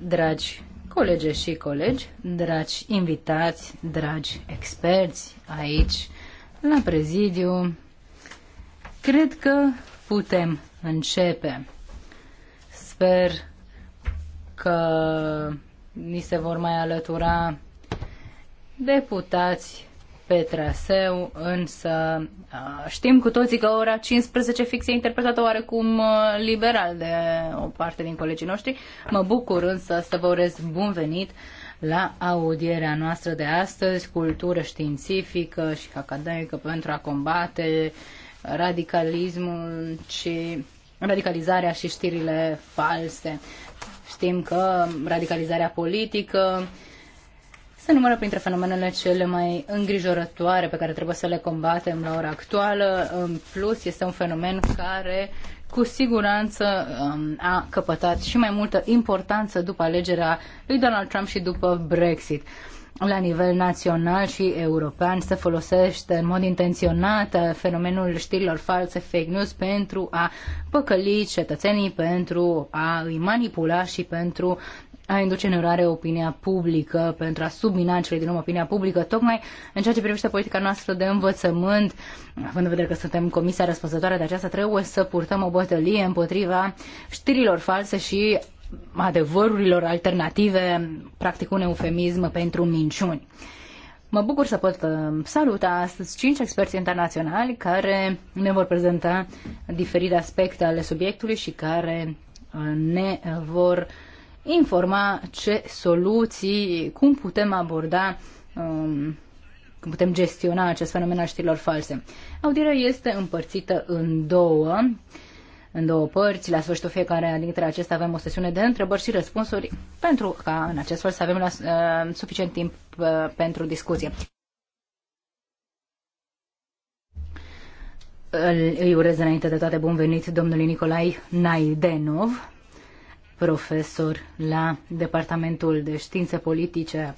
Dragi colege și colegi, dragi invitați, dragi experți aici la prezidiu, cred că putem începe. Sper că ni se vor mai alătura deputați pe traseu, însă știm cu toții că ora 15 fix e interpretată oarecum liberal de o parte din colegii noștri. Mă bucur însă să vă urez bun venit la audierea noastră de astăzi, cultură științifică și academică pentru a combate radicalismul și radicalizarea și știrile false. Știm că radicalizarea politică se numără printre fenomenele cele mai îngrijorătoare pe care trebuie să le combatem la ora actuală. În plus, este un fenomen care cu siguranță um, a căpătat și mai multă importanță după alegerea lui Donald Trump și după Brexit la nivel național și european se folosește în mod intenționat fenomenul știrilor false, fake news, pentru a păcăli cetățenii, pentru a îi manipula și pentru a induce în eroare opinia publică, pentru a submina cele din urmă opinia publică, tocmai în ceea ce privește politica noastră de învățământ, având în vedere că suntem comisia răspunzătoare de aceasta, trebuie să purtăm o bătălie împotriva știrilor false și adevărurilor alternative, practic un eufemism pentru minciuni. Mă bucur să pot uh, saluta astăzi cinci experți internaționali care ne vor prezenta diferite aspecte ale subiectului și care uh, ne uh, vor uh, informa ce soluții, cum putem aborda, um, cum putem gestiona acest fenomen al știrilor false. Audierea este împărțită în două, în două părți. La sfârșitul fiecare dintre acestea avem o sesiune de întrebări și răspunsuri pentru ca în acest fel să avem la, uh, suficient timp uh, pentru discuție. îi urez înainte de toate bun venit domnului Nicolai Naidenov, profesor la Departamentul de Științe Politice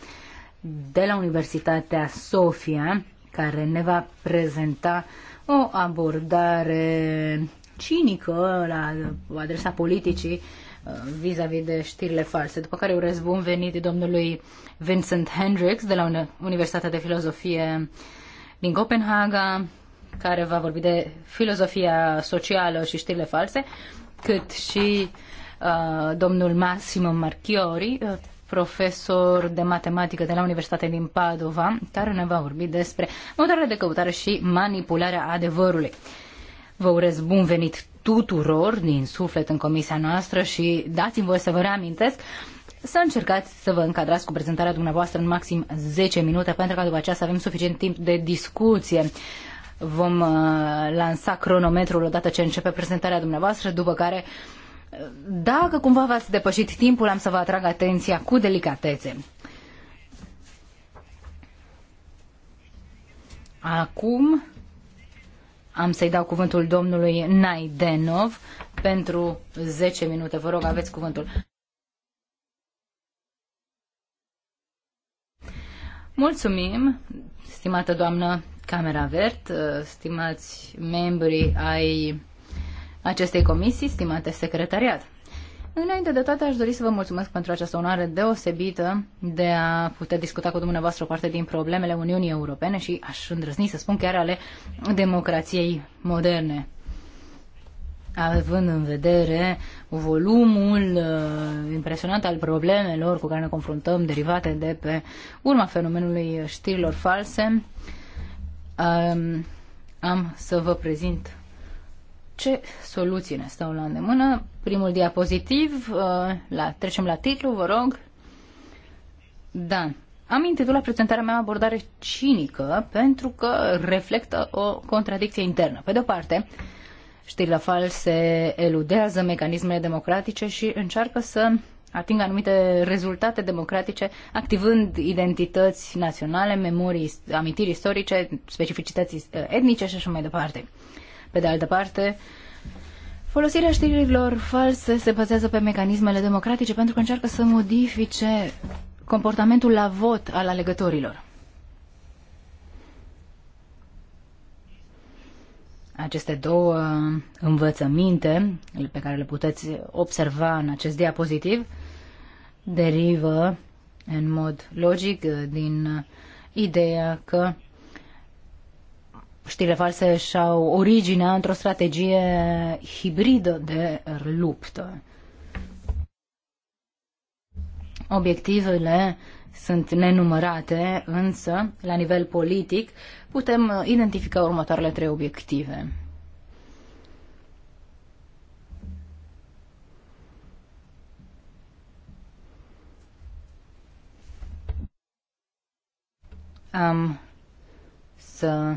de la Universitatea Sofia, care ne va prezenta o abordare cinică la adresa politicii uh, vis-a-vis -vis de știrile false. După care urez bun venit domnului Vincent Hendricks de la Universitatea de Filozofie din Copenhaga, care va vorbi de filozofia socială și știrile false, cât și Uh, domnul Massimo Marchiori, uh, profesor de matematică de la Universitatea din Padova, care ne va vorbi despre motoarele de căutare și manipularea adevărului. Vă urez bun venit tuturor din suflet în comisia noastră și dați-mi voi să vă reamintesc să încercați să vă încadrați cu prezentarea dumneavoastră în maxim 10 minute, pentru că după aceea să avem suficient timp de discuție. Vom uh, lansa cronometrul odată ce începe prezentarea dumneavoastră, după care uh, dacă cumva v-ați depășit timpul, am să vă atrag atenția cu delicatețe. Acum am să-i dau cuvântul domnului Naidenov pentru 10 minute. Vă rog, aveți cuvântul. Mulțumim, stimată doamnă Camera Vert, stimați membrii ai acestei comisii, stimate secretariat. Înainte de toate, aș dori să vă mulțumesc pentru această onoare deosebită de a putea discuta cu dumneavoastră o parte din problemele Uniunii Europene și aș îndrăzni să spun chiar ale democrației moderne. Având în vedere volumul uh, impresionant al problemelor cu care ne confruntăm derivate de pe urma fenomenului știrilor false, uh, am să vă prezint ce soluții ne stau la îndemână? Primul diapozitiv, uh, la, trecem la titlu, vă rog. Da, am intitulat prezentarea mea abordare cinică pentru că reflectă o contradicție internă. Pe de-o parte, știrile false eludează mecanismele democratice și încearcă să atingă anumite rezultate democratice activând identități naționale, memorii, amintiri istorice, specificități uh, etnice și așa mai departe. Pe de altă parte, folosirea știrilor false se bazează pe mecanismele democratice pentru că încearcă să modifice comportamentul la vot al alegătorilor. Aceste două învățăminte pe care le puteți observa în acest diapozitiv derivă în mod logic din ideea că știrile false și-au originea într-o strategie hibridă de luptă. Obiectivele sunt nenumărate, însă, la nivel politic, putem identifica următoarele trei obiective. Am să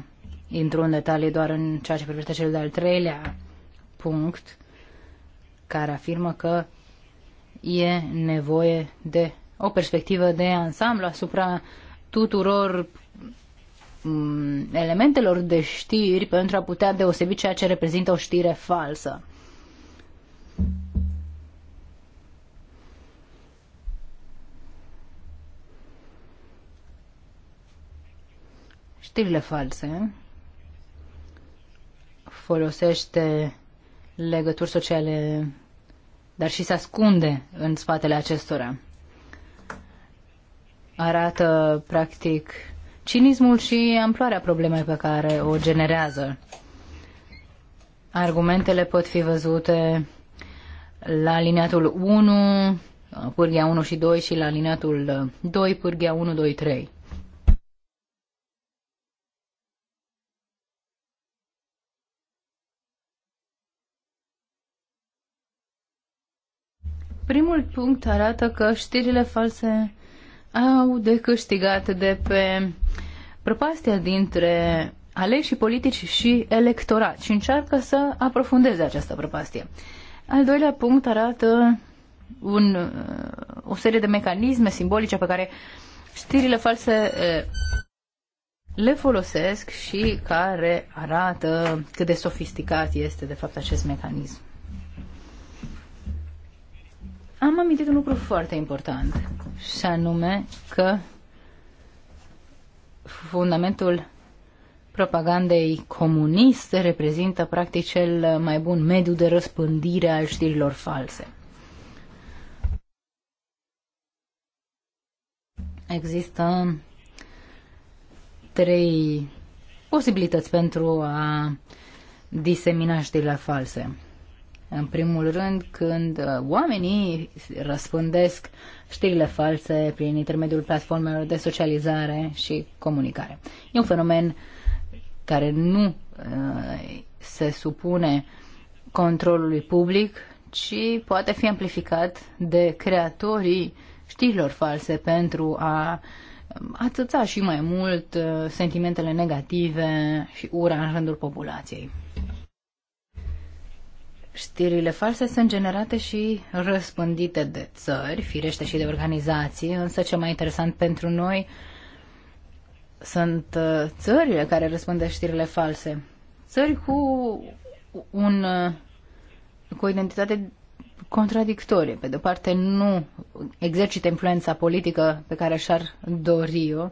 intru în detalii doar în ceea ce privește cel de-al treilea punct, care afirmă că e nevoie de o perspectivă de ansamblu asupra tuturor mm, elementelor de știri pentru a putea deosebi ceea ce reprezintă o știre falsă. Știrile false folosește legături sociale, dar și se ascunde în spatele acestora. Arată, practic, cinismul și amploarea problemei pe care o generează. Argumentele pot fi văzute la liniatul 1, pârghia 1 și 2 și la liniatul 2, pârghia 1, 2, 3. Primul punct arată că știrile false au de câștigat de pe prăpastia dintre aleși politici și electorat și încearcă să aprofundeze această prăpastie. Al doilea punct arată un, uh, o serie de mecanisme simbolice pe care știrile false uh, le folosesc și care arată cât de sofisticat este de fapt acest mecanism am amintit un lucru foarte important, și anume că fundamentul propagandei comuniste reprezintă practic cel mai bun mediu de răspândire al știrilor false. Există trei posibilități pentru a disemina știrile false. În primul rând, când uh, oamenii răspândesc știrile false prin intermediul platformelor de socializare și comunicare. E un fenomen care nu uh, se supune controlului public, ci poate fi amplificat de creatorii știrilor false pentru a um, atâța și mai mult uh, sentimentele negative și ura în rândul populației. Știrile false sunt generate și răspândite de țări, firește și de organizații, însă ce mai interesant pentru noi sunt uh, țările care răspândesc știrile false. Țări cu un uh, cu o identitate contradictorie. Pe de-o parte, nu exercită influența politică pe care și-ar dori-o,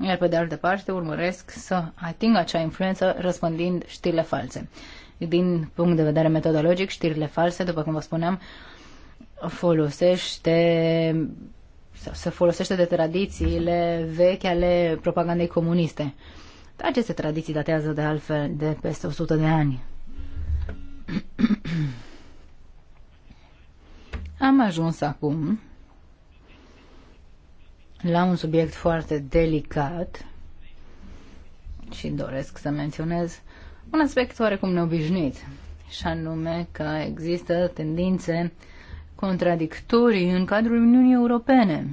iar pe de altă parte urmăresc să atingă acea influență răspândind știrile false din punct de vedere metodologic, știrile false, după cum vă spuneam, folosește se folosește de tradițiile vechi ale propagandei comuniste. Aceste tradiții datează de altfel de peste 100 de ani. Am ajuns acum la un subiect foarte delicat și doresc să menționez un aspect oarecum neobișnuit, și anume că există tendințe contradictorii în cadrul Uniunii Europene,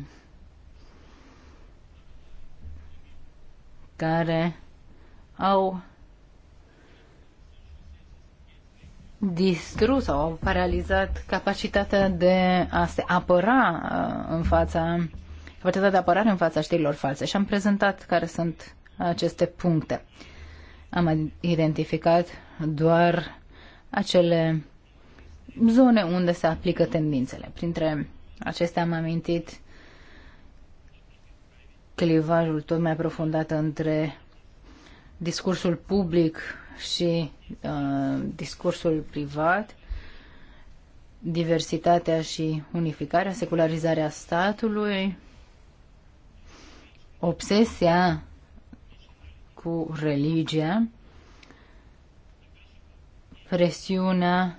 care au distrus sau au paralizat capacitatea de a se apăra uh, în fața capacitatea de apărare în fața știrilor false și am prezentat care sunt aceste puncte. Am identificat doar acele zone unde se aplică tendințele. Printre acestea am amintit clivajul tot mai aprofundat între discursul public și uh, discursul privat, diversitatea și unificarea, secularizarea statului, obsesia cu religie, presiunea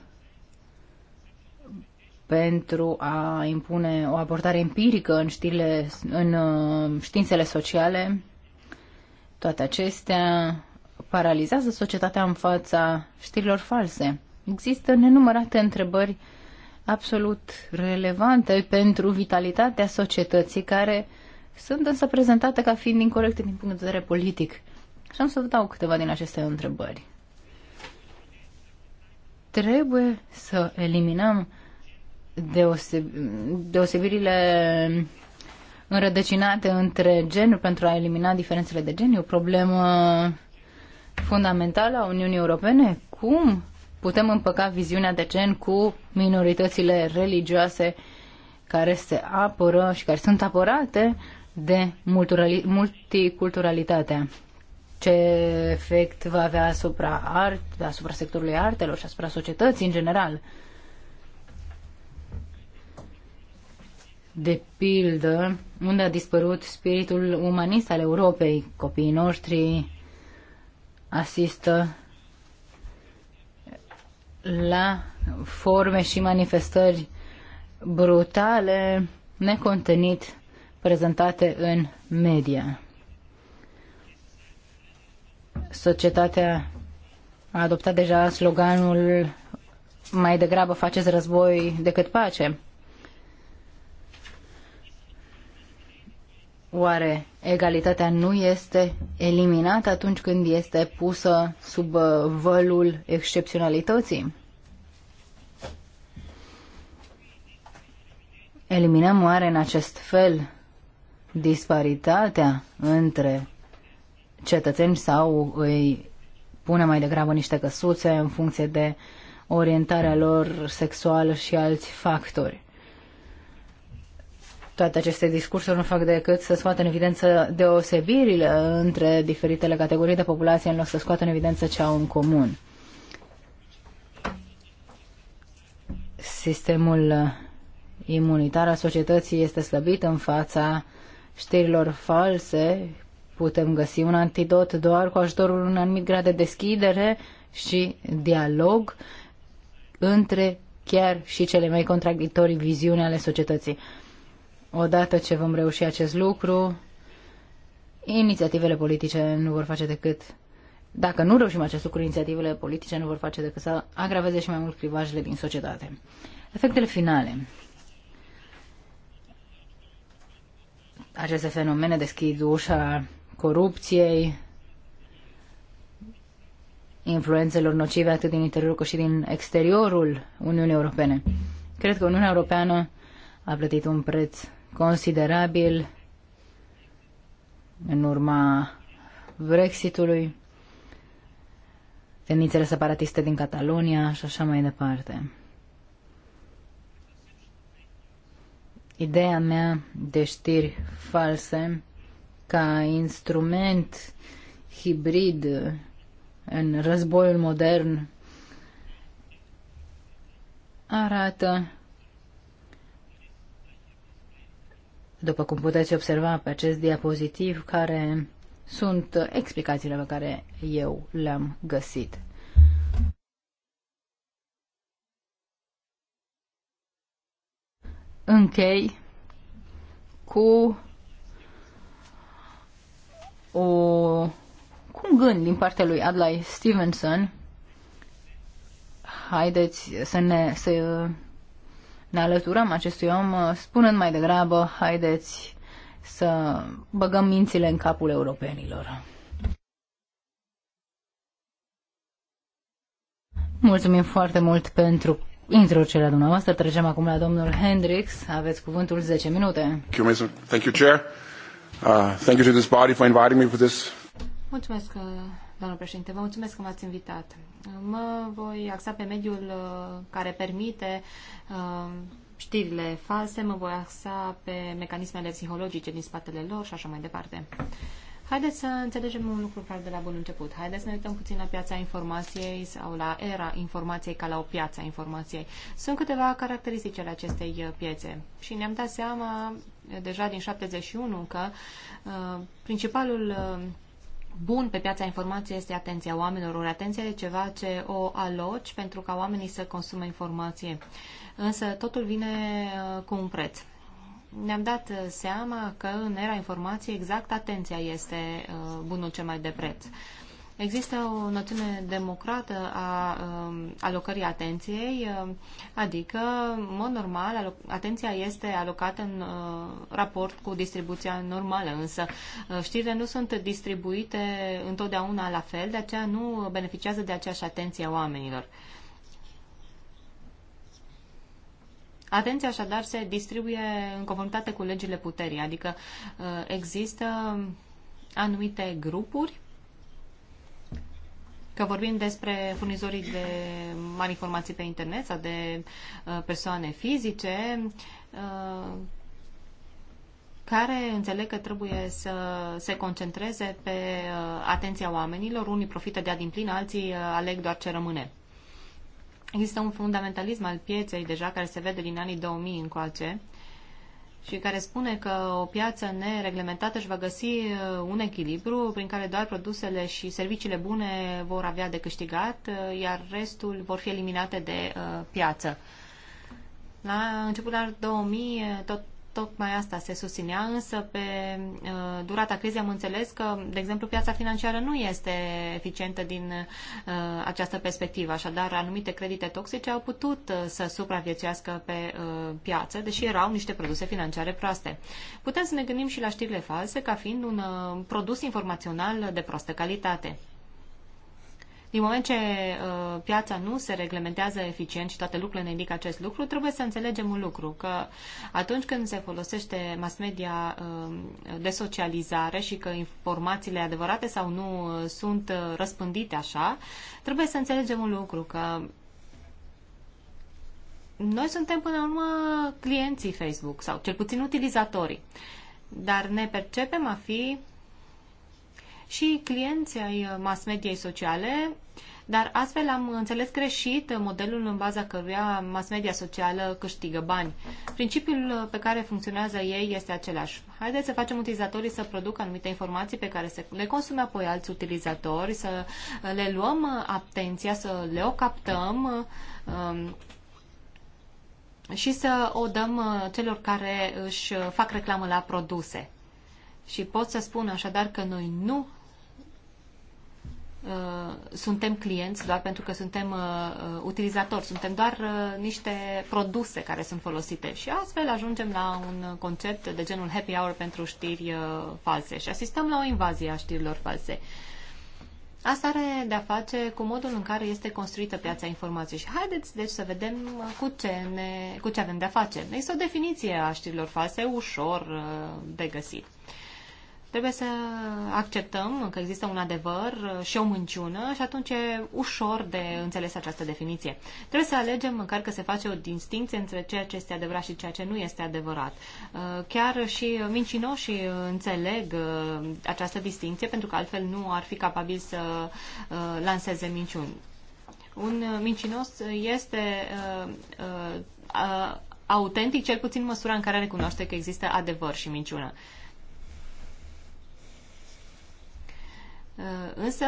pentru a impune o abordare empirică în, știrile, în uh, științele sociale, toate acestea paralizează societatea în fața știrilor false. Există nenumărate întrebări absolut relevante pentru vitalitatea societății, care sunt însă prezentate ca fiind incorrecte din punct de vedere politic. Și am să vă dau câteva din aceste întrebări. Trebuie să eliminăm deoseb- deosebirile înrădăcinate între genuri pentru a elimina diferențele de gen. E o problemă fundamentală a Uniunii Europene. Cum putem împăca viziunea de gen cu minoritățile religioase care se apără și care sunt apărate de multiculturalitatea ce efect va avea asupra, art, asupra sectorului artelor și asupra societății în general. De pildă, unde a dispărut spiritul umanist al Europei, copiii noștri asistă la forme și manifestări brutale, necontenit, prezentate în media societatea a adoptat deja sloganul mai degrabă faceți război decât pace. Oare egalitatea nu este eliminată atunci când este pusă sub uh, vălul excepționalității? Eliminăm oare în acest fel disparitatea între cetățeni sau îi pune mai degrabă niște căsuțe în funcție de orientarea lor sexuală și alți factori. Toate aceste discursuri nu fac decât să scoată în evidență deosebirile între diferitele categorii de populație în loc să scoată în evidență ce au în comun. Sistemul imunitar al societății este slăbit în fața știrilor false Putem găsi un antidot doar cu ajutorul unui anumit grad de deschidere și dialog între chiar și cele mai contradictorii viziuni ale societății. Odată ce vom reuși acest lucru, inițiativele politice nu vor face decât dacă nu reușim acest lucru, inițiativele politice nu vor face decât să agraveze și mai mult clivajele din societate. Efectele finale. Aceste fenomene deschid ușa corupției, influențelor nocive atât din interiorul cât și din exteriorul Uniunii Europene. Cred că Uniunea Europeană a plătit un preț considerabil în urma Brexitului, tendințele separatiste din Catalonia și așa mai departe. Ideea mea de știri false ca instrument hibrid în războiul modern arată, după cum puteți observa pe acest diapozitiv, care sunt explicațiile pe care eu le-am găsit. Închei cu o, un gând din partea lui Adlai Stevenson. Haideți să ne, să ne alăturăm acestui om, spunând mai degrabă, haideți să băgăm mințile în capul europenilor. Mulțumim foarte mult pentru introducerea dumneavoastră. Trecem acum la domnul Hendrix. Aveți cuvântul 10 minute. Thank you, Mr. Thank you, Chair. Uh, thank you to this body for inviting me for this. Mulțumesc, uh, domnule președinte. Vă mulțumesc că m-ați invitat. Uh, mă voi axa pe mediul care permite știrile false, mă voi axa pe mecanismele psihologice din spatele lor și așa mai departe. Haideți să înțelegem un lucru clar de la bun început. Haideți să ne uităm puțin la piața informației sau la era informației ca la o piață a informației. Sunt câteva caracteristici ale acestei piețe și ne-am dat seama deja din 71 că uh, principalul uh, bun pe piața informației este atenția oamenilor. Ori atenția e ceva ce o aloci pentru ca oamenii să consume informație. Însă totul vine uh, cu un preț. Ne-am dat seama că în era informației exact atenția este bunul cel mai de preț. Există o noțiune democrată a um, alocării atenției, um, adică, în mod normal, atenția este alocată în uh, raport cu distribuția normală, însă uh, știrile nu sunt distribuite întotdeauna la fel, de aceea nu beneficiază de aceeași atenție a oamenilor. Atenția așadar se distribuie în conformitate cu legile puterii, adică uh, există anumite grupuri că vorbim despre furnizorii de mari informații pe internet sau de uh, persoane fizice uh, care înțeleg că trebuie să se concentreze pe uh, atenția oamenilor. Unii profită de-a din plin, alții aleg doar ce rămâne. Există un fundamentalism al pieței deja care se vede din anii 2000 încoace, uh, și care spune că o piață nereglementată își va găsi uh, un echilibru prin care doar produsele și serviciile bune vor avea de câștigat, uh, iar restul vor fi eliminate de uh, piață. La începutul anului 2000, tot Tocmai asta se susținea, însă pe uh, durata crizei am înțeles că, de exemplu, piața financiară nu este eficientă din uh, această perspectivă. Așadar, anumite credite toxice au putut uh, să supraviețuiască pe uh, piață, deși erau niște produse financiare proaste. Putem să ne gândim și la știrile false ca fiind un uh, produs informațional de proastă calitate. Din moment ce uh, piața nu se reglementează eficient și toate lucrurile ne indică acest lucru, trebuie să înțelegem un lucru, că atunci când se folosește mass media uh, de socializare și că informațiile adevărate sau nu uh, sunt uh, răspândite așa, trebuie să înțelegem un lucru, că noi suntem până la urmă clienții Facebook sau cel puțin utilizatorii, dar ne percepem a fi și clienții ai uh, mass mediei sociale, dar astfel am înțeles greșit modelul în baza căruia mass media socială câștigă bani. Principiul uh, pe care funcționează ei este același. Haideți să facem utilizatorii să producă anumite informații pe care să le consume apoi alți utilizatori, să uh, le luăm atenția, să le o captăm um, și să o dăm celor care își fac reclamă la produse. Și pot să spun așadar că noi nu Uh, suntem clienți doar pentru că suntem uh, uh, utilizatori, suntem doar niște produse care sunt folosite și astfel ajungem la un concept de genul happy hour pentru știri false și asistăm la o invazie a știrilor false. Asta are de-a face cu modul în care este construită piața informației. Și haideți, deci, să vedem cu ce, ne, cu ce avem de-a face. Este o definiție a știrilor false ușor de găsit. Trebuie să acceptăm că există un adevăr și o minciună și atunci e ușor de înțeles această definiție. Trebuie să alegem măcar că se face o distinție între ceea ce este adevărat și ceea ce nu este adevărat. Uh, chiar și mincinoșii înțeleg uh, această distinție pentru că altfel nu ar fi capabil să uh, lanseze minciuni. Un mincinos este autentic, cel puțin în măsura în care recunoaște că există adevăr și minciună. Însă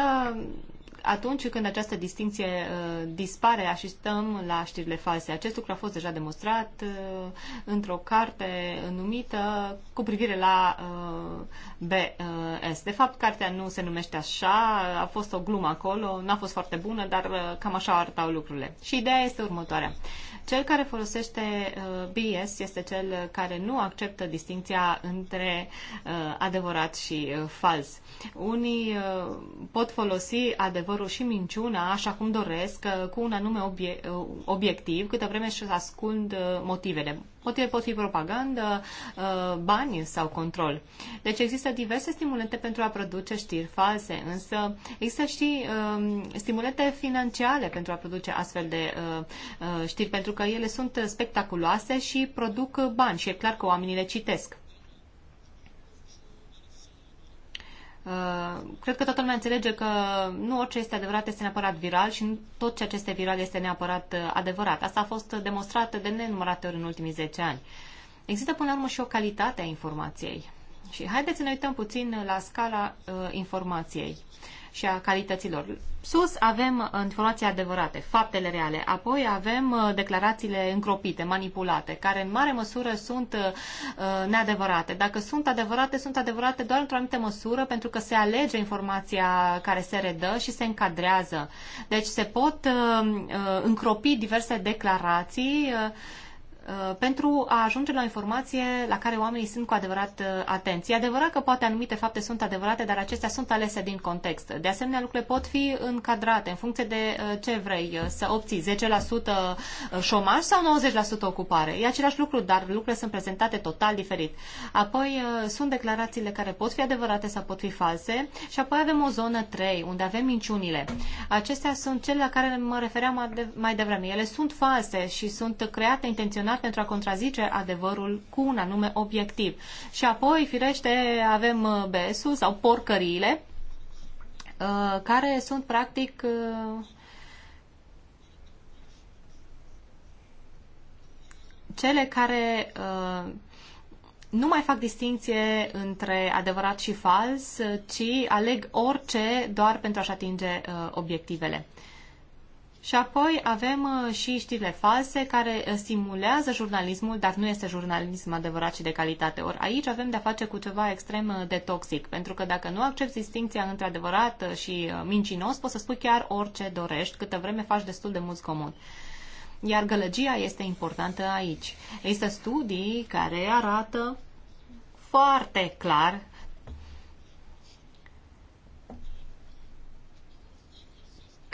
atunci când această distinție uh, dispare, asistăm la știrile false. Acest lucru a fost deja demonstrat uh, într-o carte numită cu privire la uh, BS. De fapt, cartea nu se numește așa, a fost o glumă acolo, n-a fost foarte bună, dar uh, cam așa arătau lucrurile. Și ideea este următoarea. Cel care folosește uh, BS este cel care nu acceptă distinția între uh, adevărat și uh, fals. Unii uh, pot folosi adevărul adevărul și minciuna, așa cum doresc, uh, cu un anume obie- uh, obiectiv, câtă vreme își ascund uh, motivele. Motive pot fi propagandă, bani sau control. Deci există diverse stimulente pentru a produce știri false, însă există și um, stimulente financiare pentru a produce astfel de știri, pentru că ele sunt spectaculoase și produc bani și e clar că oamenii le citesc. Uh, cred că toată lumea înțelege că nu orice este adevărat este neapărat viral și nu tot ceea ce este viral este neapărat uh, adevărat. Asta a fost demonstrat de nenumărate ori în ultimii 10 ani. Există până la urmă și o calitate a informației. Și haideți să ne uităm puțin la scala uh, informației. Uh, și a calităților. Sus avem uh, informații adevărate, faptele reale, apoi avem uh, declarațiile încropite, manipulate, care în mare măsură sunt uh, neadevărate. Dacă sunt adevărate, sunt adevărate doar într-o anumită măsură, pentru că se alege informația care se redă și se încadrează. Deci se pot încropi diverse declarații Uh, pentru a ajunge la o informație la care oamenii sunt cu adevărat uh, atenți. E adevărat că poate anumite fapte sunt adevărate, dar acestea sunt alese din context. De asemenea, lucrurile pot fi încadrate în funcție de uh, ce vrei să obții, 10% șomaj sau 90% ocupare. E același lucru, dar lucrurile sunt prezentate total diferit. Apoi sunt declarațiile care pot fi adevărate sau pot fi false și apoi avem o zonă 3, unde avem minciunile. Acestea sunt cele la care mă refeream mai devreme. Ele sunt false și sunt create intenționat utilizat pentru a contrazice adevărul cu un anume obiectiv. Și apoi, firește, avem uh, BS-ul sau porcăriile, uh, care sunt practic uh, cele care nu mai fac distinție între adevărat și fals, ci aleg orice doar pentru a-și atinge obiectivele. Și apoi avem uh, și știrile false care uh, simulează jurnalismul, dar nu este jurnalism adevărat și de calitate. Ori aici avem de-a face cu ceva extrem uh, de toxic, pentru că dacă nu accepti distinția între adevărat și mincinos, poți să spui chiar orice dorești, câtă vreme faci destul de mult comod. Iar gălăgia este importantă aici. Există studii care arată foarte clar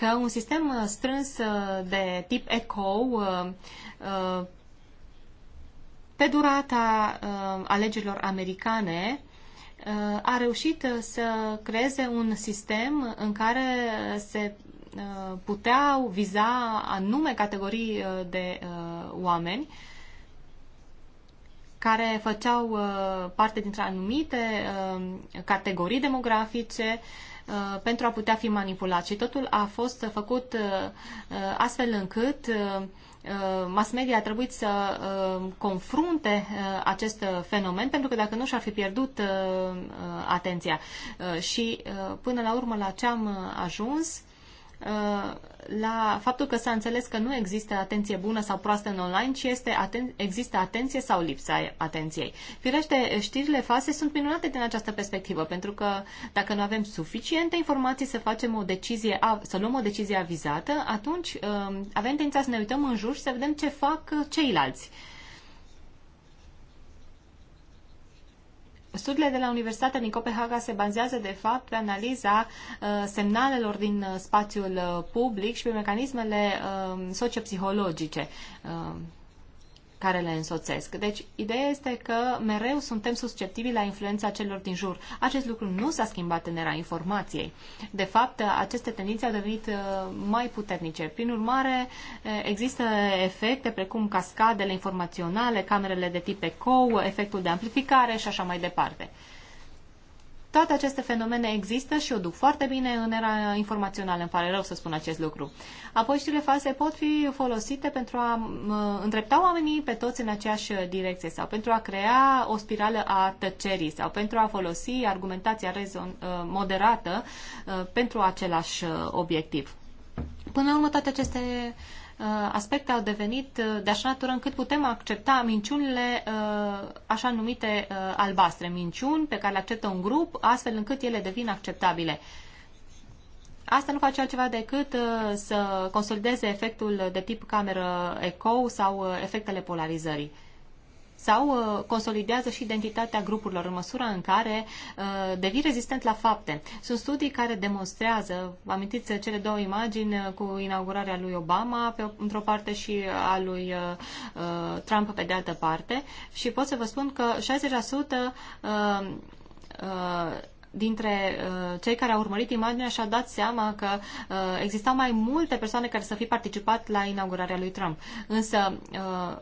că un sistem uh, strâns uh, de tip ECO uh, pe durata alegerilor americane a reușit să creeze un sistem în care se puteau viza anume categorii de oameni care făceau parte dintre anumite categorii demografice, Uh, pentru a putea fi manipulat. Și totul a fost făcut uh, uh, astfel încât mass media a trebuit să confrunte acest fenomen, pentru că dacă nu și-ar fi pierdut atenția. Și până la urmă la ce am ajuns, Uh, la faptul că s-a înțeles că nu există atenție bună sau proastă în online, ci este aten- există atenție sau lipsa atenției. Firește, știrile false sunt minunate din această perspectivă, pentru că dacă nu avem suficiente informații să facem o decizie, să luăm o decizie avizată, atunci um, avem tendința să ne uităm în jur și să vedem ce fac ceilalți. Uh, Studiile de la Universitatea din Copenhaga se bazează, de fapt, pe analiza uh, semnalelor din uh, spațiul uh, public și pe mecanismele sociopsihologice care le însoțesc. Deci, ideea este că mereu suntem susceptibili la influența celor din jur. Acest lucru nu s-a schimbat în era informației. De fapt, aceste tendințe au devenit uh, mai puternice. Prin urmare, uh, există efecte precum cascadele informaționale, camerele de tip eco, efectul de amplificare și așa mai departe. Toate aceste fenomene există și o duc foarte bine în era informațională. Îmi pare rău să spun acest lucru. Apoi știrile false pot fi folosite pentru a îndrepta oamenii pe toți în aceeași direcție sau pentru a crea o spirală a tăcerii sau pentru a folosi argumentația ă, moderată ă, pentru același ă, obiectiv. Până la urmă, toate aceste Uh, aspecte au devenit uh, de așa natură încât putem accepta minciunile uh, așa numite albastre, minciuni pe care le acceptă un grup, astfel încât ele devin acceptabile. Asta nu face altceva decât să consolideze efectul de tip cameră eco sau efectele polarizării sau uh, consolidează și identitatea grupurilor în măsura în care uh, devii rezistent la fapte. Sunt studii care demonstrează, vă amintiți cele două imagini uh, cu inaugurarea lui Obama pe, într-o parte și a lui uh, Trump pe de altă parte și pot să vă spun că 60% uh, uh, dintre uh, cei care au urmărit imaginea și-au dat seama că uh, existau mai multe persoane care să fi participat la inaugurarea lui Trump. Însă uh,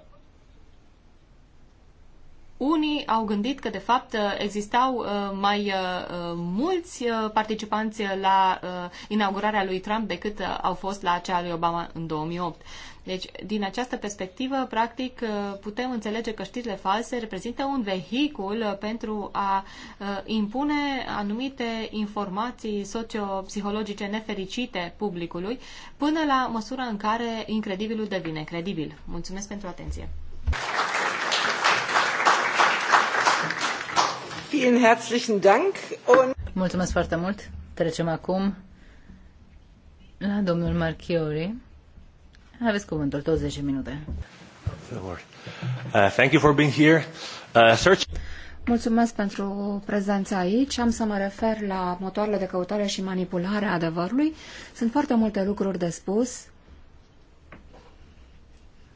unii au gândit că, de fapt, existau uh, mai uh, mulți uh, participanți la inaugurarea lui Trump decât au fost la cea lui Obama în 2008. Deci, din această perspectivă, practic, putem înțelege că știrile false reprezintă un vehicul pentru a impune anumite informații sociopsihologice nefericite publicului, până la măsura în care incredibilul devine credibil. Mulțumesc pentru atenție! Vielen herzlichen Dank. Und... Mulțumesc foarte mult. Trecem acum la domnul Marchiori. Aveți cuvântul, 20 minute. Uh, thank you for being here. Uh, search... Mulțumesc pentru prezența aici. Am să mă refer la motoarele de căutare și manipulare a adevărului. Sunt foarte multe lucruri de spus.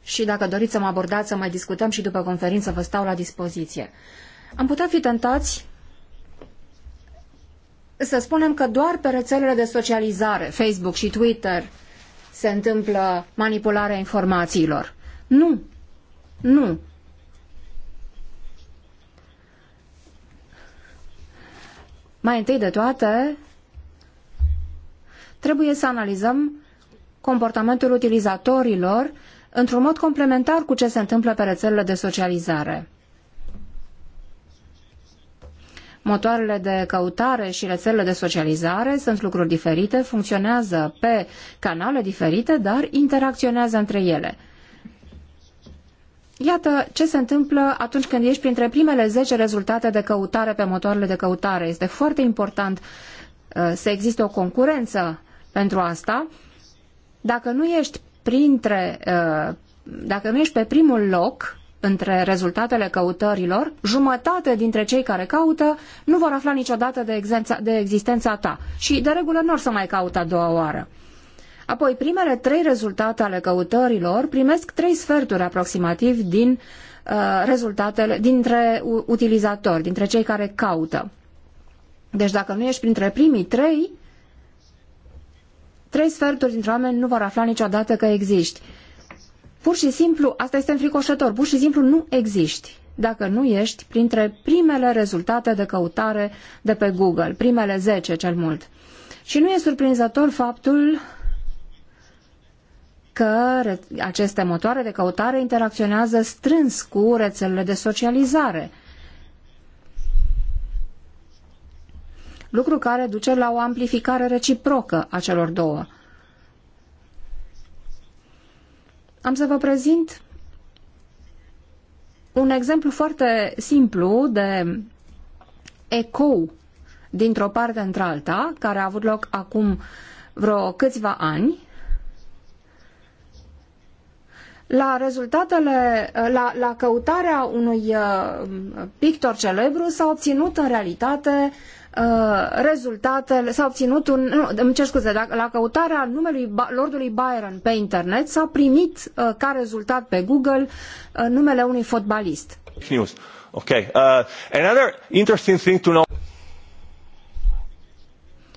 Și dacă doriți să mă abordați, să mai discutăm și după conferință, vă stau la dispoziție am putea fi tentați să spunem că doar pe rețelele de socializare, Facebook și Twitter, se întâmplă manipularea informațiilor. Nu. Nu. Mai întâi de toate, trebuie să analizăm comportamentul utilizatorilor într-un mod complementar cu ce se întâmplă pe rețelele de socializare. Motoarele de căutare și rețelele de socializare sunt lucruri diferite, funcționează pe canale diferite, dar interacționează între ele. Iată ce se întâmplă atunci când ești printre primele zece rezultate de căutare pe motoarele de căutare. Este foarte important uh, să existe o concurență pentru asta. Dacă nu ești printre, uh, dacă nu ești pe primul loc, între rezultatele căutărilor, jumătate dintre cei care caută nu vor afla niciodată de, exența, de existența ta și de regulă nu or să mai caute a doua oară. Apoi, primele trei rezultate ale căutărilor primesc trei sferturi aproximativ din uh, rezultatele, dintre utilizatori, dintre cei care caută. Deci dacă nu ești printre primii trei, trei sferturi dintre oameni nu vor afla niciodată că existi pur și simplu, asta este înfricoșător, pur și simplu nu existi dacă nu ești printre primele rezultate de căutare de pe Google, primele 10 cel mult. Și nu e surprinzător faptul că aceste motoare de căutare interacționează strâns cu rețelele de socializare. Lucru care duce la o amplificare reciprocă a celor două. Am să vă prezint un exemplu foarte simplu de ecou dintr-o parte într-alta, care a avut loc acum vreo câțiva ani, la rezultatele, la, la căutarea unui uh, pictor celebru s-a obținut în realitate Uh, rezultatele, s-a obținut un, nu, îmi cer scuze, la, la căutarea numelui Lordului Byron pe internet s-a primit uh, ca rezultat pe Google uh, numele unui fotbalist. News. ok, Uh, another interesting thing to know.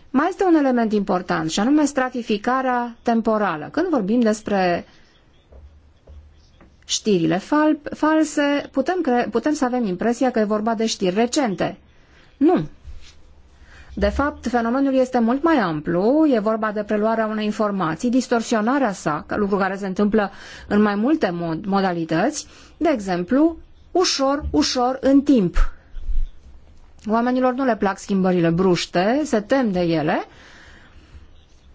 Mai este un element important și anume stratificarea temporală. Când vorbim despre știrile fal false, putem, putem să avem impresia că e vorba de știri recente. Nu, de fapt, fenomenul este mult mai amplu, e vorba de preluarea unei informații, distorsionarea sa, lucru care se întâmplă în mai multe mod modalități, de exemplu, ușor, ușor, în timp. Oamenilor nu le plac schimbările bruște, se tem de ele,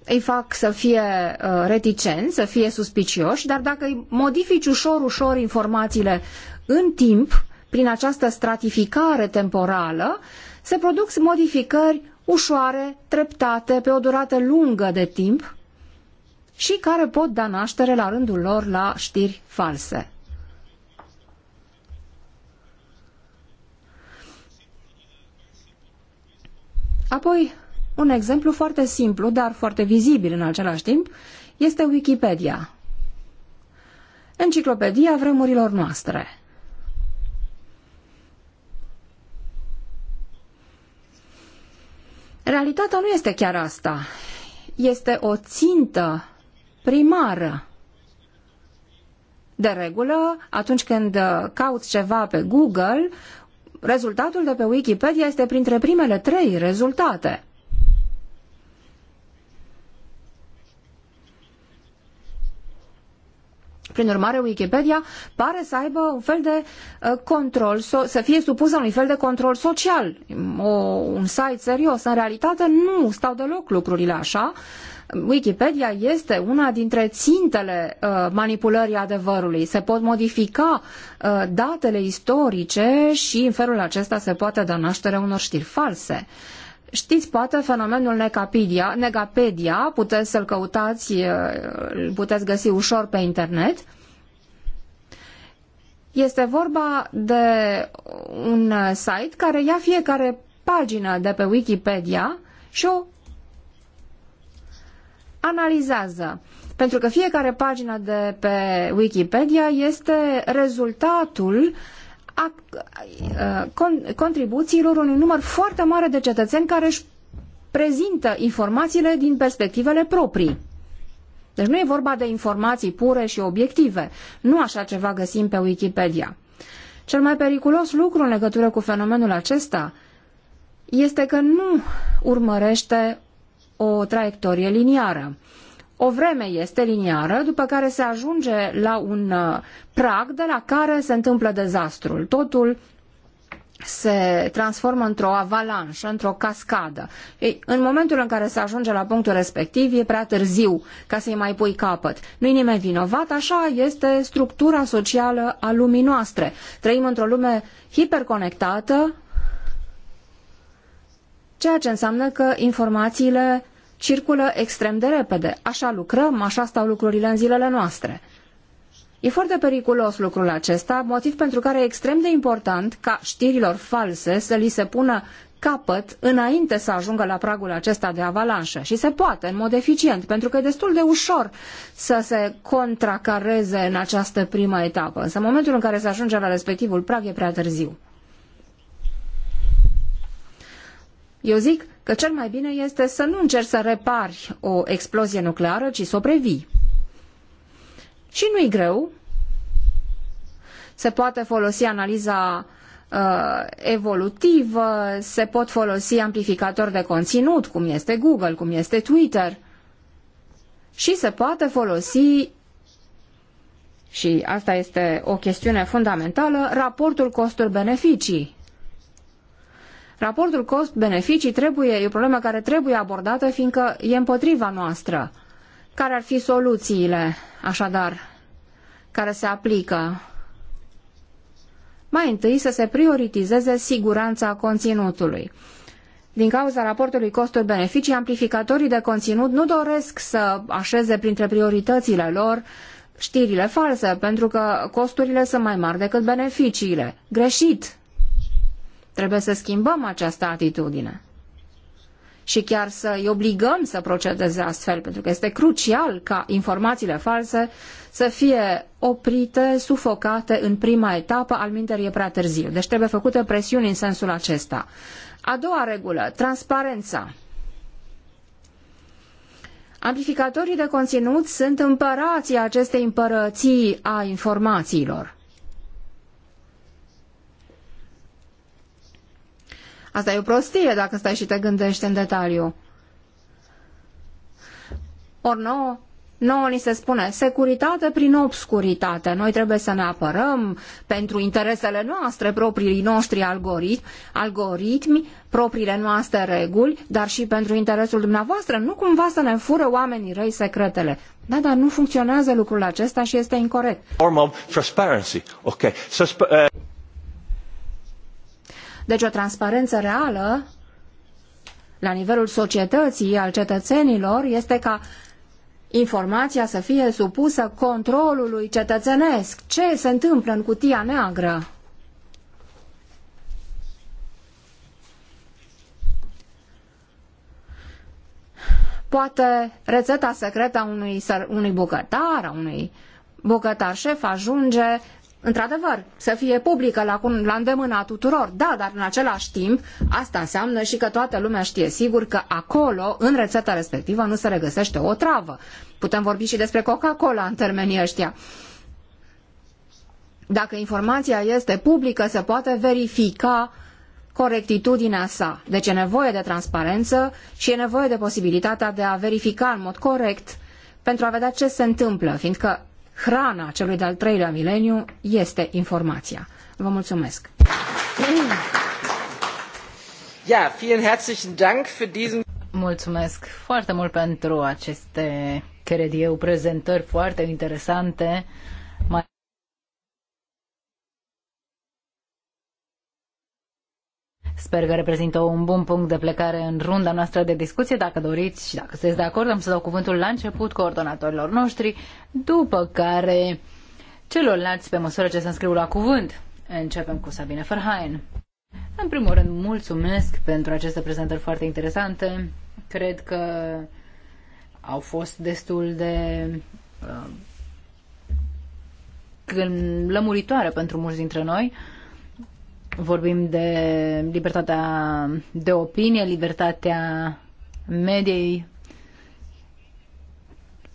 îi fac să fie uh, reticenți, să fie suspicioși, dar dacă îi modifici ușor, ușor informațiile în timp, prin această stratificare temporală, se produc modificări ușoare, treptate, pe o durată lungă de timp și care pot da naștere la rândul lor la știri false. Apoi, un exemplu foarte simplu, dar foarte vizibil în același timp, este Wikipedia. Enciclopedia vremurilor noastre. Realitatea nu este chiar asta. Este o țintă primară. De regulă, atunci când uh, cauți ceva pe Google, rezultatul de pe Wikipedia este printre primele trei rezultate. Prin urmare, Wikipedia pare să aibă un fel de uh, control, să fie supusă unui fel de control social. O, un site serios. În realitate nu stau deloc lucrurile așa. Wikipedia este una dintre țintele uh, manipulării adevărului. Se pot modifica uh, datele istorice și în felul acesta se poate da naștere unor știri false. Uh, Știți poate fenomenul Necapedia, Negapedia, puteți să-l căutați, îl puteți găsi ușor pe internet. Este vorba de un site care ia fiecare pagină de pe Wikipedia și o analizează. Pentru că fiecare pagină de pe Wikipedia este rezultatul uh, a, a, uh, con, contribuțiilor unui număr foarte mare de cetățeni care își prezintă informațiile din perspectivele proprii. Deci nu e vorba de informații pure și obiective. Nu așa ceva găsim pe Wikipedia. Cel mai periculos lucru în legătură cu fenomenul acesta este că nu urmărește o traiectorie liniară o vreme este liniară, după care se ajunge la un uh, prag de la care se întâmplă dezastrul. Totul se transformă într-o avalanșă, într-o cascadă. Ei, în momentul în care se ajunge la punctul respectiv, e prea târziu ca să-i mai pui capăt. Nu-i nimeni vinovat, așa este structura socială a lumii noastre. Trăim într-o lume hiperconectată, ceea ce înseamnă că informațiile circulă extrem de repede. Așa lucrăm, așa stau lucrurile în zilele noastre. E foarte periculos lucrul acesta, motiv pentru care e extrem de important ca știrilor false să li se pună capăt înainte să ajungă la pragul acesta de avalanșă. Și se poate, în mod eficient, pentru că e destul de ușor să se contracareze în această primă etapă. Însă în momentul în care se ajunge la respectivul prag e prea târziu. Eu zic, că cel mai bine este să nu încerci să repari o explozie nucleară, ci să o previi. Și nu-i greu. Se poate folosi analiza uh, evolutivă, se pot folosi amplificatori de conținut, cum este Google, cum este Twitter. Și se poate folosi și asta este o chestiune fundamentală, raportul costuri-beneficii. Raportul cost-beneficii trebuie, e o problemă care trebuie abordată, fiindcă e împotriva noastră. Care ar fi soluțiile, așadar, care se aplică? Mai întâi să se prioritizeze siguranța conținutului. Din cauza raportului costuri-beneficii, amplificatorii de conținut nu doresc să așeze printre prioritățile lor știrile false, pentru că costurile sunt mai mari decât beneficiile. Greșit! Trebuie să schimbăm această atitudine și chiar să îi obligăm să procedeze astfel, pentru că este crucial ca informațiile false să fie oprite, sufocate în prima etapă, al minterii e prea târziu. Deci trebuie făcute presiuni în sensul acesta. A doua regulă, transparența. Amplificatorii de conținut sunt împărații acestei împărății a informațiilor. Asta e o prostie dacă stai și te gândești în detaliu. Or nouă, nouă ni se spune securitate prin obscuritate. Noi trebuie să ne apărăm pentru interesele noastre, proprii noștri algoritmi, algoritmi, propriile noastre reguli, dar și pentru interesul dumneavoastră. Nu cumva să ne fură oamenii răi secretele. Da, dar nu funcționează lucrul acesta și este incorrect. Form of transparency. Okay. Susp- uh... Eh, deci o transparență reală la nivelul societății, al cetățenilor, este ca informația să fie supusă controlului cetățenesc. Ce se întâmplă în cutia neagră? Poate rețeta secretă a unui, unui bucătar, a unui bucătar șef ajunge într-adevăr, să fie publică la, la îndemâna tuturor. Da, dar în același timp, asta înseamnă și că toată lumea știe sigur că acolo, în rețeta respectivă, nu se regăsește o travă. Putem vorbi și despre Coca-Cola în termenii ăștia. Dacă informația este publică, se poate verifica corectitudinea sa. Deci e nevoie de transparență și e nevoie de posibilitatea de a verifica în mod corect pentru a vedea ce se întâmplă, fiindcă hrana celui de-al treilea mileniu este informația. Vă mulțumesc! Ja, vielen herzlichen Dank für diesen Mulțumesc foarte mult pentru aceste, cred eu, prezentări foarte interesante. Mai Sper că reprezintă un bun punct de plecare în runda noastră de discuție. Dacă doriți și dacă sunteți de acord, am să dau cuvântul la început coordonatorilor noștri, după care celorlalți pe măsură ce se înscriu la cuvânt. Începem cu Sabine Ferhain. În primul rând, mulțumesc pentru aceste prezentări foarte interesante. Cred că au fost destul de uh, lămuritoare pentru mulți dintre noi. Uh, Vorbim de libertatea de opinie, libertatea mediei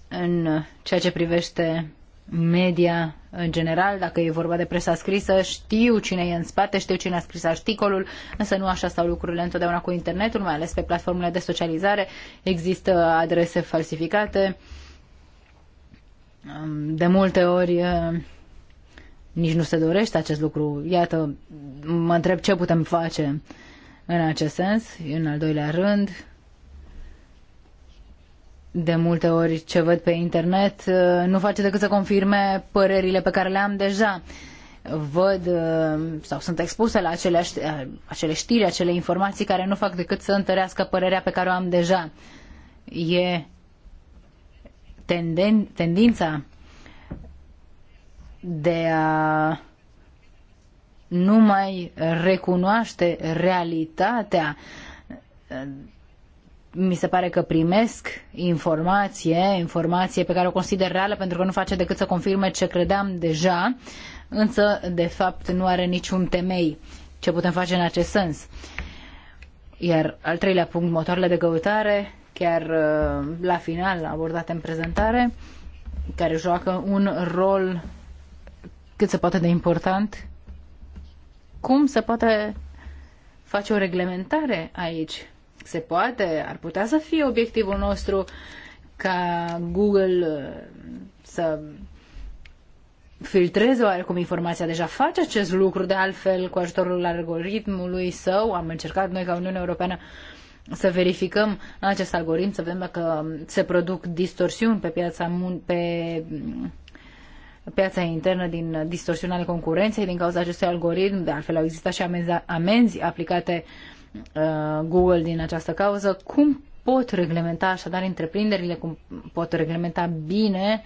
în ceea ce privește media în general, dacă e vorba de presa scrisă, știu cine e în spate, știu cine a scris articolul, însă nu așa stau lucrurile întotdeauna cu internetul, mai ales pe platformele de socializare. Există adrese falsificate. De multe ori nici nu se dorește acest lucru. Iată, mă întreb ce putem face în acest sens. În al doilea rând, de multe ori ce văd pe internet uh, nu face decât să confirme părerile pe care le am deja. Văd uh, sau sunt expuse la acele, uh, acele știri, acele informații care nu fac decât să întărească părerea pe care o am deja. E tenden, tendința de a nu mai recunoaște realitatea. Mi se pare că primesc informație, informație pe care o consider reală pentru că nu face decât să confirme ce credeam deja, însă de fapt nu are niciun temei. Ce putem face în acest sens? Iar al treilea punct, motoarele de căutare, chiar uh, la final abordate în prezentare, care joacă un rol cât se poate de important cum se poate face o reglementare aici. Se poate, ar putea să fie obiectivul nostru ca Google uh, să filtreze oarecum informația. Deja face acest lucru, de altfel, cu ajutorul algoritmului său. Am încercat noi, ca Uniunea Europeană, să verificăm acest algoritm, să vedem dacă se produc distorsiuni pe piața, pe piața internă din distorsiunea concurenței din cauza acestui algoritm. De altfel, au existat și amenzi, amenzi aplicate uh, Google din această cauză. Cum pot reglementa așadar întreprinderile, cum pot reglementa bine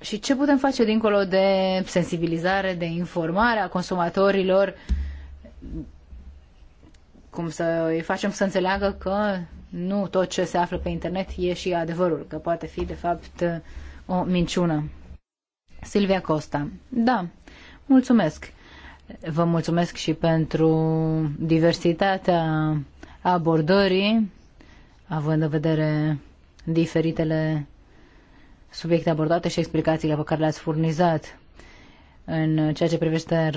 și ce putem face dincolo de sensibilizare, de informare a consumatorilor, cum să îi facem să înțeleagă că nu tot ce se află pe internet e și adevărul, că poate fi de fapt o minciună. Silvia Costa. Da, mulțumesc. Vă mulțumesc și pentru diversitatea abordării, având în vedere diferitele subiecte abordate și explicațiile pe care le-ați furnizat în ceea ce privește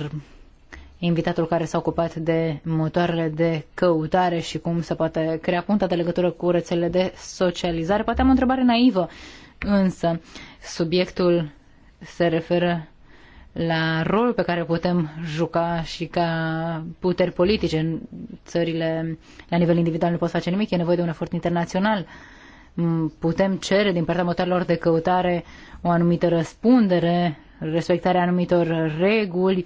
invitatul care s-a ocupat de motoarele de căutare și cum se poate crea punta de legătură cu rețelele de socializare. Poate am o întrebare naivă, însă subiectul se referă la rolul pe care putem juca și ca puteri politice în țările la nivel individual nu poți face nimic, e nevoie de un efort internațional. Putem cere din partea motorilor de căutare o anumită răspundere, respectarea anumitor reguli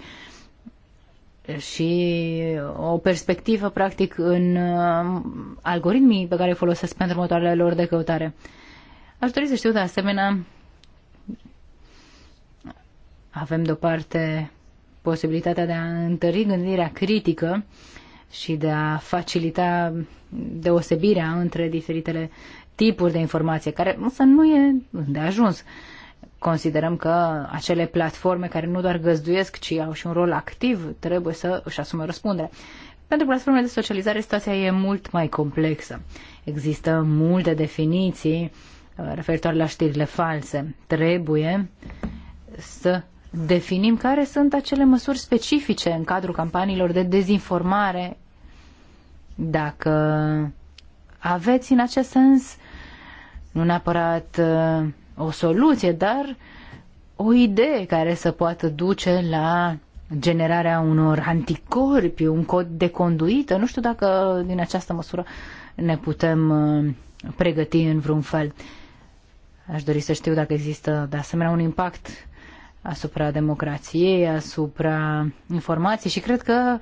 și o perspectivă practic în uh, algoritmii pe care îi folosesc pentru motoarele lor de căutare. Aș dori să știu de asemenea avem de-o parte posibilitatea de a întări gândirea critică și de a facilita deosebirea între diferitele tipuri de informație, care însă nu e de ajuns. Considerăm că acele platforme care nu doar găzduiesc, ci au și un rol activ, trebuie să își asume răspundere Pentru platformele de socializare situația e mult mai complexă. Există multe definiții uh, referitoare la știrile false. Trebuie să definim care sunt acele măsuri specifice în cadrul campaniilor de dezinformare. Dacă aveți în acest sens nu neapărat uh, o soluție, dar o idee care să poată duce la generarea unor anticorpi, un cod de conduită. Nu știu dacă din această măsură ne putem uh, pregăti în vreun fel. Aș dori să știu dacă există de asemenea un impact asupra democrației, asupra informației și cred că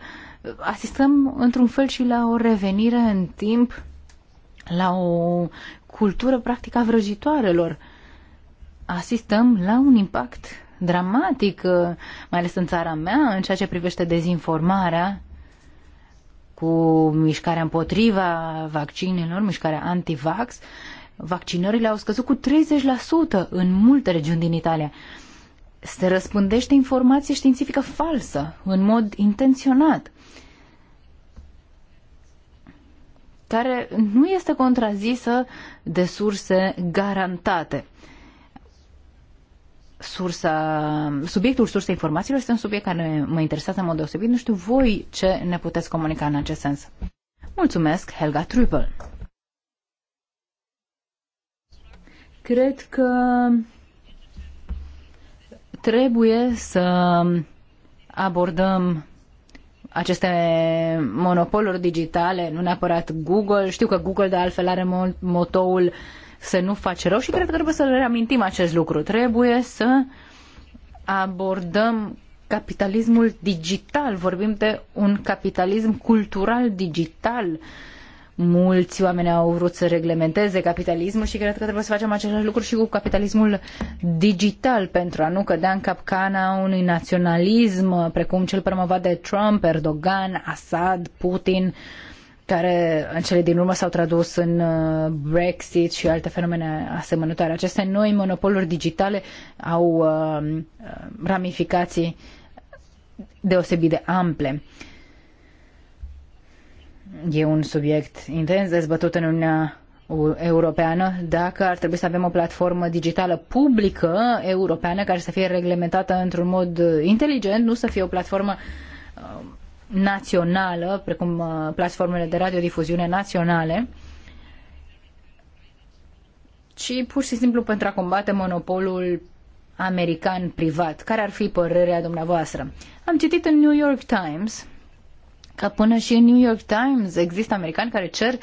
asistăm într-un fel și la o revenire în timp la o cultură practică a vrăjitoarelor. Asistăm la un impact dramatic, mai ales în țara mea, în ceea ce privește dezinformarea, cu mișcarea împotriva vaccinelor, mișcarea antivax, vaccinările au scăzut cu 30% în multe regiuni din Italia se răspândește informație științifică falsă, în mod intenționat, care nu este contrazisă de surse garantate. Sursa, subiectul sursei informațiilor este un subiect care mă interesează în mod deosebit. Nu știu voi ce ne puteți comunica în acest sens. Mulțumesc, Helga Trüppel. Cred că Trebuie să abordăm aceste monopoluri digitale, nu neapărat Google. Știu că Google de altfel are motoul să nu faci rău și cred că trebuie să le reamintim acest lucru. Trebuie să abordăm capitalismul digital, vorbim de un capitalism cultural digital uh, mulți oameni au vrut să reglementeze capitalismul și cred că trebuie să facem același lucru și cu capitalismul digital pentru a nu cădea în capcana unui naționalism precum cel promovat de Trump, Erdogan, Assad, Putin care în cele din urmă s-au tradus în uh, Brexit și alte fenomene asemănătoare. Aceste noi monopoluri digitale au uh, ramificații deosebit de ample. E un subiect intens dezbătut în Uniunea Europeană dacă ar trebui să avem o platformă digitală publică europeană care să fie reglementată într-un mod inteligent, nu să fie o platformă uh, națională, precum uh, platformele de radiodifuziune naționale, ci pur și simplu pentru a combate monopolul american privat. Care ar fi părerea dumneavoastră? Am citit în New York Times că până și în New York Times există americani care cer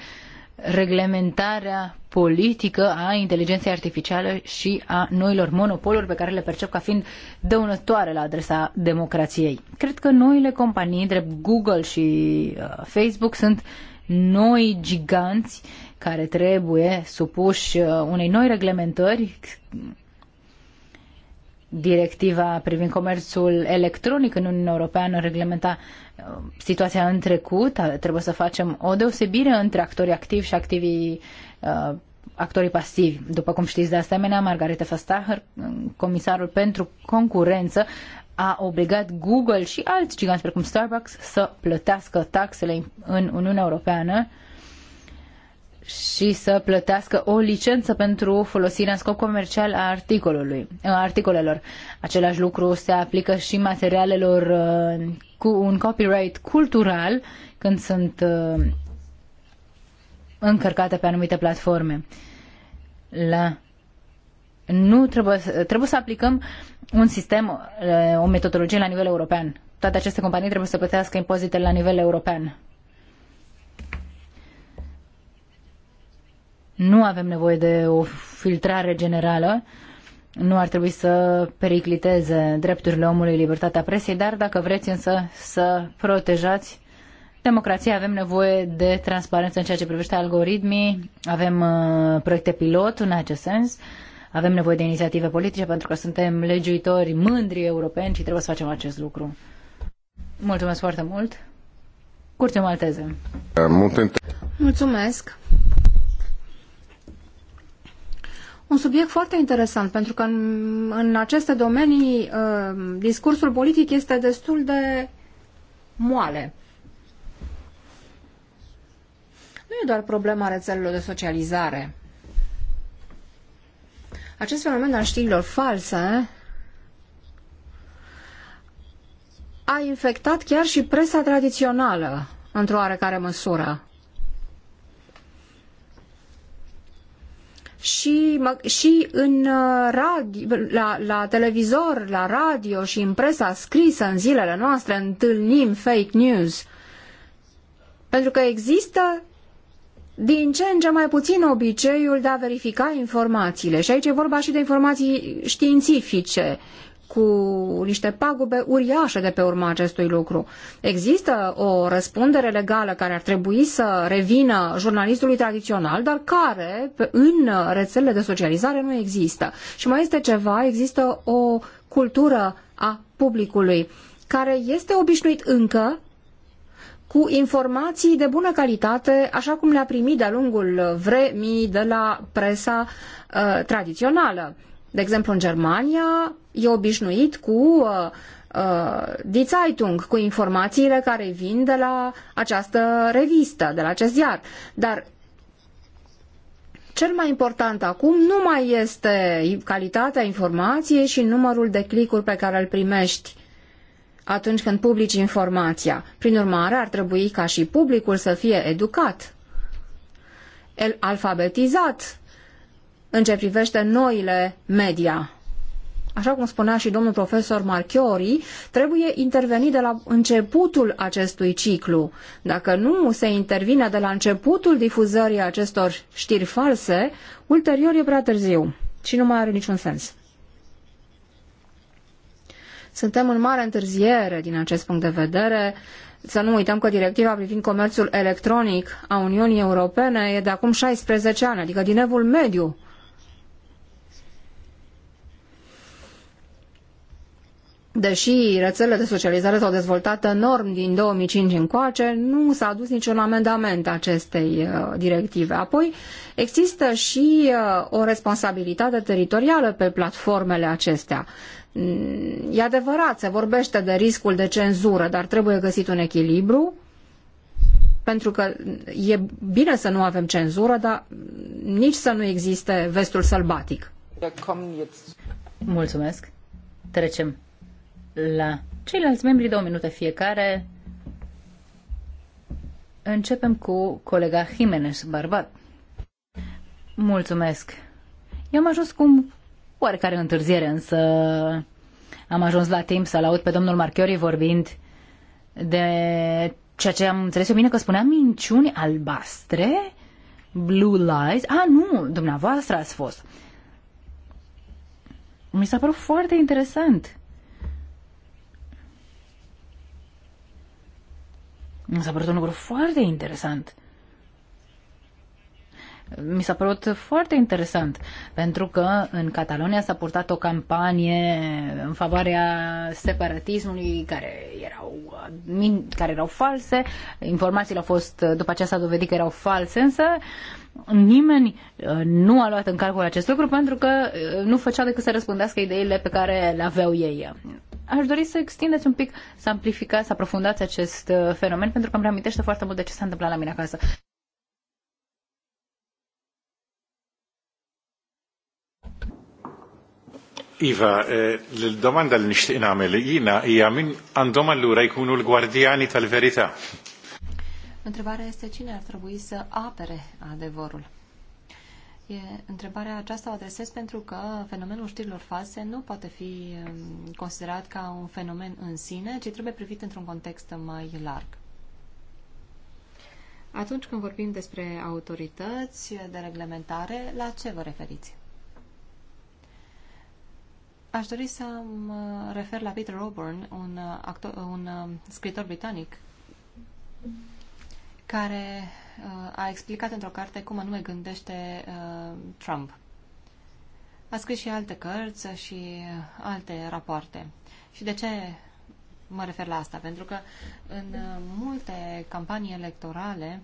reglementarea politică a inteligenței artificiale și a noilor monopoluri pe care le percep ca fiind dăunătoare la adresa democrației. Cred că noile companii, drept Google și uh, Facebook, sunt noi giganți care trebuie supuși uh, unei noi reglementări Directiva privind comerțul electronic în Uniunea Europeană reglementa uh, situația în trecut, trebuie să facem o deosebire între actorii activi și activii uh, actorii pasivi. După cum știți de asemenea, Margarete Fastacher, uh, comisarul pentru concurență, a obligat Google și alți giganți precum Starbucks să plătească taxele în Uniunea Europeană uh, și să plătească o licență pentru folosirea în scop comercial a articolului, a articolelor. Același lucru se aplică și materialelor uh, cu un copyright cultural când sunt uh, încărcate pe anumite platforme. La nu trebuie, trebuie să aplicăm un sistem, uh, o metodologie la nivel european. Toate aceste companii trebuie să plătească impozite la nivel european. Nu avem nevoie de o filtrare generală, nu ar trebui să pericliteze drepturile omului, libertatea presei, dar dacă vreți însă să protejați democrația, avem nevoie de transparență în ceea ce privește algoritmii, avem uh, proiecte pilot în acest sens, avem nevoie de inițiative politice pentru că suntem legiuitori mândri europeni și trebuie să facem acest lucru. Mulțumesc foarte mult! Curte Malteze. Mulțumesc! un subiect foarte interesant, pentru că în, în aceste domenii uh, discursul politic este destul de moale. Nu e doar problema rețelelor de socializare. Acest fenomen al știrilor false a infectat chiar și presa tradițională, într-o oarecare măsură. și, și în uh, radio, la, la televizor, la radio și în presa scrisă în zilele noastre întâlnim fake news. Pentru că există din ce în ce mai puțin obiceiul de a verifica informațiile. Și aici e vorba și de informații științifice cu niște pagube uriașe de pe urma acestui lucru. Există o răspundere legală care ar trebui să revină jurnalistului tradițional, dar care în rețelele de socializare nu există. Și mai este ceva, există o cultură a publicului care este obișnuit încă cu informații de bună calitate, așa cum le-a primit de-a lungul vremii de la presa uh, tradițională. De exemplu, în Germania e obișnuit cu uh, uh, Die Zeitung, cu informațiile care vin de la această revistă, de la acest ziar. Dar cel mai important acum nu mai este calitatea informației și numărul de clicuri pe care îl primești atunci când publici informația. Prin urmare, ar trebui ca și publicul să fie educat, alfabetizat în ce privește noile media. Așa cum spunea și domnul profesor Marchiori, trebuie intervenit de la începutul acestui ciclu. Dacă nu se intervine de la începutul difuzării acestor știri false, ulterior e prea târziu și nu mai are niciun sens. Suntem în mare întârziere din acest punct de vedere. Să nu uităm că directiva privind comerțul electronic a Uniunii Europene e de acum 16 ani, adică din evul mediu. Deși rețelele de socializare s-au dezvoltat enorm din 2005 încoace, nu s-a adus niciun amendament acestei uh, directive. Apoi, există și uh, o responsabilitate teritorială pe platformele acestea. Mm, e adevărat, se vorbește de riscul de cenzură, dar trebuie găsit un echilibru, pentru că mm, e bine să nu avem cenzură, dar mm, nici să nu existe vestul sălbatic. Mulțumesc. Trecem la ceilalți membri două minute fiecare. Începem cu colega Jimenez Barbat. Mulțumesc. Eu am ajuns cu oarecare întârziere, însă am ajuns la timp să-l aud pe domnul Marchiori vorbind de ceea ce am înțeles eu bine că spunea minciuni albastre, blue lies. A, nu, dumneavoastră ați fost. Mi s-a părut foarte interesant. Mi s-a părut un lucru foarte interesant. Mi s-a părut foarte interesant, pentru că în Catalonia s-a purtat o campanie în favoarea separatismului, care erau, uh, care erau false, informațiile au fost, uh, după aceea s-a dovedit că erau false, însă nimeni uh, nu a luat în calcul acest lucru pentru că nu făcea decât să răspundească ideile pe care le aveau ei. Aș dori să extindeți un pic, să amplificați, să aprofundați acest uh, fenomen, pentru că îmi reamintește foarte mult de ce s-a întâmplat la mine acasă. Iva, l-domanda li niște inamele. Ina, hija min għandhom allura jkunu l guardiani tal-verità. Întrebarea este cine ar trebui să apere adevărul. E, întrebarea aceasta o adresez pentru că fenomenul știrilor false nu poate fi um, considerat ca un fenomen în sine, ci trebuie privit într-un context mai larg. Atunci când vorbim despre autorități de reglementare, la ce vă referiți? Aș dori să mă refer la Peter Auburn, un, actor, un um, scriitor britanic care a explicat într-o carte cum anume gândește uh, Trump. A scris și alte cărți și alte rapoarte. Și de ce mă refer la asta? Pentru că în uh, multe campanii electorale,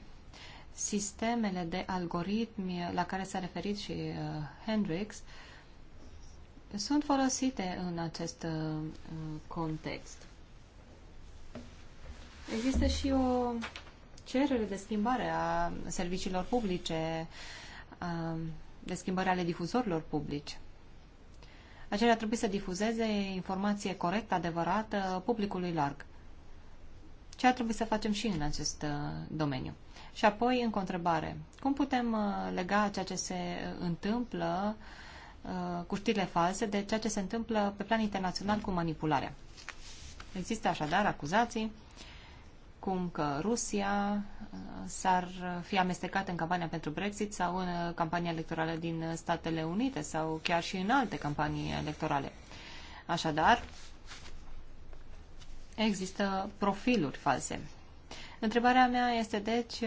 sistemele de algoritmi la care s-a referit și uh, Hendrix sunt folosite în acest uh, context. Există și o cerere de schimbare a serviciilor publice, de schimbare ale difuzorilor publici. Acelea trebuie să difuzeze informație corectă, adevărată, publicului larg. Ce ar trebui să facem și în acest uh, domeniu? Și apoi, în întrebare, cum putem uh, lega ceea ce se uh, întâmplă cu știrile false de ceea ce se întâmplă pe plan internațional cu manipularea? Există așadar acuzații acum că Rusia uh, s-ar fi amestecat în campania pentru Brexit sau în uh, campania electorală din uh, Statele Unite sau chiar și în alte campanii electorale. Așadar, există profiluri false. Întrebarea mea este, deci,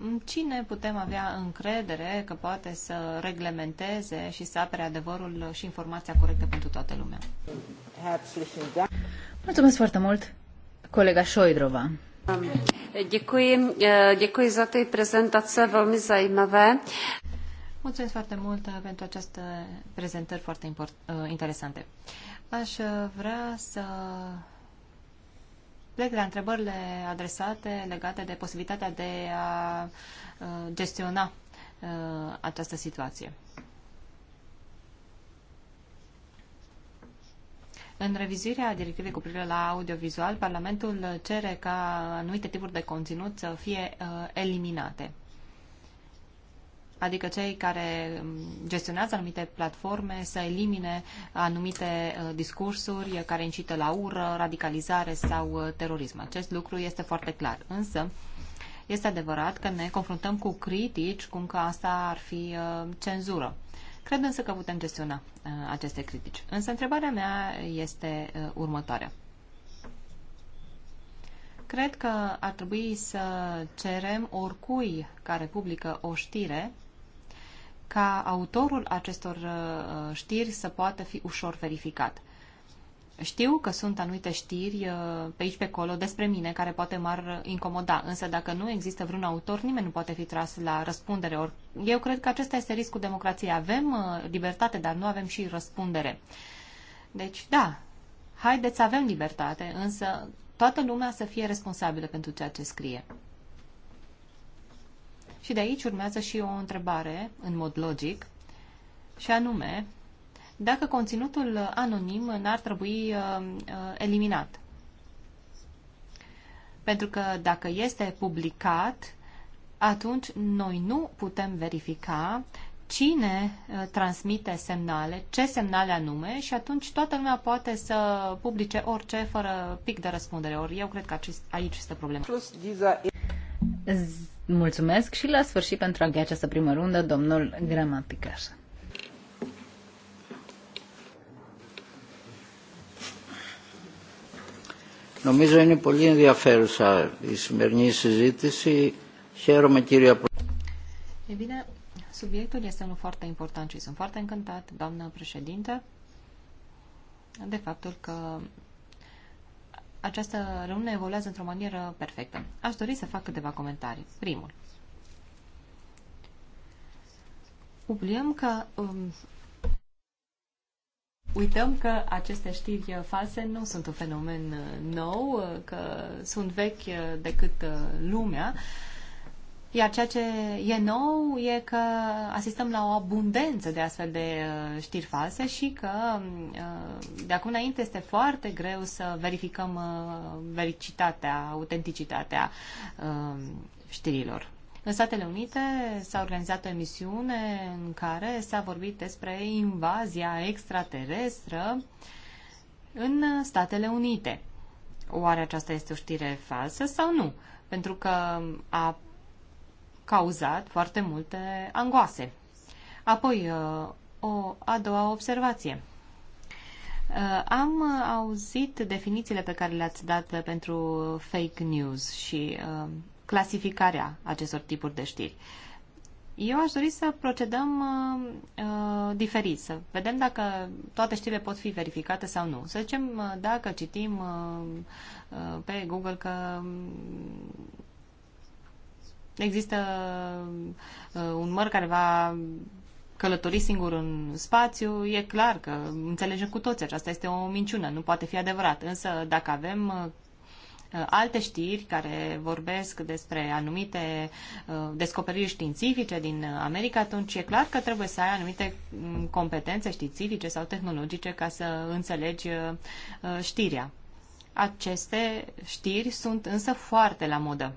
în cine putem avea încredere că poate să reglementeze și să apere adevărul și informația corectă pentru toată lumea? Mulțumesc foarte mult, colega Șoidrova. Děkuji, eh, děkuji za ty prezentace velmi zajímavé. Mulțumesc foarte mult eh, pentru aceste prezentări foarte import, eh, interesante. Aș vrea să plec la întrebările adresate legate de posibilitatea de a gestiona această situație. În revizuirea directivei cu privire la audiovizual, Parlamentul cere ca anumite tipuri de conținut să fie uh, eliminate. Adică cei care um, gestionează anumite platforme să elimine anumite uh, discursuri care incită la ură, radicalizare sau uh, terorism. Acest lucru este foarte clar. Însă, este adevărat că ne confruntăm cu critici cum că asta ar fi uh, cenzură. Uh, Cred însă că putem gestiona uh, aceste critici. Însă întrebarea mea este uh, următoarea. Cred că ar trebui să cerem oricui care publică o știre ca autorul acestor uh, știri să poată fi ușor verificat. Știu că sunt anumite știri uh, pe aici pe acolo despre mine care poate m-ar incomoda, însă dacă nu există vreun autor, nimeni nu poate fi tras la răspundere. Or, eu cred că acesta este riscul democrației. Avem uh, libertate, dar nu avem și răspundere. Deci, da, haideți să avem libertate, însă toată lumea să fie responsabilă pentru ceea ce scrie. Și de aici urmează și o întrebare, în mod logic, și anume, dacă conținutul anonim n-ar trebui uh, uh, eliminat. Pentru că dacă este publicat, atunci noi nu putem verifica cine uh, transmite semnale, ce semnale anume și atunci toată lumea poate să publice orice fără pic de răspundere. Ori eu cred că aici este problema. Mulțumesc și la sfârșit pentru a încheia această primă rundă, domnul Gramaticaș. Νομίζω είναι πολύ ενδιαφέρουσα η σημερινή συζήτηση. Χαίρομαι κύριε Πρόεδρε. bine, subiectul este unul foarte important și sunt foarte încântat, doamnă președinte, de faptul că această reuniune evoluează într-o manieră perfectă. Aș dori să fac câteva comentarii. Primul. Publicăm că um, uităm că aceste știri false nu sunt un fenomen uh, nou, uh, că sunt vechi uh, decât lumea. Iar ceea ce e nou e că asistăm la o abundență de astfel de știri false și că um, de acum înainte este foarte greu să verificăm vericitatea, autenticitatea um, știrilor. În Statele Unite s-a organizat o emisiune în care s-a vorbit despre invazia extraterestră în Statele Unite. Oare aceasta este o știre falsă sau nu? Pentru că a cauzat foarte multe angoase. Apoi, uh, o a doua observație. Uh, am auzit definițiile pe care le-ați dat pentru fake news și uh, clasificarea acestor tipuri de știri. Eu aș dori să procedăm uh, uh, diferit, să vedem dacă toate știrile pot fi verificate sau nu. Să zicem, uh, dacă citim uh, uh, pe Google că mm, există uh, un măr care va călători singur în spațiu, e clar că înțelegem cu toți aceasta este o minciună, nu poate fi adevărat. Însă dacă avem Uh, alte știri care vorbesc despre anumite uh, descoperiri științifice din America, atunci e clar că trebuie să ai anumite mm, competențe științifice sau tehnologice ca să înțelegi uh, știrea. Aceste știri sunt însă foarte la modă.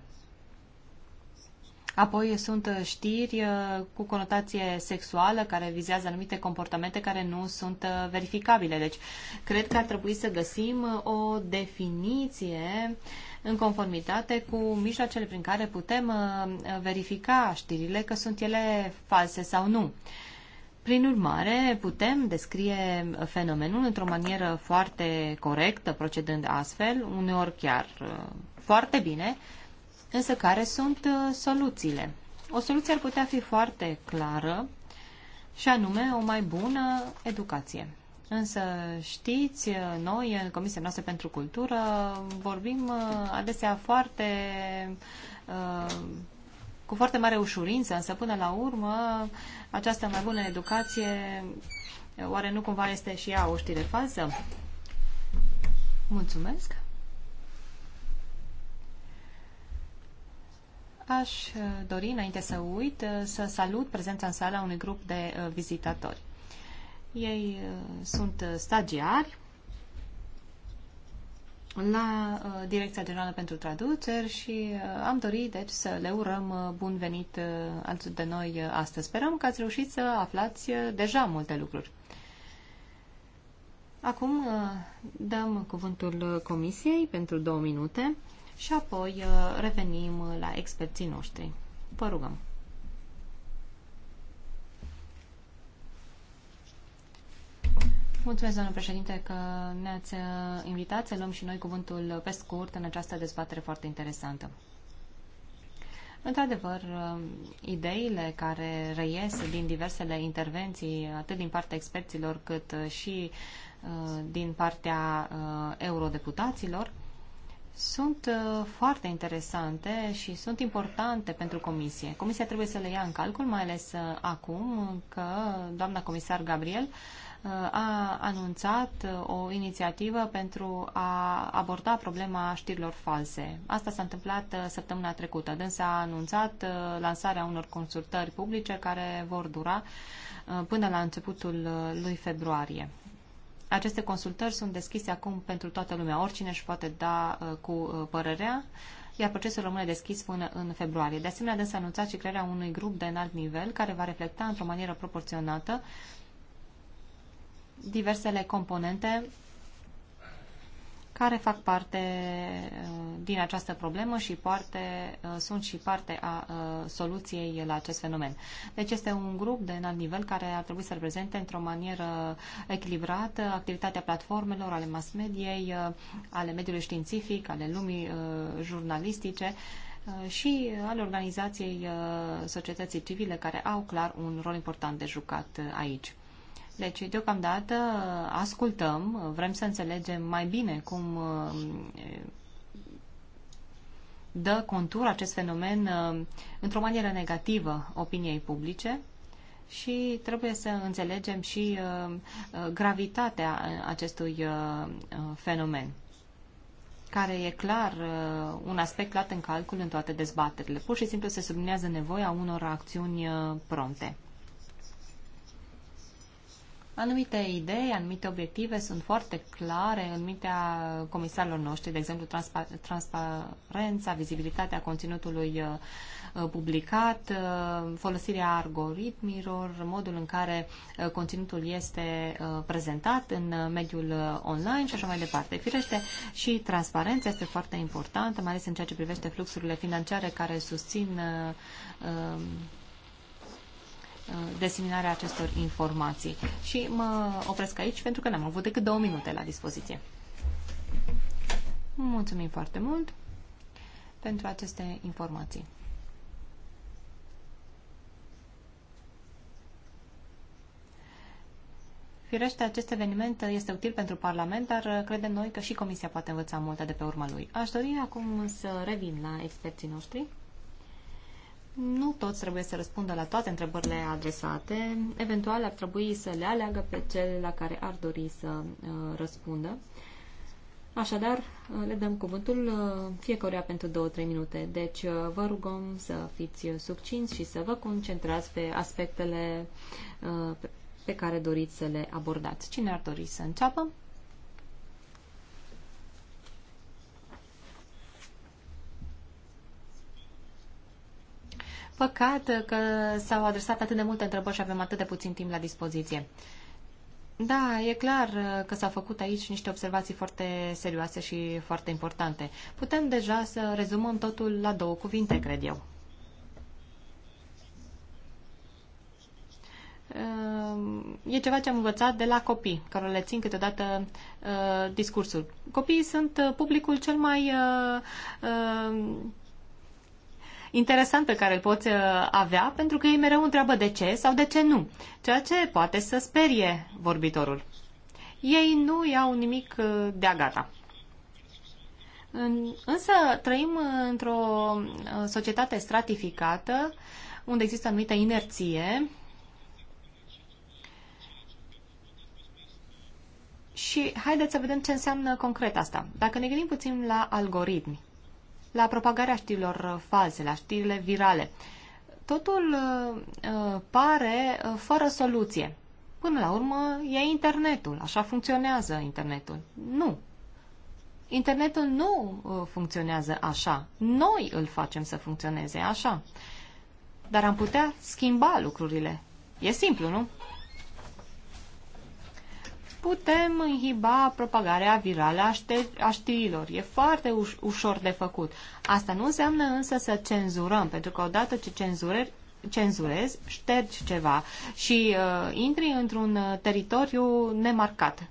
Apoi sunt știri uh, cu conotație sexuală care vizează anumite comportamente care nu sunt uh, verificabile. Deci, cred că ar trebui să găsim uh, o definiție în conformitate cu mijloacele prin care putem verifica știrile că sunt ele false sau nu. Prin urmare, putem descrie fenomenul într-o manieră foarte corectă, procedând astfel, uneori chiar foarte bine, Însă care sunt uh, soluțiile? O soluție ar putea fi foarte clară și anume o mai bună educație. Însă știți, uh, noi în Comisia noastră pentru Cultură vorbim uh, adesea foarte cu foarte mare ușurință, însă până la urmă această mai bună educație oare nu cumva este și ea o știre falsă? Mulțumesc! Aș uh, dori, înainte să uit, uh, să salut prezența în sala unui grup de uh, vizitatori. Ei sunt stagiari la Direcția Generală pentru Traduceri și am dorit, deci, să le urăm bun venit alături de noi astăzi. Sperăm că ați reușit să aflați deja multe lucruri. Acum dăm cuvântul Comisiei pentru două minute și apoi uh, revenim la experții noștri. Vă rugăm! Mulțumesc, doamnă președinte, că ne-ați uh, invitat să luăm și noi cuvântul pe scurt în această dezbatere foarte interesantă. Într-adevăr, uh, ideile care reies din diversele intervenții, atât din partea experților cât și din partea eurodeputaților, sunt uh, foarte interesante și sunt importante pentru comisie. Comisia trebuie să le ia în calcul, mai ales uh, acum că doamna comisar Gabriel uh, a anunțat o inițiativă pentru a aborda problema știrilor false. Asta s-a întâmplat săptămâna trecută. Dânsa a anunțat lansarea unor consultări publice care vor dura până la începutul lui februarie. Aceste consultări sunt deschise acum pentru toată lumea. Oricine își poate da uh, cu uh, părerea iar procesul rămâne deschis până în februarie. De asemenea, dânsa anunțat și crearea unui grup de înalt nivel care va reflecta într-o manieră proporționată diversele componente care fac parte uh, din această problemă și parte, uh, sunt și parte a uh, soluției la acest fenomen. Deci este un grup de înalt nivel care ar trebui să reprezente într-o manieră echilibrată activitatea platformelor, ale mass mediei, ale mediului științific, ale lumii jurnalistice și ale organizației societății civile care au clar un rol important de jucat aici. Deci, deocamdată, ascultăm, vrem să înțelegem mai bine cum eh, dă contur acest fenomen eh, într-o manieră negativă opiniei publice și trebuie să înțelegem și eh, gravitatea acestui fenomen care e clar un aspect luat în calcul în toate dezbaterile. Pur și simplu se sublinează nevoia unor acțiuni prompte. Anumite idei, anumite obiective sunt foarte clare în mintea comisarilor noștri, de exemplu transpa transparența, vizibilitatea conținutului uh, uh, publicat, uh, folosirea algoritmilor, modul în care conținutul este prezentat în mediul online și așa mai departe. Firește și transparența este foarte importantă, mai ales în ceea ce privește fluxurile financiare care susțin um, Uh, diseminarea acestor informații. Și mă opresc aici pentru că n-am avut decât două minute la dispoziție. Mulțumim foarte mult pentru aceste informații. Firește, acest eveniment este util pentru Parlament, dar uh, credem noi că și Comisia poate învăța multe de pe urma lui. Aș dori acum să revin la experții noștri nu toți trebuie să răspundă la toate întrebările adresate. Eventual ar trebui să le aleagă pe cele la care ar dori să uh, răspundă. Așadar, uh, le dăm cuvântul uh, fiecăruia pentru 2-3 minute. Deci, uh, vă rugăm să fiți succinți și să vă concentrați pe aspectele pe care doriți să le abordați. Cine ar dori să înceapă? Păcat că s-au adresat atât de multe întrebări și avem atât de puțin timp la dispoziție. Da, e clar că s-au făcut aici niște observații foarte serioase și foarte importante. Putem deja să rezumăm totul la două cuvinte, cred eu. e ceva ce am învățat de la copii, care le țin câteodată uh, discursul. Copiii sunt publicul cel mai uh, uh, interesant pe care îl poți uh, avea, pentru că ei mereu întreabă de ce sau de ce nu, ceea ce poate să sperie vorbitorul. Ei nu iau nimic uh, de-a gata. Însă trăim într-o uh, societate stratificată, unde există anumită inerție și haideți să vedem ce înseamnă concret asta. Dacă ne gândim puțin la algoritmi, la propagarea știrilor uh, false, la știrile virale. Totul uh, uh, pare fără soluție. Până la urmă, e internetul, așa funcționează internetul. Nu. Internetul nu funcționează așa. Noi îl facem să funcționeze așa. Dar am putea schimba lucrurile. E simplu, nu? putem inhiba propagarea virală a, a știrilor. E foarte uș- ușor de făcut. Asta nu înseamnă însă să cenzurăm, pentru că odată ce cenzurări cenzurezi, ștergi ceva și uh, intri într-un uh, teritoriu nemarcat.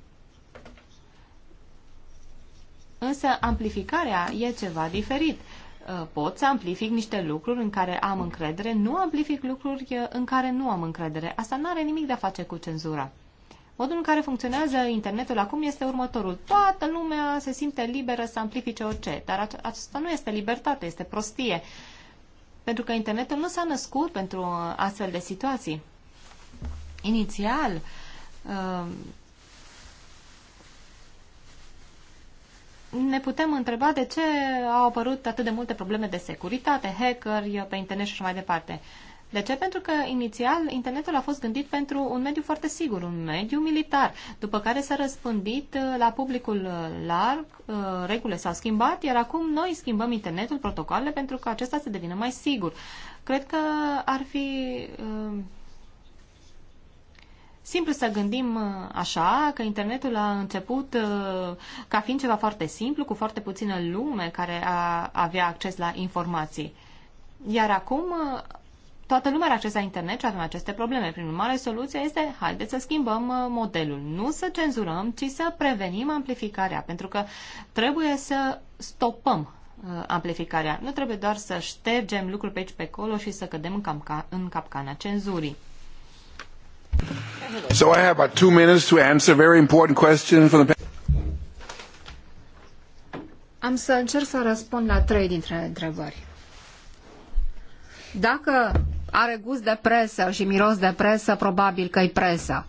Însă amplificarea e ceva diferit. Uh, pot să amplific niște lucruri în care am încredere, nu amplific lucruri uh, în care nu am încredere. Asta nu are nimic de a face cu cenzura. Modul în care funcționează internetul acum este următorul. Toată lumea se simte liberă să amplifice orice, dar asta nu este libertate, este prostie. Pentru că internetul nu s-a născut pentru uh, astfel de situații. Inițial, uh, ne putem întreba de ce au apărut atât de multe probleme de securitate, hackeri pe internet și așa mai departe. De ce? Pentru că inițial internetul a fost gândit pentru un mediu foarte sigur, un mediu militar, după care s-a răspândit uh, la publicul uh, larg, uh, regulile s-au schimbat, iar acum noi schimbăm internetul, protocoalele, pentru că acesta se devină mai sigur. Cred că ar fi simplu să gândim așa, că internetul a început ca fiind ceva foarte simplu, cu foarte puțină lume care a avea acces la informații. Iar acum toată lumea are acces la internet și avem aceste probleme. Prin urmare, soluția este, haideți să schimbăm uh, modelul. Nu să cenzurăm, ci să prevenim amplificarea, pentru că trebuie să stopăm uh, amplificarea. Nu trebuie doar să ștergem lucruri pe aici pe acolo și să cădem în, camca- în capcana cenzurii. So I have about two minutes to answer very important question from the Am să încerc să răspund la trei dintre întrebări. Dacă are gust de presă și miros de presă, probabil că e presă.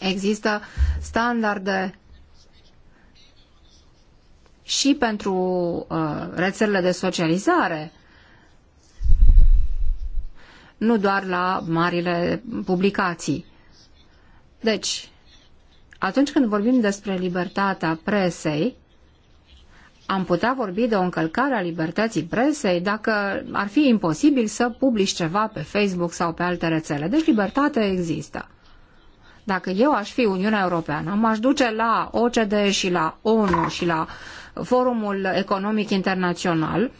Există standarde și pentru uh, rețelele de socializare, nu doar la marile publicații. Deci, atunci când vorbim despre libertatea presei, am putea vorbi de o încălcare a libertății presei dacă ar fi imposibil să publici ceva pe Facebook sau pe alte rețele. Deci libertatea există. Dacă eu aș fi Uniunea Europeană, m-aș duce la OCDE și la ONU și la Forumul Economic Internațional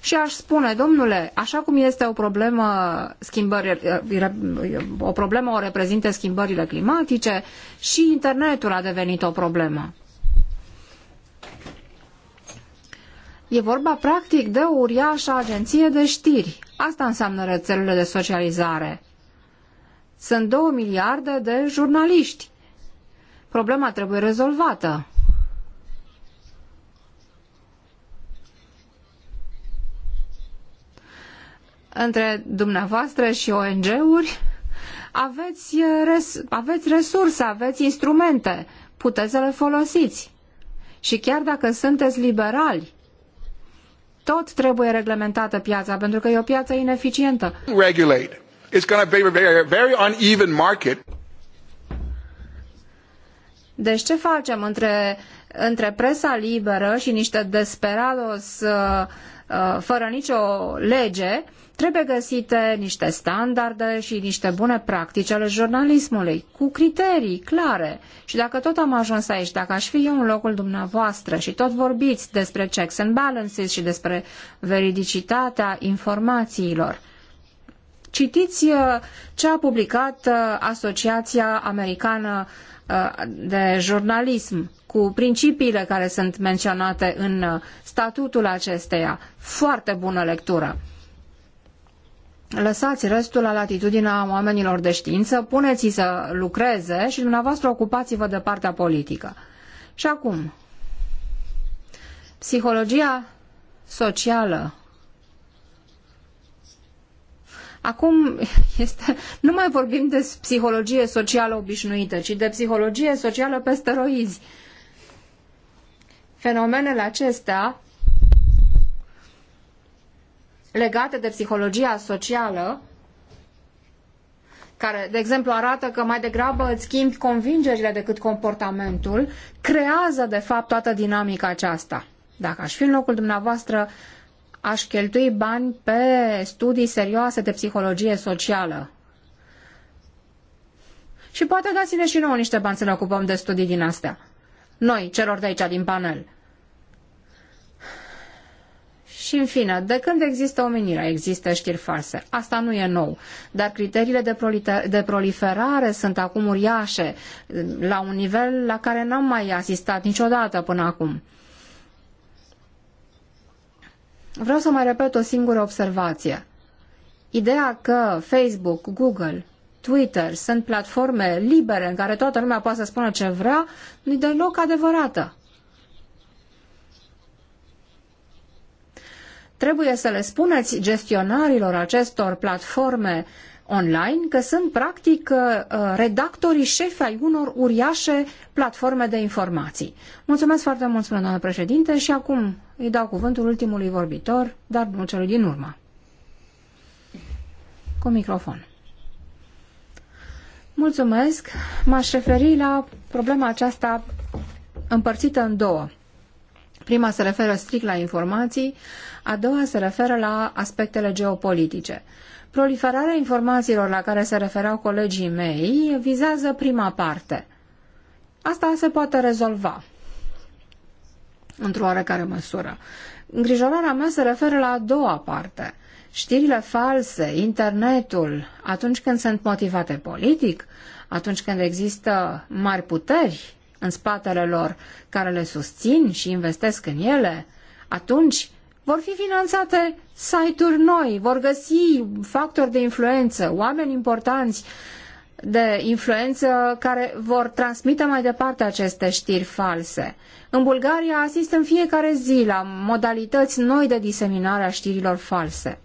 și aș spune, domnule, așa cum este o problemă schimbări, o problemă o reprezintă schimbările climatice, și internetul a devenit o problemă. E vorba practic de o uriașă agenție de știri. Asta înseamnă rețelele de socializare. Sunt două miliarde de jurnaliști. Problema trebuie rezolvată. Între dumneavoastră și ONG-uri aveți, eh, res- aveți resurse, aveți instrumente, puteți să le folosiți. Și chiar dacă sunteți liberali, tot trebuie reglementată piața, pentru că e o piață ineficientă. Regulate. It's going to be a very, very uneven market. Deci ce facem între, între presa liberă și niște desperados uh, Uh, fără nicio lege, trebuie găsite niște standarde și niște bune practici ale jurnalismului, cu criterii clare. Și dacă tot am ajuns aici, dacă aș fi eu în locul dumneavoastră și tot vorbiți despre checks and balances și despre veridicitatea informațiilor, citiți uh, ce a publicat uh, Asociația Americană uh, Uh, de jurnalism, cu principiile care sunt menționate în uh, statutul acesteia. Foarte bună lectură! Lăsați restul la latitudinea oamenilor de știință, puneți-i să lucreze și dumneavoastră ocupați-vă de partea politică. Și acum, psihologia socială Acum este, nu mai vorbim de psihologie socială obișnuită, ci de psihologie socială pe steroizi. Fenomenele acestea legate de psihologia socială care, de exemplu, arată că mai degrabă îți schimbi convingerile decât comportamentul, creează, de fapt, toată dinamica aceasta. Dacă aș fi în locul dumneavoastră, aș cheltui bani pe studii serioase de psihologie socială. Și poate dați-ne și nouă niște bani să ne ocupăm de studii din astea. Noi, celor de aici, din panel. Și în fine, de când există omenirea, există știri false. Asta nu e nou, dar criteriile de, de proliferare sunt acum uriașe, la un nivel la care n-am mai asistat niciodată până acum. Vreau să mai repet o singură observație. Ideea că Facebook, Google, Twitter sunt platforme libere în care toată lumea poate să spună ce vrea, nu-i deloc adevărată. Trebuie să le spuneți gestionarilor acestor platforme online că sunt practic uh, redactorii șefi ai unor uriașe platforme de informații. Mulțumesc foarte mult, spune doamnă președinte, și acum îi dau cuvântul ultimului vorbitor, dar nu celui din urmă. Cu microfon. Mulțumesc. M-aș referi la problema aceasta împărțită în două. Prima se referă strict la informații, a doua se referă la aspectele geopolitice. Proliferarea informațiilor la care se referau colegii mei vizează prima parte. Asta se poate rezolva într-o oarecare măsură. Îngrijorarea mea se referă la a doua parte. Știrile false, internetul, atunci când sunt motivate politic, atunci când există mari puteri în spatele lor care le susțin și investesc în ele, atunci vor fi finanțate site-uri noi, vor găsi factori de influență, oameni importanți de influență care vor transmite mai departe aceste știri false. În Bulgaria asist în fiecare zi la modalități noi de diseminare a știrilor false.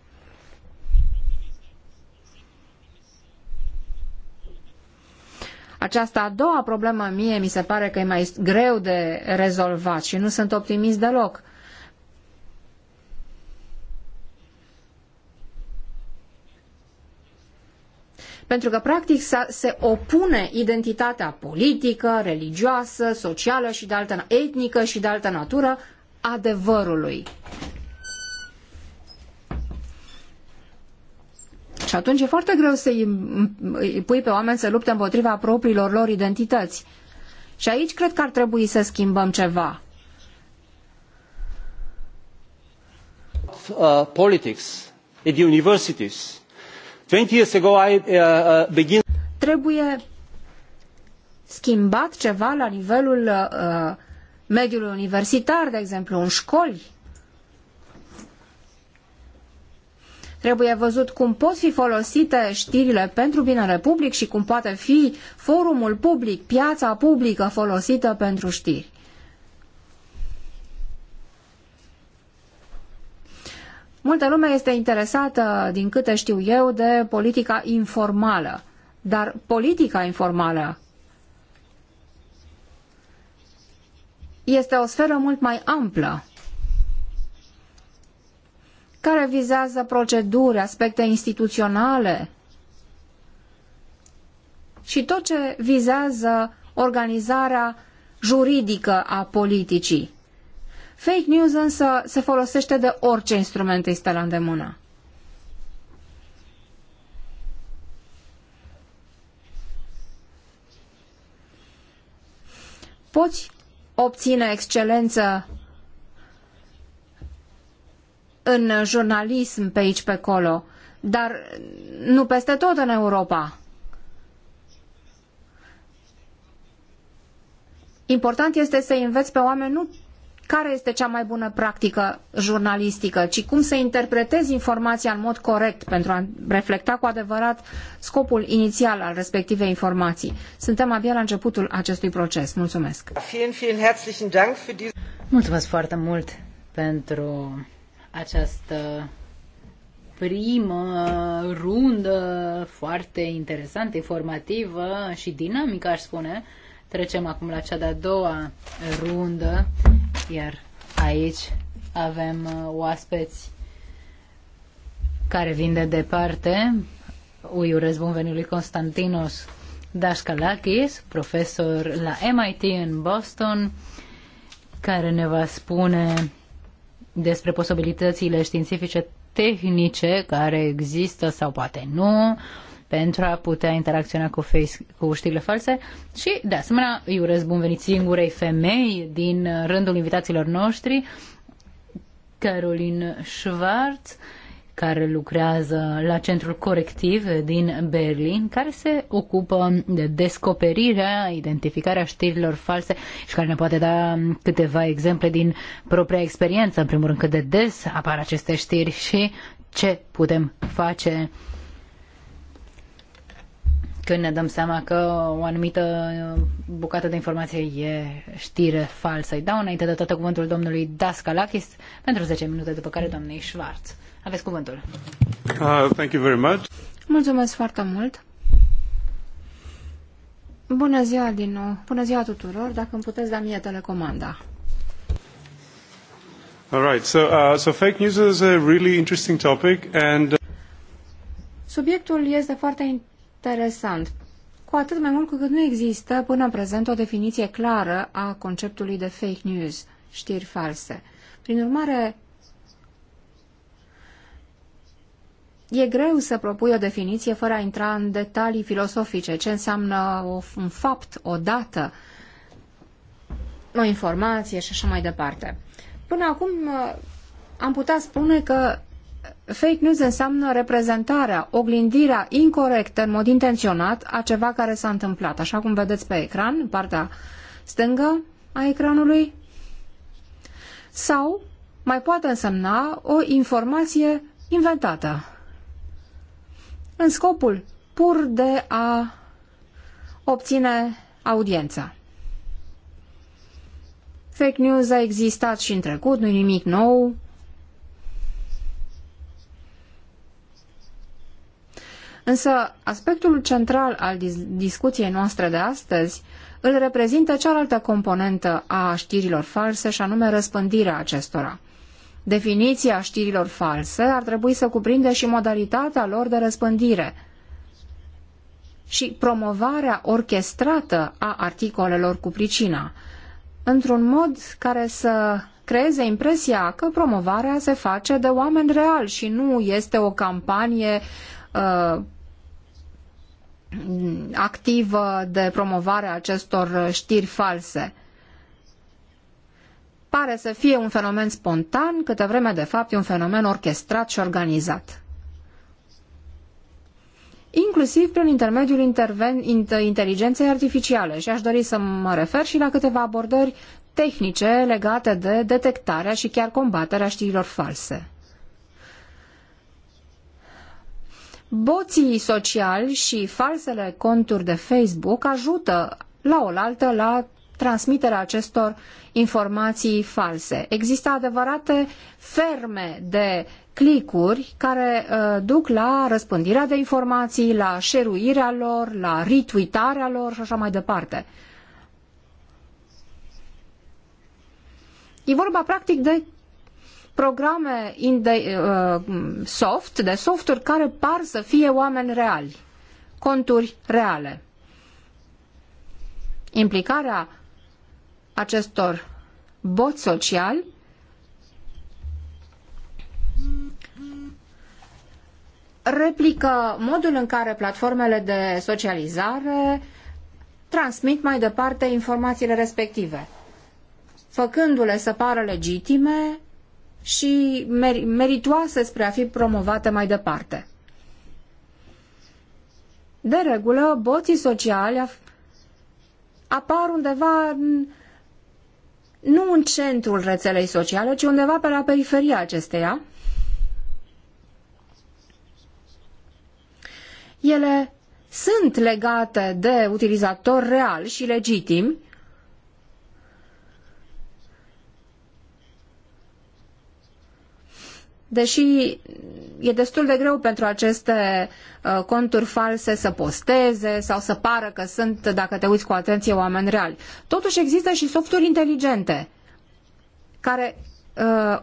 Aceasta a doua problemă mie mi se pare că e mai greu de rezolvat și nu sunt optimist deloc. pentru că practic se opune identitatea politică, religioasă, socială și de altă, etnică și de altă natură adevărului. Și atunci e foarte greu să-i pui pe oameni să lupte împotriva propriilor lor identități. Și aici cred că ar trebui să schimbăm ceva. Uh, politics at universities 20 years ago I uh, uh, begin... Trebuie schimbat ceva la nivelul uh, mediului universitar, de exemplu, în școli. Trebuie văzut cum pot fi folosite știrile pentru binele public și cum poate fi forumul public, piața publică folosită pentru știri. Multă lume este interesată, din câte știu eu, de politica informală. Dar politica informală este o sferă mult mai amplă care vizează proceduri, aspecte instituționale și tot ce vizează organizarea juridică a politicii. Fake news însă se folosește de orice instrument îi stă la îndemână. Poți obține excelență în jurnalism pe aici pe acolo, dar nu peste tot în Europa. Important este să înveți pe oameni nu care este cea mai bună practică jurnalistică, ci cum să interpretezi informația în mod corect pentru a reflecta cu adevărat scopul inițial al respectivei informații. Suntem abia la începutul acestui proces. Mulțumesc! Mulțumesc foarte mult pentru această primă rundă foarte interesantă, informativă și dinamică, aș spune, Trecem acum la cea de-a doua rundă, iar aici avem uh, oaspeți care vin de departe. Ui, urez bun venit lui Constantinos Daskalakis, profesor la MIT în Boston, care ne va spune despre posibilitățile științifice tehnice care există sau poate nu, pentru a putea interacționa cu, face, cu știrile false și, de asemenea, îi urez bun venit singurei femei din rândul invitaților noștri, Caroline Schwarz, care lucrează la Centrul Corectiv din Berlin, care se ocupă de descoperirea, identificarea știrilor false și care ne poate da câteva exemple din propria experiență, în primul rând cât de des apar aceste știri și ce putem face când ne dăm seama că o anumită bucată de informație e știre falsă. Îi dau înainte de toate cuvântul domnului Dascalakis pentru 10 minute, după care doamnei Schwarz. Aveți cuvântul. Uh, thank you very much. Mulțumesc foarte mult. Bună ziua din nou. Bună ziua tuturor. Dacă îmi puteți da mie telecomanda. All right. So, uh, so fake news is a really interesting topic and uh, Subiectul este foarte interesant interesant, cu atât mai mult cu cât nu există până în prezent o definiție clară a conceptului de fake news, știri false. Prin urmare, E greu să propui o definiție fără a intra în detalii filosofice, ce înseamnă o, un fapt, o dată, o informație și așa mai departe. Până acum am putea spune că fake news înseamnă reprezentarea, oglindirea incorrectă, în mod intenționat, a ceva care s-a întâmplat. Așa cum vedeți pe ecran, în partea stângă a ecranului. Sau mai poate însemna o informație inventată. În scopul pur de a obține audiența. Fake news a existat și în trecut, nu nimic nou, Însă aspectul central al dis discuției noastre de astăzi îl reprezintă cealaltă componentă a știrilor false și anume răspândirea acestora. Definiția știrilor false ar trebui să cuprindă și modalitatea lor de răspândire și promovarea orchestrată a articolelor cu pricina, într-un mod care să creeze impresia că promovarea se face de oameni reali și nu este o campanie uh, activă de promovare a acestor știri false. Pare să fie un fenomen spontan, câtă vreme de fapt e un fenomen orchestrat și organizat. Inclusiv prin intermediul interven, inteligenței artificiale și aș dori să mă refer și la câteva abordări tehnice legate de detectarea și chiar combaterea știrilor false. boții sociali și falsele conturi de Facebook ajută la oaltă la transmiterea acestor informații false. Există adevărate ferme de clicuri care uh, duc la răspândirea de informații, la șeruirea lor, la retweetarea lor și așa mai departe. E vorba practic de programe de, uh, soft, de softuri care par să fie oameni reali, conturi reale. Implicarea acestor bot sociali replică modul în care platformele de socializare transmit mai departe informațiile respective, făcându-le să pară legitime, și meritoase spre a fi promovate mai departe. De regulă, boții sociali apar undeva în, nu în centrul rețelei sociale, ci undeva pe la periferia acesteia. Ele sunt legate de utilizatori reali și legitimi, deși e destul de greu pentru aceste uh, conturi false să posteze sau să pară că sunt, dacă te uiți cu atenție, oameni reali. Totuși există și softuri inteligente care uh,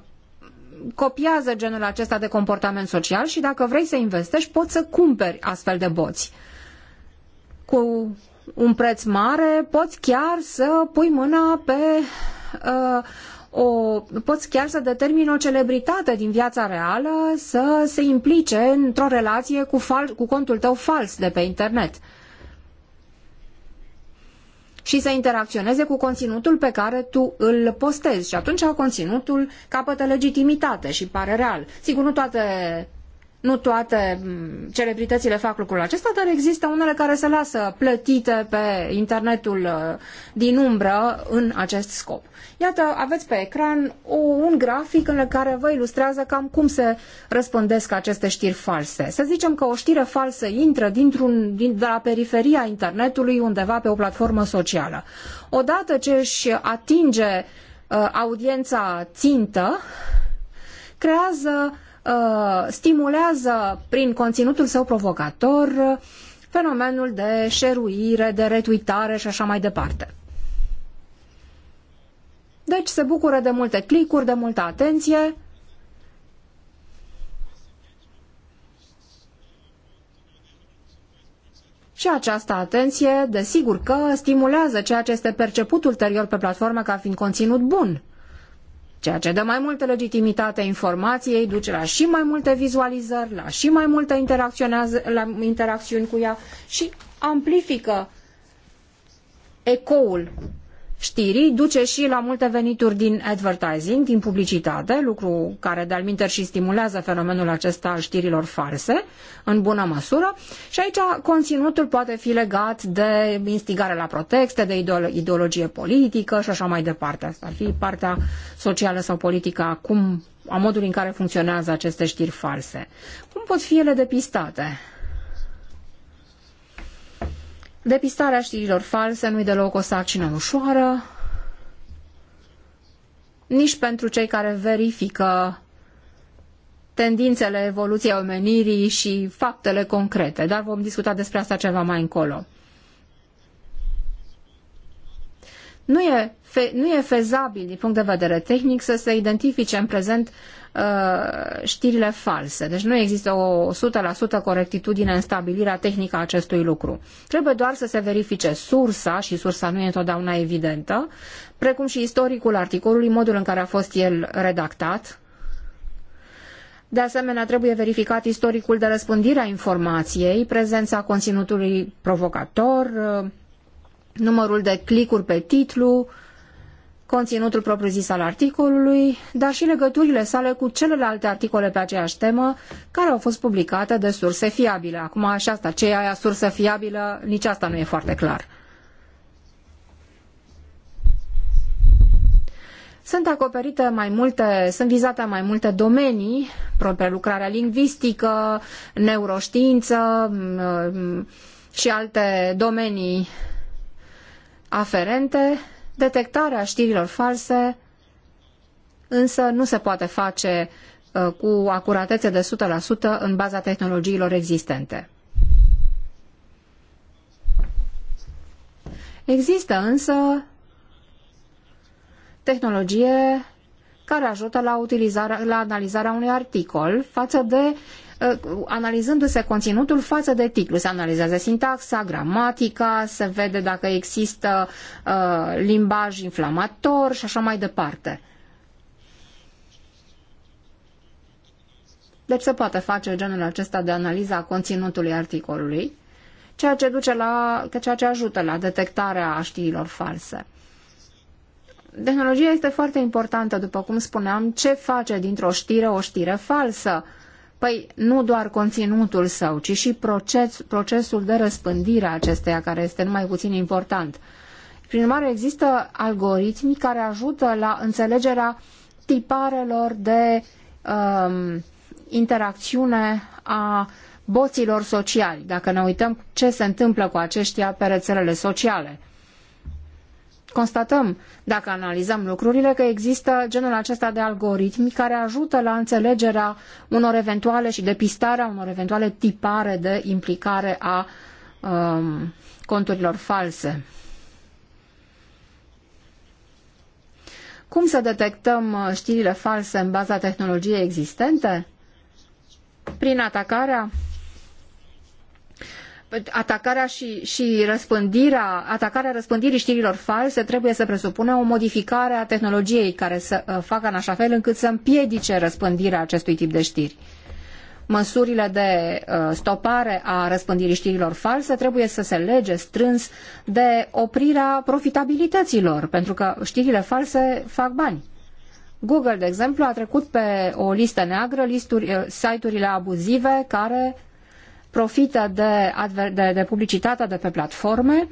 copiază genul acesta de comportament social și dacă vrei să investești, poți să cumperi astfel de boți. Cu un preț mare poți chiar să pui mâna pe uh, o, poți chiar să determini o celebritate din viața reală să se implice într-o relație cu, fal, cu contul tău fals de pe internet și să interacționeze cu conținutul pe care tu îl postezi și atunci conținutul capătă legitimitate și pare real. Sigur, nu toate nu toate mm, celebritățile fac lucrul acesta, dar există unele care se lasă plătite pe internetul uh, din umbră în acest scop. Iată, aveți pe ecran un grafic în care vă ilustrează cam cum se răspândesc aceste știri false. Să zicem că o știre falsă intră dintr-un, din, de la periferia internetului undeva pe o platformă socială. Odată ce își atinge uh, audiența țintă, creează Uh, stimulează prin conținutul său provocator fenomenul de șeruire, de retuitare și așa mai departe. Deci se bucură de multe clicuri, de multă atenție. Și această atenție, desigur că stimulează ceea ce este perceput ulterior pe platformă ca fiind conținut bun ceea ce dă mai multă legitimitate informației, duce la și mai multe vizualizări, la și mai multe la interacțiuni cu ea și amplifică ecoul știrii duce și la multe venituri din advertising, din publicitate, lucru care de-al minter și stimulează fenomenul acesta al știrilor false, în bună măsură, și aici conținutul poate fi legat de instigare la proteste, de ideologie politică și așa mai departe. Asta ar fi partea socială sau politică a a modului în care funcționează aceste știri false. Cum pot fi ele depistate? Depistarea știrilor false nu-i deloc o sarcină ușoară, nici pentru cei care verifică tendințele evoluției omenirii și faptele concrete, dar vom discuta despre asta ceva mai încolo. Nu e, fe, nu e fezabil din punct de vedere tehnic să se identifice în prezent uh, știrile false. Deci nu există o 100% corectitudine în stabilirea tehnică a acestui lucru. Trebuie doar să se verifice sursa, și sursa nu e întotdeauna evidentă, precum și istoricul articolului, modul în care a fost el redactat, de asemenea, trebuie verificat istoricul de răspândire a informației, prezența conținutului provocator, uh, numărul de clicuri pe titlu, conținutul propriu-zis al articolului, dar și legăturile sale cu celelalte articole pe aceeași temă care au fost publicate de surse fiabile. Acum și asta, ce e aia sursă fiabilă, nici asta nu e foarte clar. Sunt acoperite mai multe, sunt vizate mai multe domenii, prelucrarea lingvistică, neuroștiință mm, mm, și alte domenii aferente, Detectarea știrilor false însă nu se poate face uh, cu acuratețe de 100% în baza tehnologiilor existente. Există însă tehnologie care ajută la, utilizarea, la analizarea unui articol față de Uh, analizându-se conținutul față de titlu. Se analizează sintaxa, gramatica, se vede dacă există uh, limbaj inflamator și așa mai departe. Deci se poate face genul acesta de analiza conținutului articolului, ceea ce, duce la, ceea ce ajută la detectarea știrilor false. Tehnologia este foarte importantă, după cum spuneam, ce face dintr-o știre o știre falsă. Uh, Păi nu doar conținutul său, ci și proces, procesul de răspândire a acesteia, care este numai puțin important. Prin urmare, există algoritmi care ajută la înțelegerea tiparelor de um, interacțiune a boților sociali, dacă ne uităm ce se întâmplă cu aceștia pe rețelele sociale constatăm, dacă analizăm lucrurile, că există genul acesta de algoritmi care ajută la înțelegerea unor eventuale și depistarea unor eventuale tipare de implicare a um, conturilor false. Cum să detectăm uh, știrile false în baza tehnologiei existente? Prin atacarea atacarea și, și răspândirea, atacarea răspândirii știrilor false trebuie să presupună o modificare a tehnologiei care să uh, facă în așa fel încât să împiedice răspândirea acestui tip de știri. Măsurile de uh, stopare a răspândirii știrilor false trebuie să se lege strâns de oprirea profitabilităților, pentru că știrile false fac bani. Google, de exemplu, a trecut pe o listă neagră listuri, uh, site-urile abuzive care profită de, de, de publicitatea de pe platforme,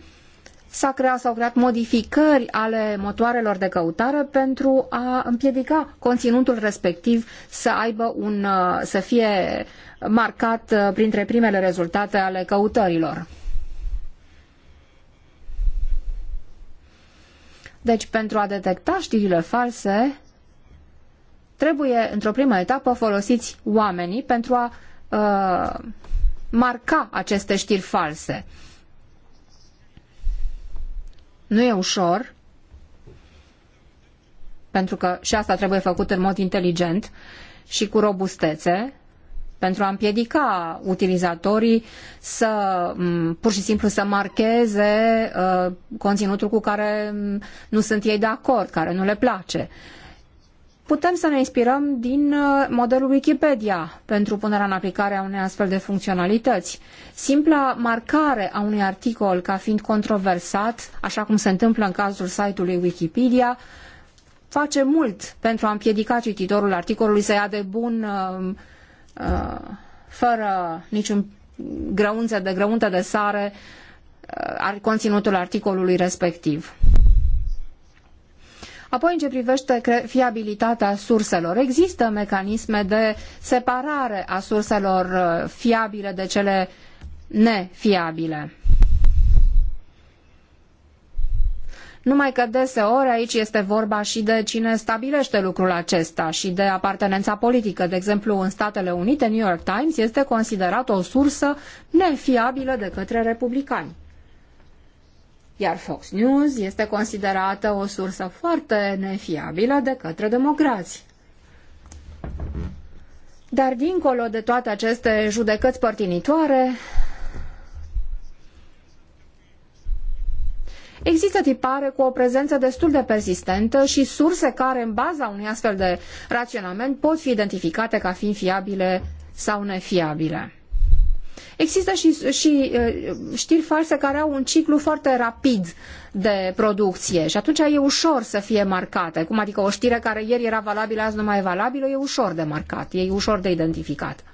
s au creat, creat modificări ale motoarelor de căutare pentru a împiedica conținutul respectiv să aibă un, uh, să fie marcat uh, printre primele rezultate ale căutărilor. Deci, pentru a detecta știrile false, trebuie, într-o primă etapă, folosiți oamenii pentru a uh, marca aceste știri false. Nu e ușor, pentru că și asta trebuie făcut în mod inteligent și cu robustețe, pentru a împiedica utilizatorii să pur și simplu să marcheze uh, conținutul cu care nu sunt ei de acord, care nu le place. Uh, Putem să ne inspirăm din uh, modelul Wikipedia pentru punerea în aplicare a unei astfel de funcționalități. Simpla marcare a unui articol ca fiind controversat, așa cum se întâmplă în cazul site-ului Wikipedia, face mult pentru a împiedica cititorul articolului să ia de bun uh, uh, fără niciun grăunță de grăuntă de sare conținutul articolului respectiv. Apoi, în ce privește fiabilitatea surselor, există mecanisme de separare a surselor uh, fiabile de cele nefiabile. Numai că deseori aici este vorba și de cine stabilește lucrul acesta și de apartenența politică. De exemplu, în Statele Unite, New York Times este considerat o sursă nefiabilă de către republicani iar Fox News este considerată o sursă foarte nefiabilă de către democrați. Dar dincolo de toate aceste judecăți părtinitoare, Există tipare cu o prezență destul de persistentă și surse care, în baza unui astfel de raționament, pot fi identificate ca fiind fiabile sau nefiabile. Există și, și știri false care au un ciclu foarte rapid de producție și atunci e ușor să fie marcate. Cum adică o știre care ieri era valabilă, azi nu mai e valabilă, e ușor de marcat, e ușor de identificat.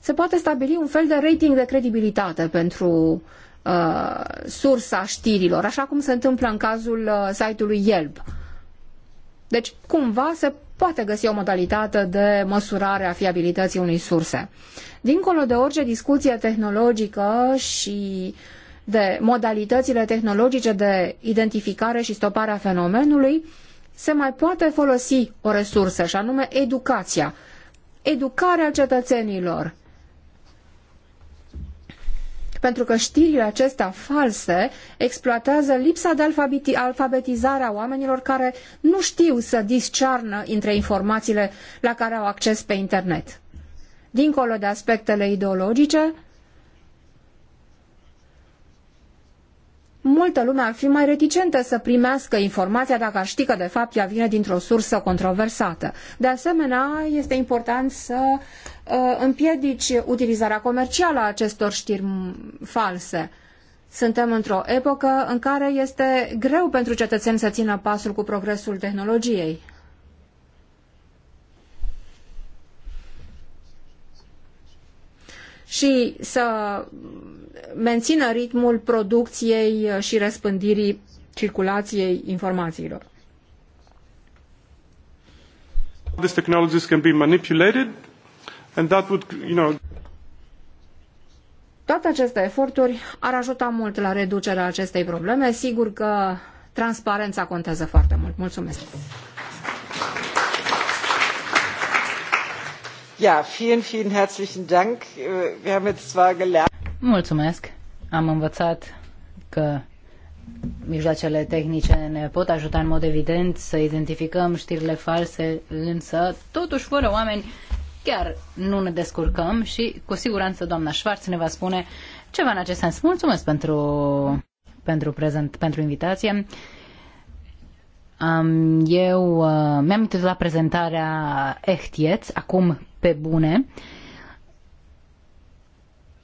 se poate stabili un fel de rating de credibilitate pentru uh, sursa știrilor, așa cum se întâmplă în cazul uh, site-ului Yelp. Deci, cumva se poate găsi o modalitate de măsurare a fiabilității unei surse. Dincolo de orice discuție tehnologică și de modalitățile tehnologice de identificare și stopare a fenomenului, se mai poate folosi o resursă, și anume educația. Educarea cetățenilor, pentru că știrile acestea false exploatează lipsa de alfabetizare a oamenilor care nu știu să discearnă între informațiile la care au acces pe internet. Dincolo de aspectele ideologice, multă lume ar fi mai reticentă să primească informația dacă ar ști că de fapt ea vine dintr-o sursă controversată. De asemenea, este important să Uh, împiedici utilizarea comercială a acestor știri false. Suntem într-o epocă în care este greu pentru cetățeni să țină pasul cu progresul tehnologiei. și să mențină ritmul producției și răspândirii circulației informațiilor. technologies can be manipulated And that would, you know... Toate aceste eforturi ar ajuta mult la reducerea acestei probleme. Sigur că transparența contează foarte mult. Mulțumesc! Ja, vielen, vielen herzlichen Dank. Wir haben jetzt zwar gelernt. Mulțumesc. Am învățat că mijloacele tehnice ne pot ajuta în mod evident să identificăm știrile false, însă totuși fără oameni chiar nu ne descurcăm și cu siguranță doamna Schwarz ne va spune ceva în acest sens. Mulțumesc pentru, pentru, prezent, pentru invitație. Um, eu uh, mi-am uitat la prezentarea Ehtieț, acum pe bune. Uh,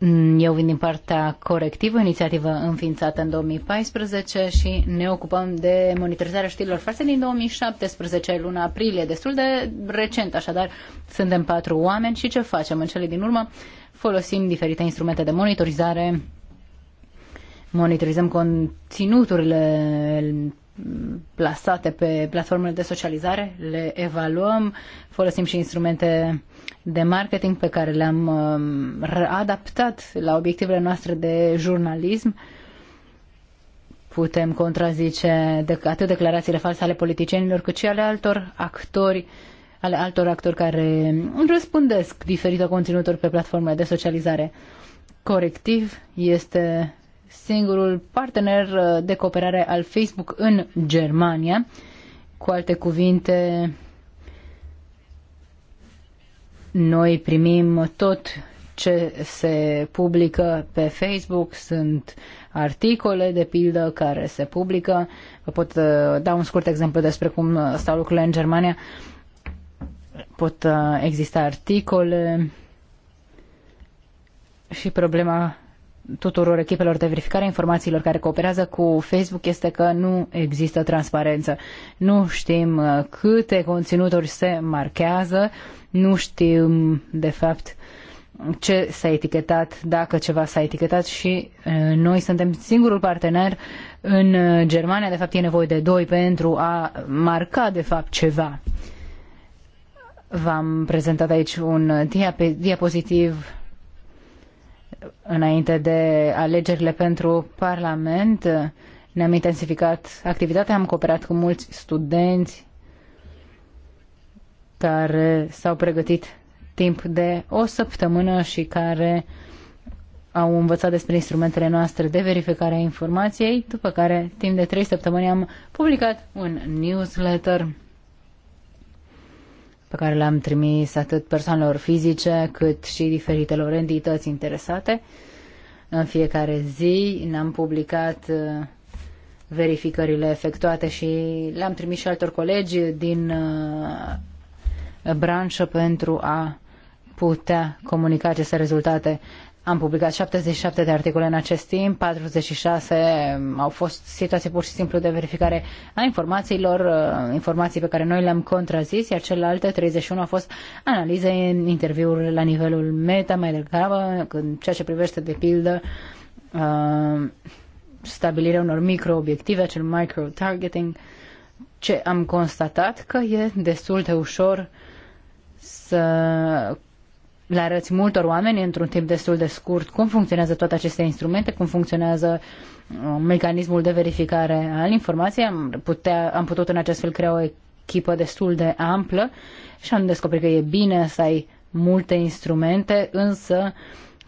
Mm, eu vin din partea corectivă, inițiativă înființată în 2014 și ne ocupăm de monitorizarea știrilor false din 2017, luna aprilie, destul de recent, așadar suntem patru oameni și ce facem în cele din urmă? Folosim diferite instrumente de monitorizare, monitorizăm conținuturile mm, plasate pe platformele de socializare, le evaluăm, folosim și instrumente de marketing pe care le-am um, adaptat la obiectivele noastre de jurnalism. Putem contrazice atât declarațiile false ale politicienilor, cât și ale altor actori ale altor actori care răspândesc diferite conținuturi pe platformele de socializare. Corectiv este singurul partener uh, de cooperare al Facebook în Germania. Cu alte cuvinte, noi primim tot ce se publică pe Facebook, sunt articole, de pildă, care se publică. Vă pot da un scurt exemplu despre cum stau lucrurile în Germania. Pot uh, exista articole și problema tuturor echipelor de verificare a informațiilor care cooperează cu Facebook este că nu există transparență. Nu știm uh, câte conținuturi se marchează, nu știm, de fapt, ce s-a etichetat, dacă ceva s-a etichetat și noi suntem singurul partener în Germania, de fapt e nevoie de doi pentru a marca de fapt ceva. V-am prezentat aici un diap diapozitiv înainte de alegerile pentru Parlament. Ne-am intensificat activitatea, am cooperat cu mulți studenți care s-au pregătit timp de o săptămână și care au învățat despre instrumentele noastre de verificare a informației, după care timp de trei săptămâni am publicat un newsletter pe care l am trimis atât persoanelor fizice cât și diferitelor entități interesate. În fiecare zi ne-am publicat uh, verificările efectuate și le-am trimis și altor colegi din uh, branșă pentru a putea comunica aceste rezultate. Am publicat 77 de articole în acest timp, 46 au fost situații pur și simplu de verificare a informațiilor, uh, informații pe care noi le-am contrazis, iar celelalte 31 au fost analize în interviuri la nivelul meta, mai degrabă, în ceea ce privește, de pildă, uh, stabilirea unor micro-obiective, acel micro-targeting, ce am constatat că e destul de ușor uh, să le arăți multor oameni într-un timp destul de scurt cum funcționează toate aceste instrumente, cum funcționează uh, mecanismul de verificare al informației. Am, putea, am putut în acest fel crea o echipă destul de amplă și am descoperit că e bine să ai multe instrumente, însă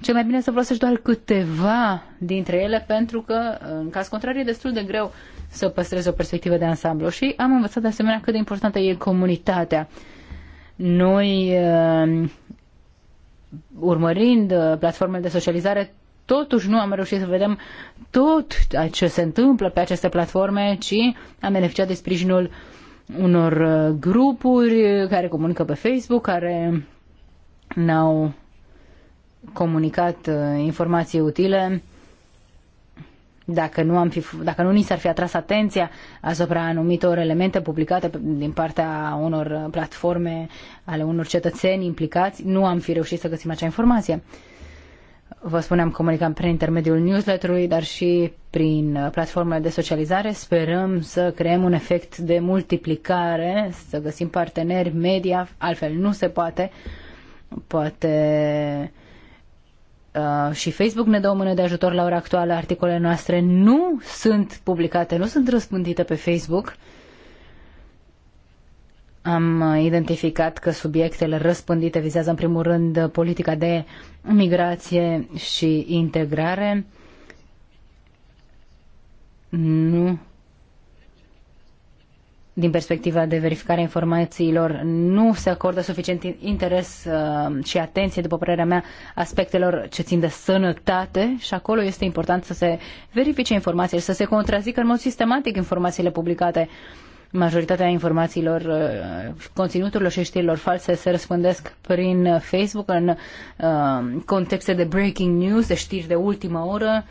cel mai bine să folosești doar câteva dintre ele pentru că, uh, în caz contrar, e destul de greu să păstrezi o perspectivă de ansamblu. Și am învățat de asemenea cât de importantă e comunitatea noi, ehm, urmărind uh, platformele de socializare, totuși nu am reușit să vedem tot ce se întâmplă pe aceste platforme, ci am beneficiat de sprijinul unor uh, grupuri care comunică pe Facebook, care ne-au comunicat uh, informații utile dacă nu, am fi, dacă nu ni s-ar fi atras atenția asupra anumitor elemente publicate din partea unor uh, platforme ale unor cetățeni implicați, nu am fi reușit să găsim acea informație. Vă spuneam, comunicam prin intermediul newsletterului, dar și prin uh, platformele de socializare. Sperăm să creăm un efect de multiplicare, să găsim parteneri media, altfel nu se poate. Poate Uh, și Facebook ne dă o mână de ajutor la ora actuală. Articolele noastre nu sunt publicate, nu sunt răspândite pe Facebook. Am uh, identificat că subiectele răspândite vizează în primul rând uh, politica de migrație și integrare. Nu din perspectiva de verificare a informațiilor, nu se acordă suficient interes uh, și atenție, după părerea mea, aspectelor ce țin de sănătate și acolo este important să se verifice informațiile, să se contrazică în mod sistematic informațiile publicate. Majoritatea informațiilor, uh, conținuturilor și știrilor false se răspândesc prin Facebook în uh, contexte de breaking news, de știri de ultimă oră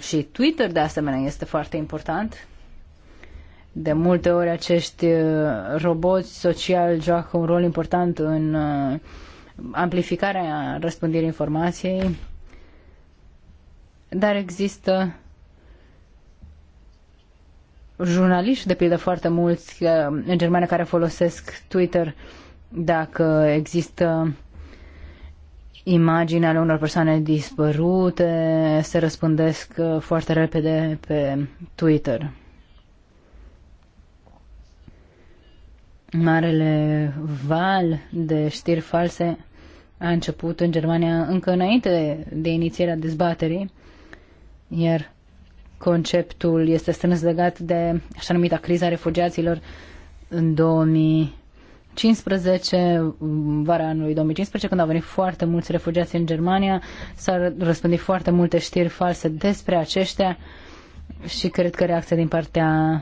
și Twitter de asemenea este foarte important de multe ori acești uh, roboți sociali joacă un rol important în uh, amplificarea răspândirii informației, dar există jurnaliști, de pildă, foarte mulți uh, în Germania care folosesc Twitter dacă există imagini ale unor persoane dispărute se răspândesc foarte repede pe Twitter. marele val de știri false a început în Germania încă înainte de inițierea dezbaterii, iar conceptul este strâns legat de așa numita criza refugiaților în 2015, vara anului 2015, când au venit foarte mulți refugiați în Germania, s-au răspândit foarte multe știri false despre aceștia și cred că reacția din partea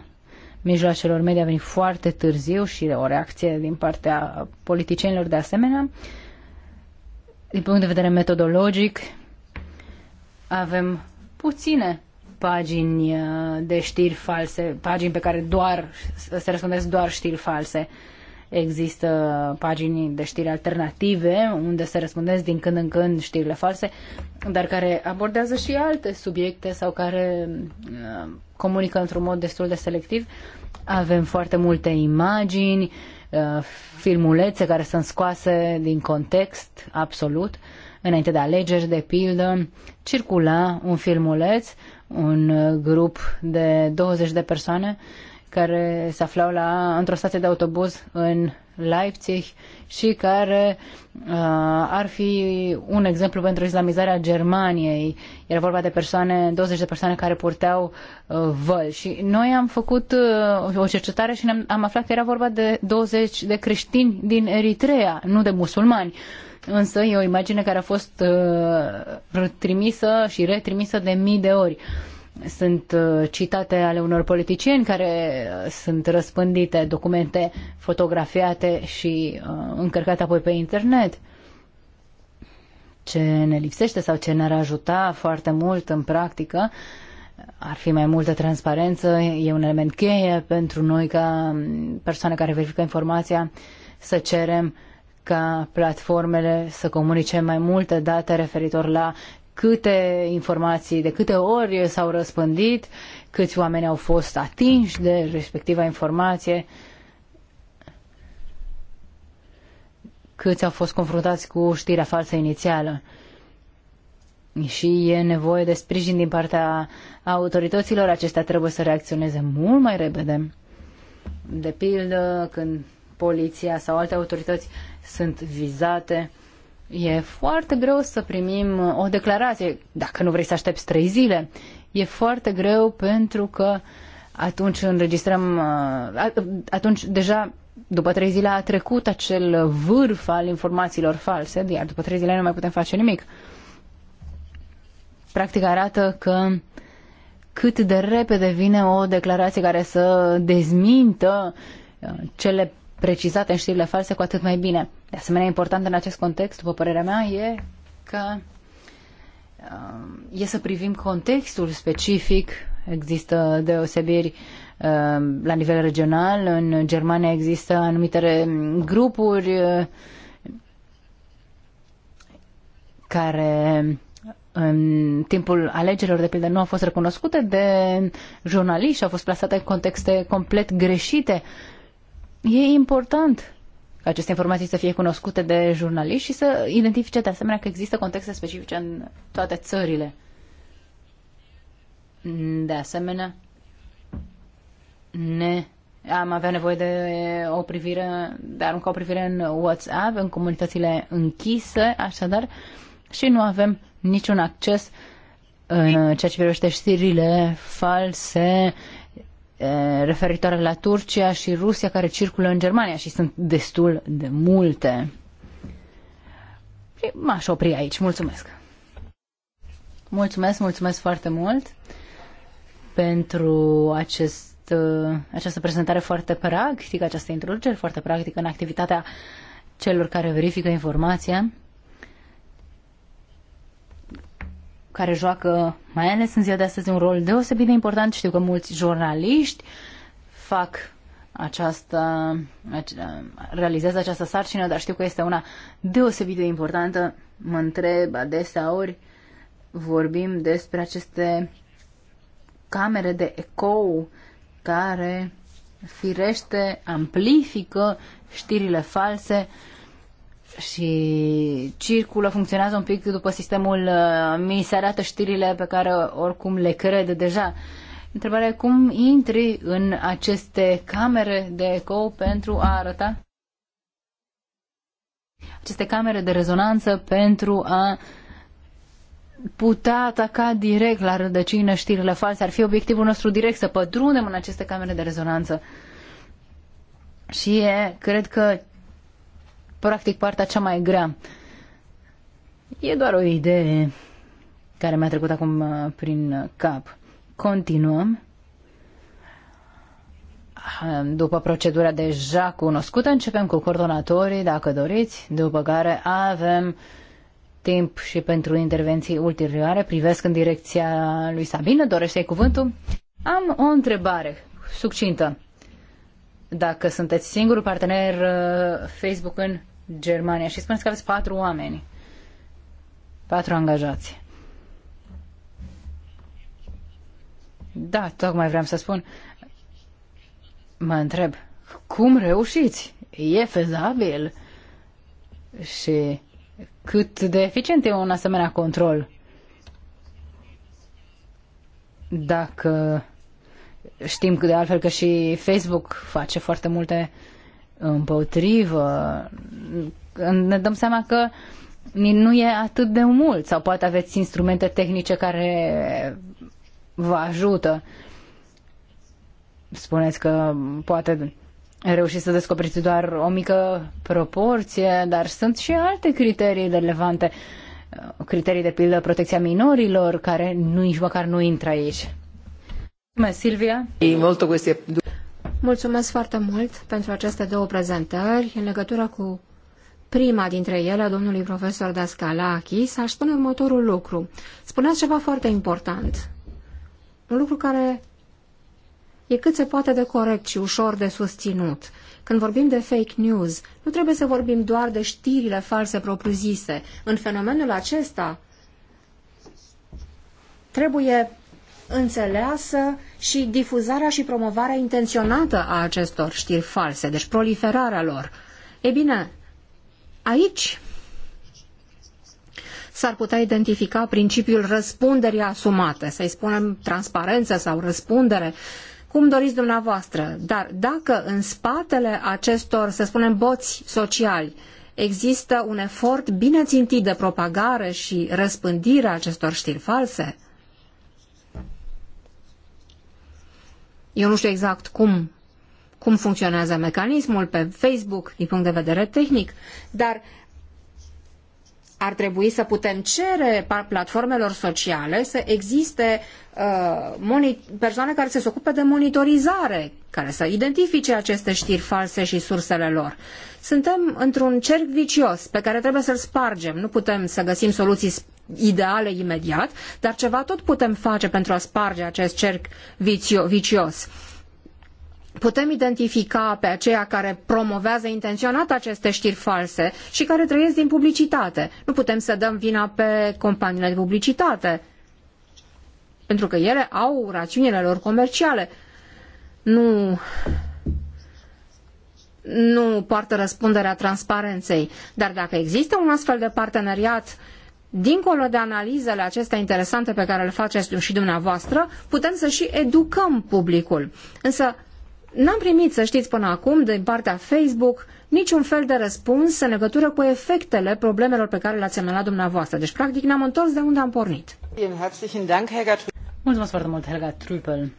mijloacelor media a venit foarte târziu și o reacție din partea politicienilor de asemenea. Din punct de vedere metodologic, avem puține pagini uh, de știri false, pagini pe care doar se răspundesc doar știri false. Există pagini de știri alternative unde se răspundesc din când în când știrile false, dar care abordează și alte subiecte sau care uh, comunică într-un mod destul de selectiv. Avem foarte multe imagini, uh, filmulețe care sunt scoase din context absolut. Înainte de alegeri, de pildă, circula un filmuleț, un grup de 20 de persoane care se aflau la, într-o stație de autobuz în Leipzig și care uh, ar fi un exemplu pentru islamizarea Germaniei. Era vorba de persoane, 20 de persoane care purteau uh, văl și noi am făcut uh, o cercetare și ne-am, am aflat că era vorba de 20 de creștini din Eritrea, nu de musulmani. Însă e o imagine care a fost uh, trimisă și retrimisă de mii de ori. Uh, sunt uh, citate ale unor politicieni care uh, sunt răspândite, documente fotografiate și uh, încărcate apoi pe internet. Ce ne lipsește sau ce ne-ar ajuta foarte mult în practică ar fi mai multă transparență, e un element cheie pentru noi ca persoane care verifică informația să cerem ca platformele să comunice mai multe date referitor la câte informații, de câte ori s-au răspândit, câți oameni au fost atinși de respectiva informație, câți au fost confruntați cu știrea falsă inițială. Și e nevoie de sprijin din partea autorităților, acestea trebuie să reacționeze mult mai repede. De pildă, când poliția sau alte autorități sunt vizate, E foarte greu să primim o declarație, dacă nu vrei să aștepți trei zile. E foarte greu pentru că atunci înregistrăm, uh, atunci deja după trei zile a trecut acel vârf al informațiilor false, iar după trei zile nu mai putem face nimic. Practic arată că cât de repede vine o declarație care să dezmintă uh, cele precizate în știrile false, cu atât mai bine. De asemenea, important în acest context, după părerea mea, e că um, e să privim contextul specific. Există deosebiri um, la nivel regional. În Germania există anumite grupuri uh, care în timpul alegerilor, de pildă, nu au fost recunoscute de jurnaliști, au fost plasate în contexte complet greșite. E important ca aceste informații să fie cunoscute de jurnaliști și să identifice de asemenea că există contexte specifice în toate țările. De asemenea, ne am avea nevoie de o privire, de a arunca o privire în WhatsApp, în comunitățile închise, așadar, și nu avem niciun acces în ceea ce privește știrile false, Eh, referitoare la Turcia și Rusia care circulă în Germania și sunt destul de multe. Păi, m-aș opri aici. Mulțumesc! Mulțumesc, mulțumesc foarte mult pentru acest, eh, această prezentare foarte practică, această introducere foarte practică în activitatea celor care verifică informația. care joacă, mai ales în ziua de astăzi, un rol deosebit de important. Știu că mulți jurnaliști fac această, realizează această sarcină, dar știu că este una deosebit de importantă. Mă întreb ori, vorbim despre aceste camere de ecou care firește amplifică știrile false și circulă, funcționează un pic după sistemul uh, mi se arată știrile pe care oricum le cred deja. Întrebarea cum intri în aceste camere de eco pentru a arăta aceste camere de rezonanță pentru a putea ataca direct la rădăcină știrile false. Ar fi obiectivul nostru direct să pătrunem în aceste camere de rezonanță. Și e, cred că practic partea cea mai grea. E doar o idee care mi-a trecut acum uh, prin cap. Continuăm. După procedura deja cunoscută, începem cu coordonatorii, dacă doriți, după care avem timp și pentru intervenții ulterioare. Privesc în direcția lui Sabine, dorește cuvântul? Am o întrebare succintă. Dacă sunteți singurul partener uh, Facebook în Germania și spuneți că aveți patru oameni, patru angajați. Da, tocmai vreau să spun. Mă întreb, cum reușiți? E fezabil? Și cât de eficient e un asemenea control? Dacă știm că de altfel că și Facebook face foarte multe uh, împotrivă, ne dăm seama că nu e atât de mult sau poate aveți instrumente tehnice care vă ajută. Spuneți că poate reușiți să descoperiți doar o mică proporție, dar sunt și alte criterii relevante, criterii de pildă protecția minorilor, care nu, nici măcar nu intră aici. Mulțumesc, Silvia. E molto queste... Mulțumesc foarte mult pentru aceste două prezentări. În legătură cu prima dintre ele, domnului profesor Dascalachi, s-aș spune următorul lucru. Spuneați ceva foarte important. Un lucru care e cât se poate de corect și ușor de susținut. Când vorbim de fake news, nu trebuie să vorbim doar de știrile false propriu-zise. În fenomenul acesta trebuie înțeleasă și difuzarea și promovarea intenționată a acestor știri false, deci proliferarea lor. E bine, aici s-ar putea identifica principiul răspunderii asumate, să-i spunem transparență sau răspundere, cum doriți dumneavoastră. Dar dacă în spatele acestor, să spunem, boți sociali, există un efort bine țintit de propagare și răspândire a acestor știri false, Eu nu știu exact cum, cum funcționează mecanismul pe Facebook din punct de vedere tehnic, dar ar trebui să putem cere platformelor sociale să existe uh, persoane care să se ocupe de monitorizare, care să identifice aceste știri false și sursele lor. Suntem într-un cerc vicios pe care trebuie să-l spargem. Nu putem să găsim soluții ideale imediat, dar ceva tot putem face pentru a sparge acest cerc vicios. Putem identifica pe aceia care promovează intenționat aceste știri false și care trăiesc din publicitate. Nu putem să dăm vina pe companiile de publicitate, pentru că ele au rațiunile lor comerciale. Nu nu poartă răspunderea transparenței. Dar dacă există un astfel de parteneriat dincolo de analizele acestea interesante pe care le faceți și dumneavoastră, putem să și educăm publicul. Însă, n-am primit, să știți până acum, din partea Facebook, niciun fel de răspuns în legătură cu efectele problemelor pe care le-ați semnalat dumneavoastră. Deci, practic, ne-am întors de unde am pornit. Mulțumesc foarte mult, Helga Trupel.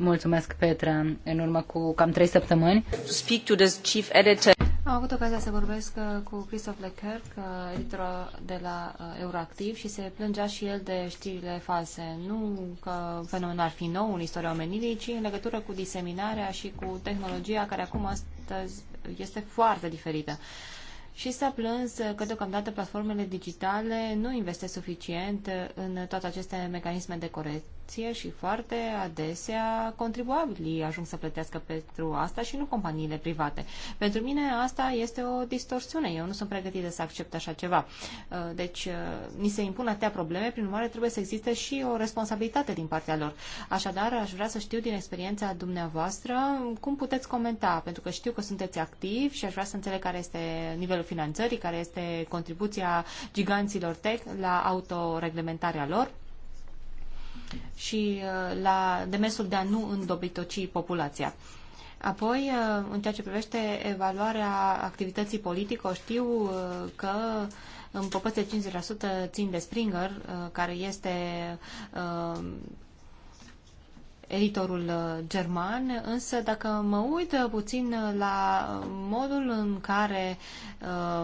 Mulțumesc, Petra. În urmă cu cam trei săptămâni. Speak to the chief editor. Am avut ocazia să vorbesc uh, cu Christophe Leclerc, uh, editorul de la uh, Euroactiv, și se plângea și el de știrile false. Nu că fenomenul ar fi nou în istoria omenirii, ci în legătură cu diseminarea și cu tehnologia care acum astăzi este foarte diferită și s-a plâns că deocamdată platformele digitale nu investesc suficient în toate aceste mecanisme de corupție și foarte adesea contribuabilii ajung să plătească pentru asta și nu companiile private. Pentru mine asta este o distorsiune. Eu nu sunt pregătită să accept așa ceva. Uh, deci uh, ni se impun atâtea probleme, prin urmare trebuie să existe și o responsabilitate din partea lor. Așadar, aș vrea să știu din experiența dumneavoastră cum puteți comenta, pentru că știu că sunteți activi și aș vrea să înțeleg care este nivelul finanțării, care este contribuția giganților tech la autoreglementarea lor și uh, la demersul de a nu îndobitoci populația. Apoi, uh, în ceea ce privește evaluarea activității politică, știu uh, că în popățe 50% țin de Springer, care este editorul german, însă dacă mă uit puțin la modul în care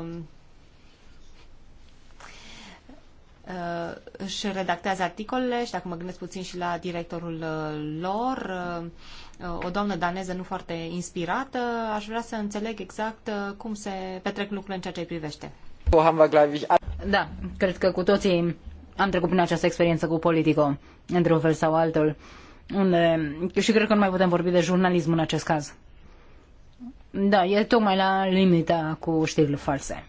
uh, uh, își redactează articolele și dacă mă gândesc puțin și la directorul uh, lor, uh, uh, o doamnă daneză nu foarte inspirată, aș vrea să înțeleg exact cum se petrec lucrurile în ceea ce îi privește. Da, cred că cu toții am trecut prin această experiență cu Politico, într-un fel sau altul, unde și cred că nu mai putem vorbi de jurnalism în acest caz. Da, e tocmai la limita cu știrile false.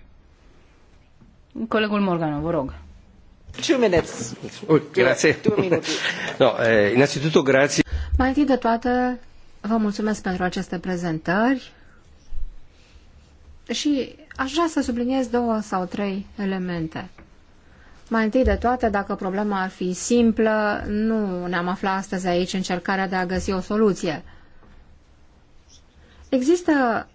Colegul Morgano, vă rog. Two minutes. Uh, grazie. Two no, eh, innanzitutto grazie. Mai întâi de toate, vă mulțumesc pentru aceste prezentări și aș vrea să subliniez două sau trei elemente. Mai întâi de toate, dacă problema ar fi simplă, nu ne-am aflat astăzi aici încercarea de a găsi o soluție. Există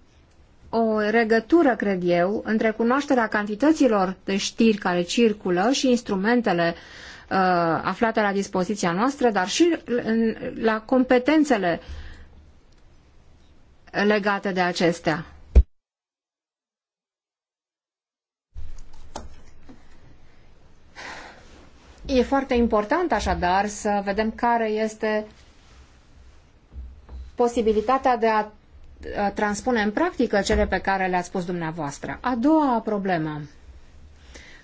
o regătură, cred eu, între cunoașterea cantităților de știri care circulă și instrumentele uh, aflate la dispoziția noastră, dar și în, la competențele legate de acestea. E foarte important așadar să vedem care este posibilitatea de a Uh, transpune în practică cele pe care le-ați spus dumneavoastră. A doua problemă,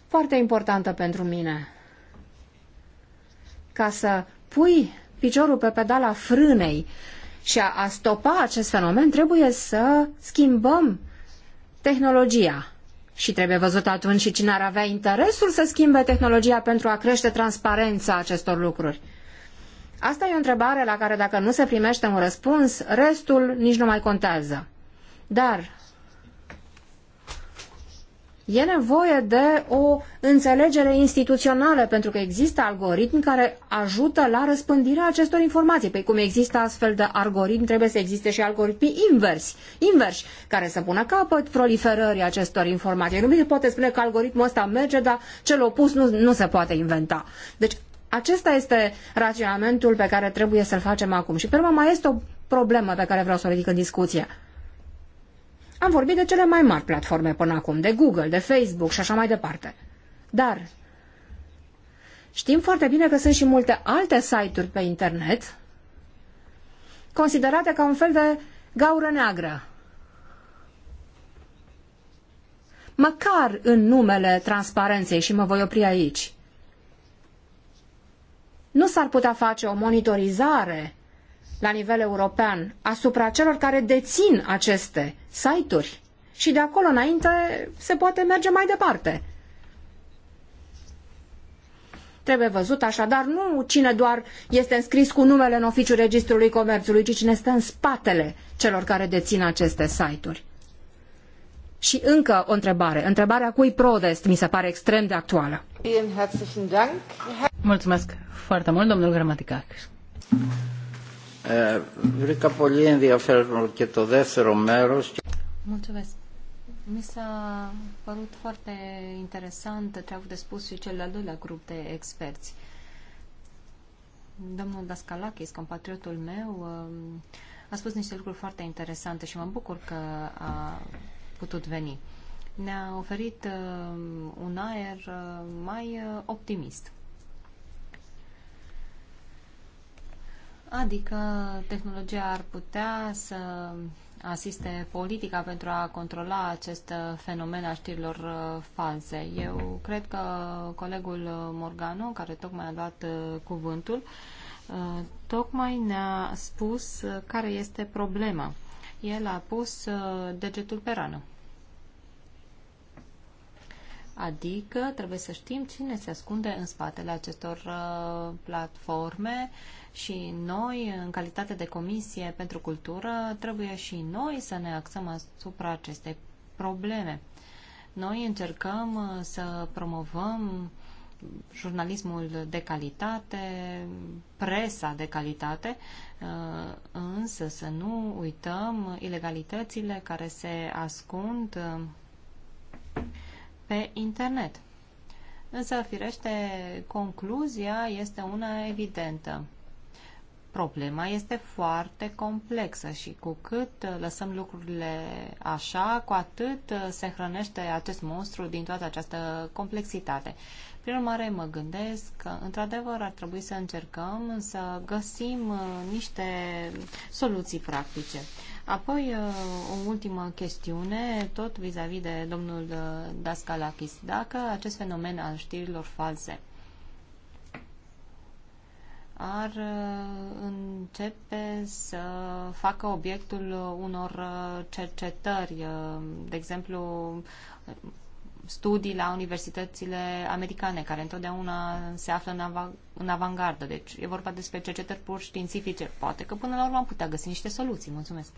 foarte importantă pentru mine, ca să pui piciorul pe pedala frânei și a, a stopa acest fenomen, trebuie să schimbăm tehnologia. Și trebuie văzut atunci și cine ar avea interesul să schimbe tehnologia pentru a crește transparența acestor lucruri. Asta e o întrebare la care dacă nu se primește un răspuns, restul nici nu mai contează. Dar e nevoie de o înțelegere instituțională, pentru că există algoritmi care ajută la răspândirea acestor informații. Păi cum există astfel de algoritmi, trebuie să existe și algoritmi invers, invers, care să pună capăt proliferării acestor informații. Nu se poate spune că algoritmul ăsta merge, dar cel opus nu, nu se poate inventa. Deci acesta este raționamentul pe care trebuie să-l facem acum. Și pe urmă mai este o problemă pe care vreau să o ridic în discuție. Am vorbit de cele mai mari platforme până acum, de Google, de Facebook și așa mai departe. Dar știm foarte bine că sunt și multe alte site-uri pe internet considerate ca un fel de gaură neagră. Măcar în numele transparenței și mă voi opri aici nu s-ar putea face o monitorizare la nivel european asupra celor care dețin aceste site-uri și de acolo înainte se poate merge mai departe. Trebuie văzut așadar nu cine doar este înscris cu numele în oficiul Registrului Comerțului, ci cine stă în spatele celor care dețin aceste site-uri. Și încă o întrebare. Întrebarea cui prodest mi se pare extrem de actuală. Mulțumesc foarte mult, domnul Gramaticac. Βρήκα πολύ ενδιαφέρον και το δεύτερο μέρος. Mulțumesc. Mi s-a părut foarte interesant ce au de spus și cel de-al doilea grup de experți. Domnul Dascalakis, compatriotul meu, eh, a spus niște lucruri foarte interesante și mă bucur că a putut veni. Ne-a oferit eh, un aer eh, mai optimist. Adică tehnologia ar putea să asiste politica pentru a controla acest fenomen al știrilor uh, false. Eu cred că colegul Morgano, care tocmai a dat uh, cuvântul, uh, tocmai ne-a spus care este problema. El a pus degetul pe rană. Adică trebuie să știm cine se ascunde în spatele acestor uh, platforme și noi, în calitate de Comisie pentru Cultură, trebuie și noi să ne axăm asupra acestei probleme. Noi încercăm uh, să promovăm jurnalismul de calitate, presa de calitate, uh, însă să nu uităm ilegalitățile care se ascund pe internet. Însă, firește, concluzia este una evidentă. Problema este foarte complexă și cu cât uh, lăsăm lucrurile așa, cu atât uh, se hrănește acest monstru din toată această complexitate. Prin urmare, mă gândesc că, într-adevăr, ar trebui să încercăm să găsim uh, niște soluții practice. Apoi, uh, o ultimă chestiune, tot vis-a-vis -vis de domnul uh, Dascalakis. Dacă acest fenomen al știrilor false ar uh, începe să facă obiectul unor cercetări, de exemplu, studii la universitățile americane, care întotdeauna se află în, av- în avangardă. Deci e vorba despre cercetări pur științifice. Poate că până la urmă am putea găsi niște soluții. Mulțumesc!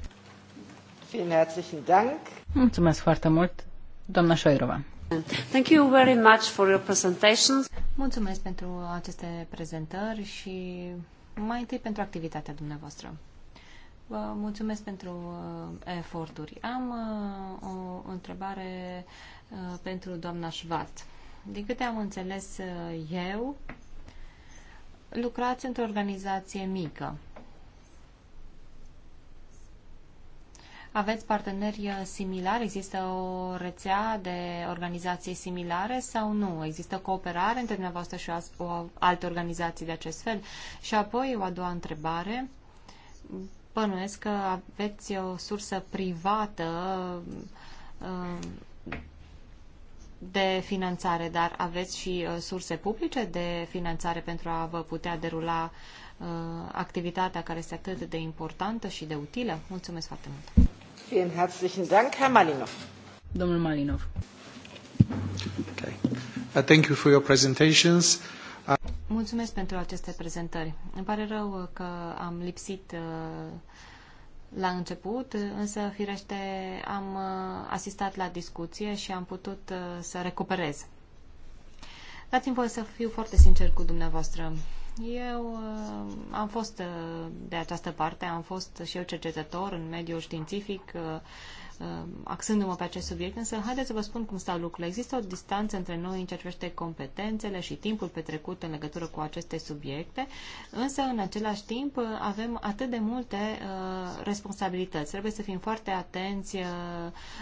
Mulțumesc foarte mult, doamna Șoirova. Thank you very much for your presentations. Mulțumesc pentru aceste prezentări și mai întâi pentru activitatea dumneavoastră. Vă mulțumesc pentru uh, eforturi. Am uh, o întrebare Uh, pentru doamna Șvat. Din câte am înțeles uh, eu, lucrați într-o organizație mică. Aveți parteneri uh, similari? Există o rețea de organizații similare sau nu? Există cooperare între dumneavoastră și o alte organizații de acest fel? Și apoi, o a doua întrebare. Bănuiesc că aveți o sursă privată de finanțare, dar aveți și uh, surse publice de finanțare pentru a vă putea derula uh, activitatea care este atât de importantă și de utilă? Mulțumesc foarte mult! Vielen herzlichen Dank, Herr Malinov. Domnul Malinov. Okay. Uh, thank you for your presentations. Uh... Mulțumesc pentru aceste prezentări. Îmi pare rău uh, că am lipsit uh, la început, însă, firește, am uh, asistat la discuție și am putut uh, să recuperez. Dați-mi voie să fiu foarte sincer cu dumneavoastră. Eu uh, am fost de această parte, am fost și eu cercetător în mediul științific, Um, axându-mă pe acest subiect, însă haideți să vă spun cum stau lucrurile. Există o distanță între noi în ceea ce privește competențele și timpul petrecut în legătură cu aceste subiecte, însă în același timp avem atât de multe uh, responsabilități. Trebuie să fim foarte atenți uh,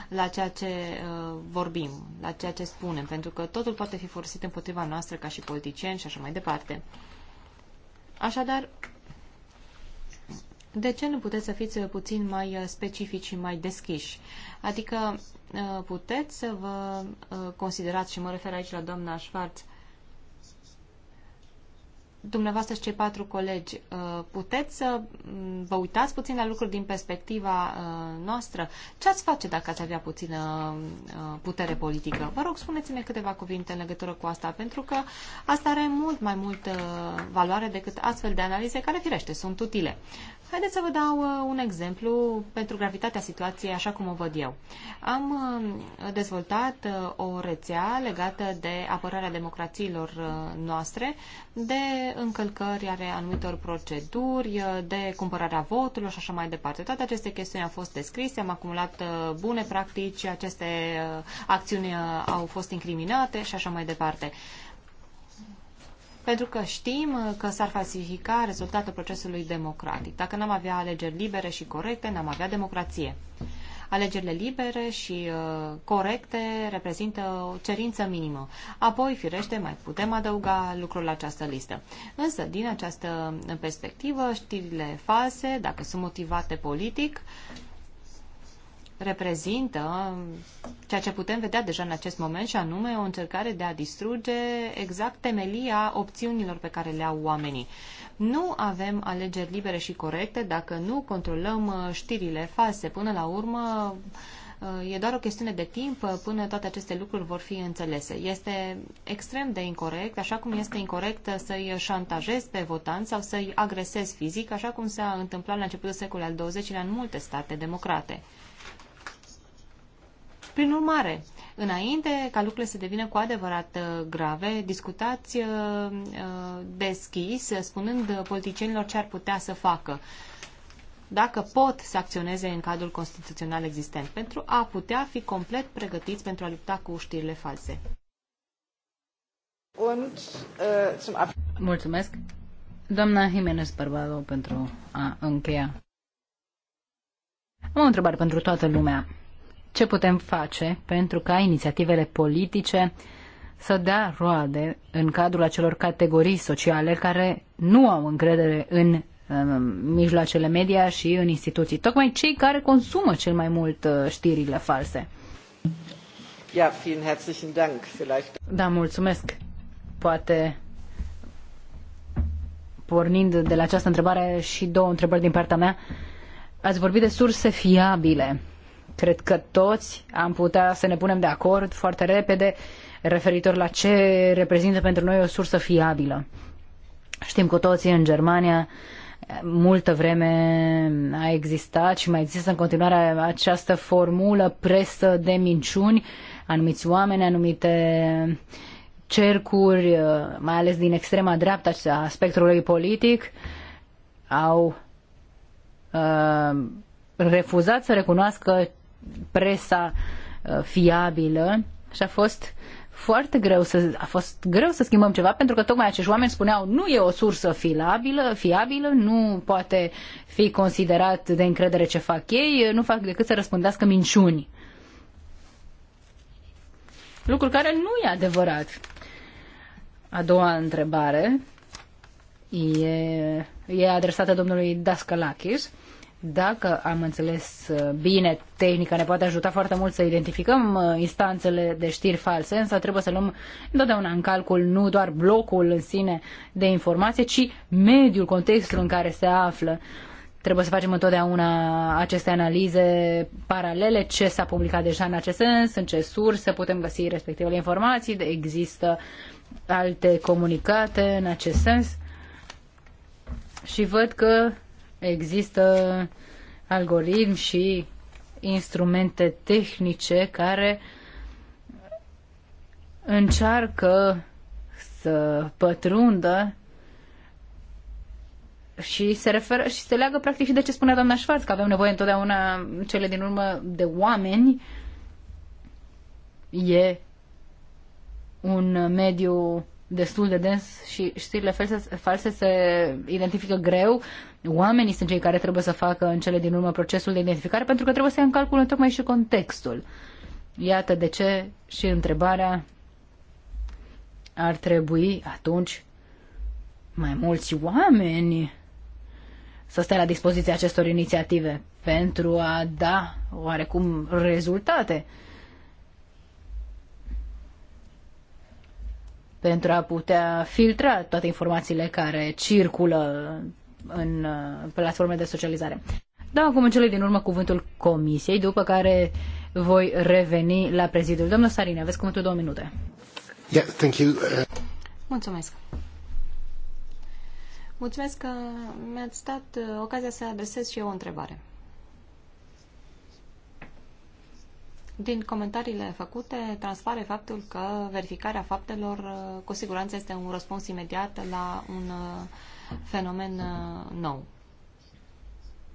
la ceea ce uh, vorbim, la ceea ce spunem, pentru că totul poate fi folosit împotriva noastră ca și politicieni și așa mai departe. Așadar, de ce nu puteți să fiți puțin mai uh, specifici și mai deschiși? Adică uh, puteți să vă uh, considerați, și mă refer aici la doamna Schwarz, dumneavoastră și cei patru colegi, puteți să mm, vă uitați puțin la lucruri din perspectiva noastră? Ce ați face dacă ați avea puțină putere politică? Vă rog, spuneți-ne câteva cuvinte în legătură cu asta, pentru că asta are mult mai mult valoare decât astfel de analize care, firește, sunt utile. Haideți să vă dau uh, un exemplu pentru gravitatea situației așa cum o văd eu. Am uh, dezvoltat uh, o rețea legată de apărarea democrațiilor noastre, de încălcări ale anumitor proceduri, de cumpărarea votului, și așa mai departe. Toate aceste chestiuni au fost descrise, am acumulat bune practici, aceste acțiuni au fost incriminate și așa mai departe pentru că știm uh, că s-ar falsifica rezultatul procesului democratic. Dacă n-am avea alegeri libere și corecte, n-am avea democrație. Alegerile libere și uh, corecte reprezintă o cerință minimă. Apoi, firește, mai putem adăuga lucrul la această listă. Însă, din această perspectivă, știrile false, dacă sunt motivate politic, reprezintă ceea ce putem vedea deja în acest moment și anume o încercare de a distruge exact temelia opțiunilor pe care le au oamenii. Nu avem alegeri libere și corecte dacă nu controlăm uh, știrile false. Până la urmă, uh, E doar o chestiune de timp uh, până toate aceste lucruri vor fi înțelese. Este extrem de incorrect, așa cum este incorrect să-i șantajezi pe votanți sau să-i agresezi fizic, așa cum s-a întâmplat la începutul secolului al XX-lea în multe state democrate. Prin urmare, înainte ca lucrurile să devină cu adevărat uh, grave, discutați uh, uh, deschis, spunând politicienilor ce ar putea să facă dacă pot să acționeze în cadrul constituțional existent, pentru a putea fi complet pregătiți pentru a lupta cu știrile false. Mulțumesc. Doamna Jimenez Barbado pentru a încheia. Am o întrebare pentru toată lumea ce putem face pentru ca inițiativele politice să dea roade în cadrul acelor categorii sociale care nu au încredere în um, mijloacele media și în instituții. Tocmai cei care consumă cel mai mult uh, știrile false. Ja, vielen herzlichen Dank. Vielleicht... Da, mulțumesc. Poate pornind de la această întrebare și două întrebări din partea mea, ați vorbit de surse fiabile. Cred că toți am putea să ne punem de acord foarte repede referitor la ce reprezintă pentru noi o sursă fiabilă. Știm cu toții în Germania multă vreme a existat și mai există în continuare această formulă presă de minciuni, anumiți oameni, anumite cercuri, mai ales din extrema dreaptă a spectrului politic, au uh, refuzat să recunoască presa uh, fiabilă și a fost foarte greu să, a fost greu să schimbăm ceva pentru că tocmai acești oameni spuneau nu e o sursă fiabilă, fiabilă, nu poate fi considerat de încredere ce fac ei, nu fac decât să răspândească minciuni. Lucru care nu e adevărat. A doua întrebare e, e adresată domnului Dascalakis. Dacă am înțeles uh, bine, tehnica ne poate ajuta foarte mult să identificăm uh, instanțele de știri false, însă trebuie să luăm întotdeauna în calcul nu doar blocul în sine de informație, ci mediul, contextul în care se află. Trebuie să facem întotdeauna aceste analize paralele, ce s-a publicat deja în acest sens, în ce surse putem găsi respectivele informații, există alte comunicate în acest sens. Și văd că Există algoritmi și instrumente tehnice care încearcă să pătrundă și se referă și se leagă practic și de ce spunea doamna Șfarț, că avem nevoie întotdeauna cele din urmă de oameni. E un mediu destul de dens și știrile false, false se identifică greu. Oamenii sunt cei care trebuie să facă în cele din urmă procesul de identificare pentru că trebuie să ia în calcul tocmai și contextul. Iată de ce și întrebarea ar trebui atunci mai mulți oameni să stea la dispoziția acestor inițiative pentru a da oarecum rezultate. pentru a putea filtra toate informațiile care circulă în uh, platforme de socializare. Da, acum în cele din urmă cuvântul comisiei, după care voi reveni la prezidiu. Domnul Sarine, aveți cuvântul două minute. Yeah, thank you. Uh, Mulțumesc. Mulțumesc că mi-ați dat uh, ocazia să adresez și eu o întrebare. Din comentariile făcute transpare faptul că verificarea faptelor uh, cu siguranță este un răspuns imediat la un uh, fenomen uh, nou.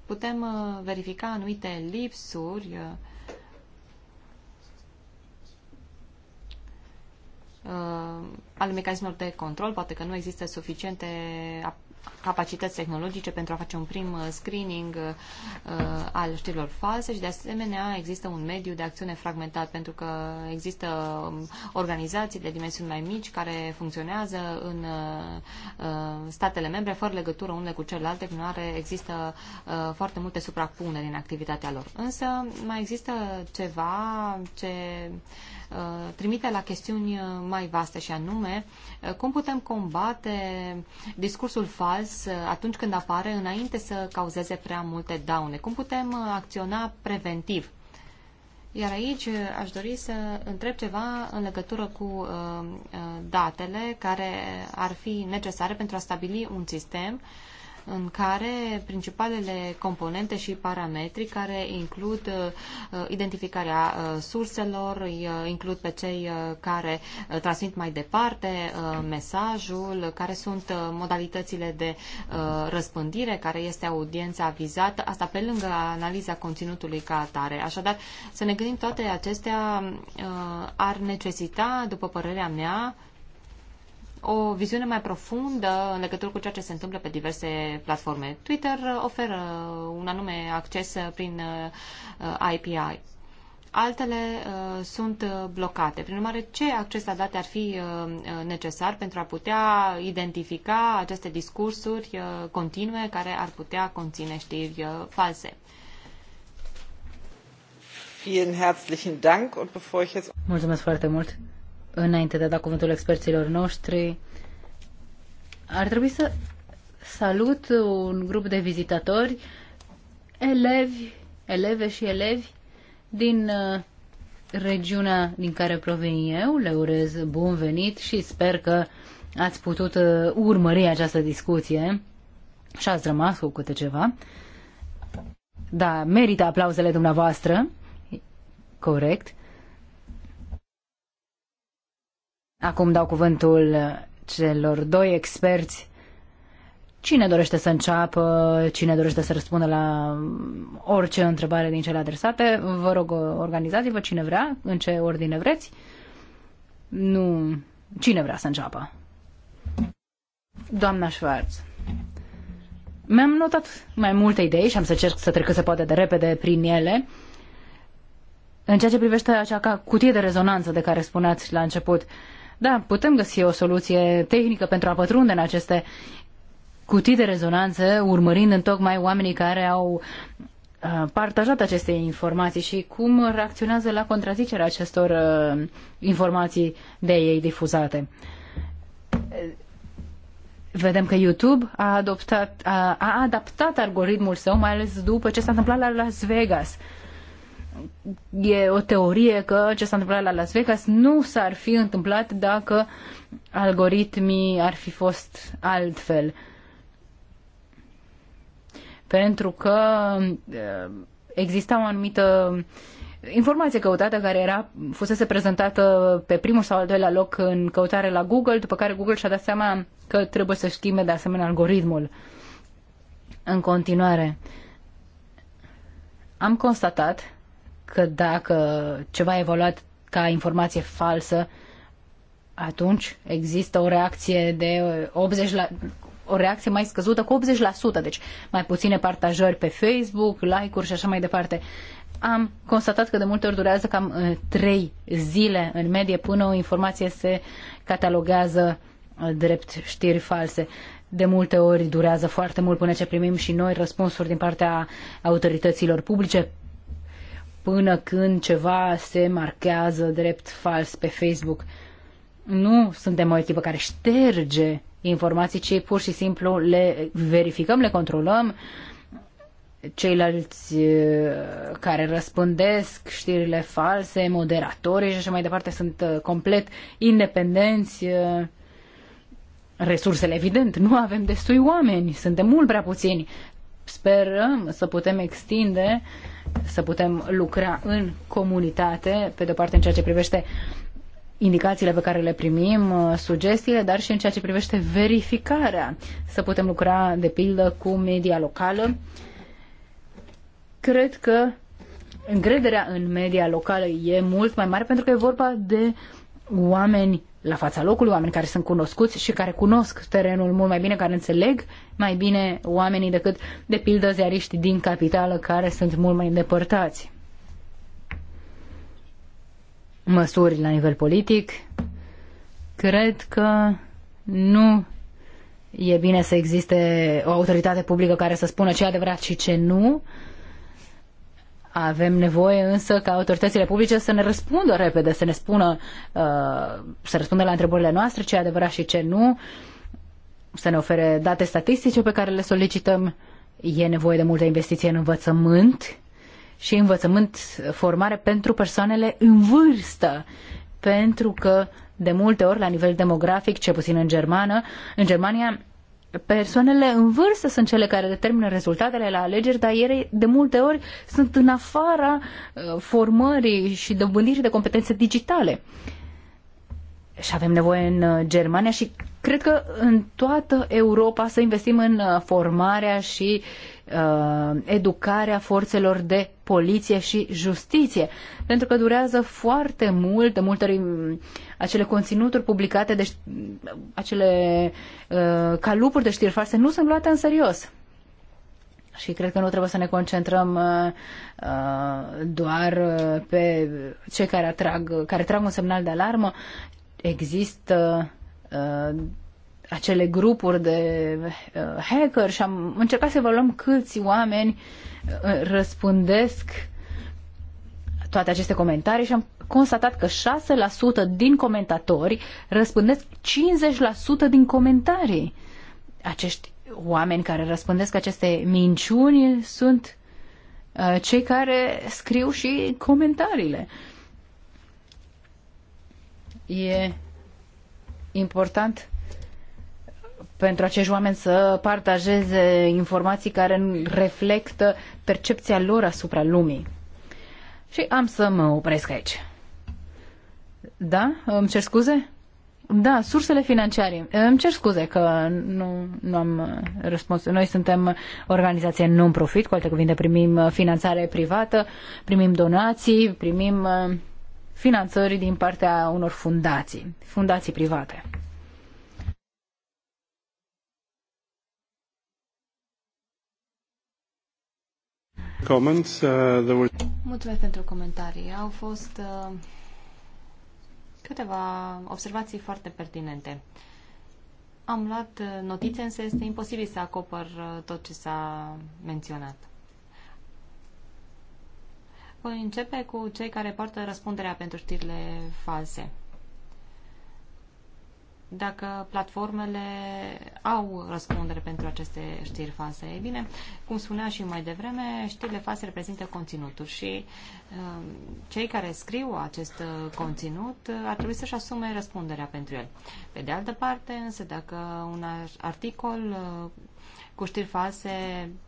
Putem verifica anumite lipsuri uh, ale mecanismelor de control, poate că nu există suficiente capacități tehnologice pentru a face un prim uh, screening uh, al știrilor false și de asemenea există un mediu de acțiune fragmentat pentru că există um, organizații de dimensiuni mai mici care funcționează în uh, uh statele membre fără legătură unele cu celelalte, nu are, există uh, foarte multe suprapuneri în activitatea lor. Însă mai există ceva ce uh, Uh, trimite la chestiuni uh, mai vaste și anume uh, cum putem combate discursul fals atunci când apare înainte să cauzeze prea multe daune. Cum putem acționa preventiv? Iar aici aș dori să întreb ceva în legătură cu datele care ar fi necesare pentru a stabili un sistem în care principalele componente și parametri care includ uh, identificarea uh, surselor, uh, includ pe cei care transmit mai departe mesajul, care sunt modalitățile de răspândire, care este audiența vizată, asta pe lângă analiza conținutului ca atare. Așadar, să ne gândim toate acestea ar necesita, după părerea mea, o viziune mai profundă în legătură cu ceea ce se întâmplă pe diverse platforme. Twitter oferă un anume acces prin IPI. Uh, Altele uh, sunt blocate. Prin urmare, ce acces la date ar fi uh, necesar pentru a putea identifica aceste discursuri continue care ar putea conține știri false? Mulțumesc foarte mult înainte de a da cuvântul experților noștri, ar trebui să salut un grup de vizitatori, elevi, eleve și elevi din uh, regiunea din care provin eu. Le urez bun venit și sper că ați putut uh, urmări această discuție și ați rămas cu câte ceva. Da, merită aplauzele dumneavoastră. Corect. Acum dau cuvântul celor doi experți. Cine dorește să înceapă, cine dorește să răspundă la orice întrebare din cele adresate, vă rog, organizați-vă cine vrea, în ce ordine vreți. Nu. Cine vrea să înceapă? Doamna Schwarz. Mi-am notat mai multe idei și am să cerc să trec să se poate de repede prin ele. În ceea ce privește acea cutie de rezonanță de care spuneați la început, uh, da, putem găsi o soluție tehnică pentru a pătrunde în aceste cutii de rezonanță, urmărind în tocmai oamenii care au uh, partajat aceste informații și cum reacționează la contrazicerea acestor uh, informații de ei difuzate. Vedem că YouTube a, adoptat, a, a adaptat algoritmul său, mai ales după ce s-a întâmplat la Las Vegas. Uh, e o teorie că ce s-a întâmplat la Las Vegas nu s-ar fi întâmplat dacă algoritmii ar fi fost altfel. Pentru că exista o anumită informație căutată care era, fusese prezentată pe primul sau al doilea loc în căutare la Google, după care Google și-a dat seama că trebuie să schimbe de asemenea algoritmul. În continuare, am constatat că dacă ceva e evaluat ca informație falsă, atunci există o reacție de 80 la, o reacție mai scăzută cu 80%, deci mai puține partajări pe Facebook, like-uri și așa mai departe. Am constatat că de multe ori durează cam 3 uh, zile în medie până o informație se cataloguează uh, drept știri false. De multe ori durează foarte mult până ce primim și noi răspunsuri din partea autorităților publice până când ceva se marchează drept fals pe Facebook. Nu suntem o echipă care șterge informații, ci pur și simplu le verificăm, le controlăm. Ceilalți eh, care răspândesc știrile false, moderatorii și așa mai departe, sunt eh, complet independenți. Eh, resursele, evident, nu avem destui oameni, suntem mult prea puțini. Sperăm să putem extinde uh, să putem lucra în comunitate, pe de-o parte în ceea ce privește indicațiile pe care le primim, uh, sugestiile, dar și în ceea ce privește verificarea. Să putem lucra, de pildă, cu media locală. Cred că încrederea în media locală e mult mai mare pentru că e vorba de oameni la fața locului, oameni care sunt cunoscuți și care cunosc terenul mult mai bine, care înțeleg mai bine oamenii decât, de pildă, ziariști din capitală care sunt mult mai îndepărtați. Măsuri la nivel politic. Cred că nu e bine să existe o autoritate publică care să spună ce e adevărat și ce nu. Uh, avem nevoie însă ca autoritățile publice să ne răspundă repede, să ne spună, uh, să răspundă la întrebările noastre, ce e adevărat și ce nu, să ne ofere date statistice pe care le solicităm. E nevoie de multă investiție în învățământ și învățământ, formare pentru persoanele în vârstă, pentru că de multe ori, la nivel demografic, ce puțin în germană, în Germania, persoanele în vârstă sunt cele care determină rezultatele la alegeri, dar ele de multe ori sunt în afara uh, formării și dobândirii de competențe digitale. Și avem nevoie în uh, Germania și cred că în toată Europa să investim în uh, formarea și uh, educarea forțelor de poliție și justiție, pentru că durează foarte mult, de multe ori mm, acele conținuturi publicate, de, acele uh, calupuri de știri false nu sunt luate în serios. Și cred că nu trebuie să ne concentrăm uh, uh doar uh, pe cei care atrag, care trag un semnal de alarmă. Există uh, acele grupuri de uh, hacker și am încercat să evaluăm câți oameni uh, răspândesc toate aceste comentarii și am constatat că 6% din comentatori răspândesc 50% din comentarii. Acești oameni care răspândesc aceste minciuni sunt uh, cei care scriu și comentariile. E important pentru acești oameni să partajeze informații care reflectă percepția lor asupra lumii. Și am să mă opresc aici. Da? Îmi cer scuze? Da, sursele financiare. Îmi cer scuze că nu, nu am uh, răspuns. Noi suntem organizație non-profit, cu alte cuvinte primim uh, finanțare privată, primim donații, primim uh, finanțări din partea unor fundații, fundații private. Comments, uh, there were... Mulțumesc pentru comentarii. Au fost uh, Câteva observații foarte pertinente. Am luat notițe, însă este imposibil să acopăr uh, tot ce s-a menționat. Voi începe cu cei care poartă răspunderea pentru știrile false dacă platformele au răspundere pentru aceste știri false. Ei bine, cum spunea și mai devreme, știrile false reprezintă conținutul și um, cei care scriu acest uh, conținut uh, ar trebui să-și asume răspunderea pentru el. Pe de altă parte, însă, dacă un articol uh, cu știri false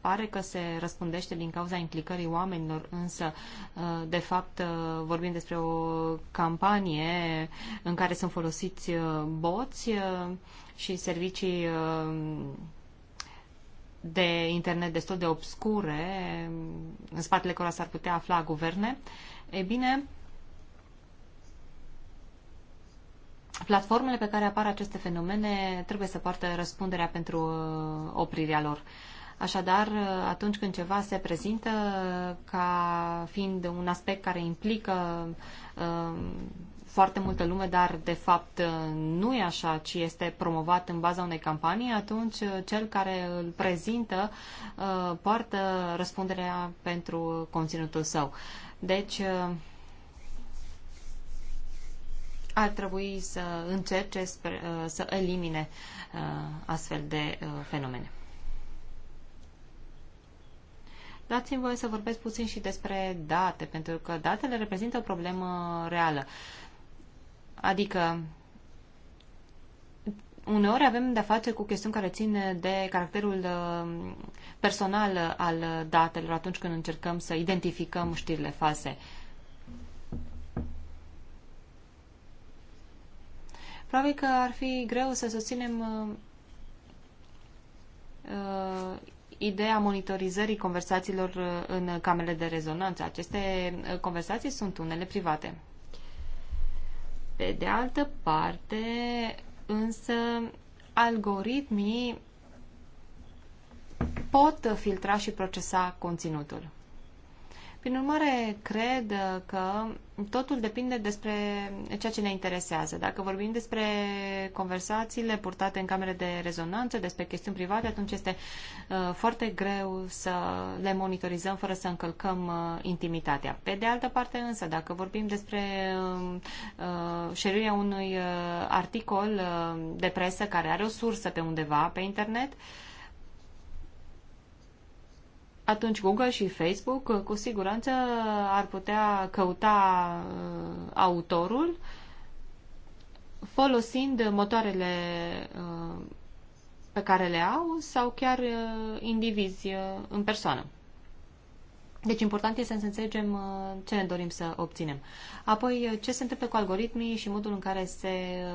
pare că se răspundește din cauza implicării oamenilor, însă, uh, de fapt, uh, vorbim despre o campanie în care sunt folosiți uh, boți și servicii de internet destul de obscure, în spatele cărora s-ar putea afla guverne. E bine, platformele pe care apar aceste fenomene trebuie să poartă răspunderea pentru uh, oprirea lor. Așadar, uh, atunci când ceva se prezintă uh, ca fiind un aspect care implică foarte multă lume, dar de fapt nu e așa, ci este promovat în baza unei campanii, atunci cel care îl prezintă poartă răspunderea pentru conținutul său. Deci, uh, ar trebui să încerce uh, să elimine uh, astfel de uh, fenomene. Dați-mi voie să vorbesc puțin și despre date, pentru că datele reprezintă o problemă reală. Adică, uneori avem de-a face cu chestiuni care țin de caracterul personal al datelor atunci când încercăm să identificăm știrile false. Uh, Probabil că ar fi greu să susținem uh, uh ideea monitorizării conversațiilor uh, în camerele de rezonanță. Aceste uh, conversații sunt unele private. Pe de altă parte, însă, algoritmii pot filtra și procesa conținutul. Prin urmare, cred că totul depinde despre ceea ce ne interesează. Dacă vorbim despre conversațiile purtate în camere de rezonanță, despre chestiuni private, atunci este uh, foarte greu să le monitorizăm fără să încălcăm uh, intimitatea. Pe de altă parte însă, dacă vorbim despre um, uh, șeruirea unui articol de presă care are o sursă pe undeva pe internet, uh, atunci Google și Facebook uh, cu siguranță ar putea căuta uh, autorul folosind motoarele uh, pe care le au sau chiar indivizi în persoană. Deci important este să înțelegem ce ne dorim să obținem. Apoi, ce se întâmplă cu algoritmii și modul în care se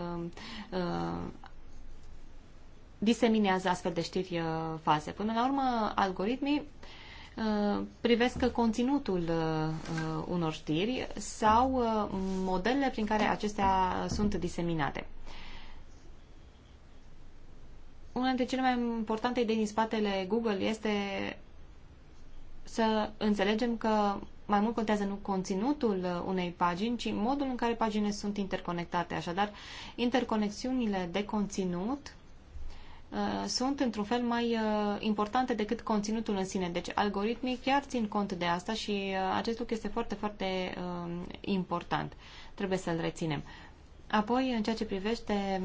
diseminează astfel de știri faze. Până la urmă, algoritmii Uh, privesc conținutul uh, uh, unor știri sau modelele prin care acestea sunt diseminate. Una dintre cele mai importante idei din spatele Google este să înțelegem că mai mult contează nu conținutul unei pagini, ci modul în care paginile sunt interconectate. Așadar, interconexiunile de conținut Uh, sunt într-un fel mai uh, importante decât conținutul în sine. Deci algoritmii chiar țin cont de asta și uh, acest lucru este foarte, foarte um, important. Trebuie să-l reținem. Apoi, în ceea ce privește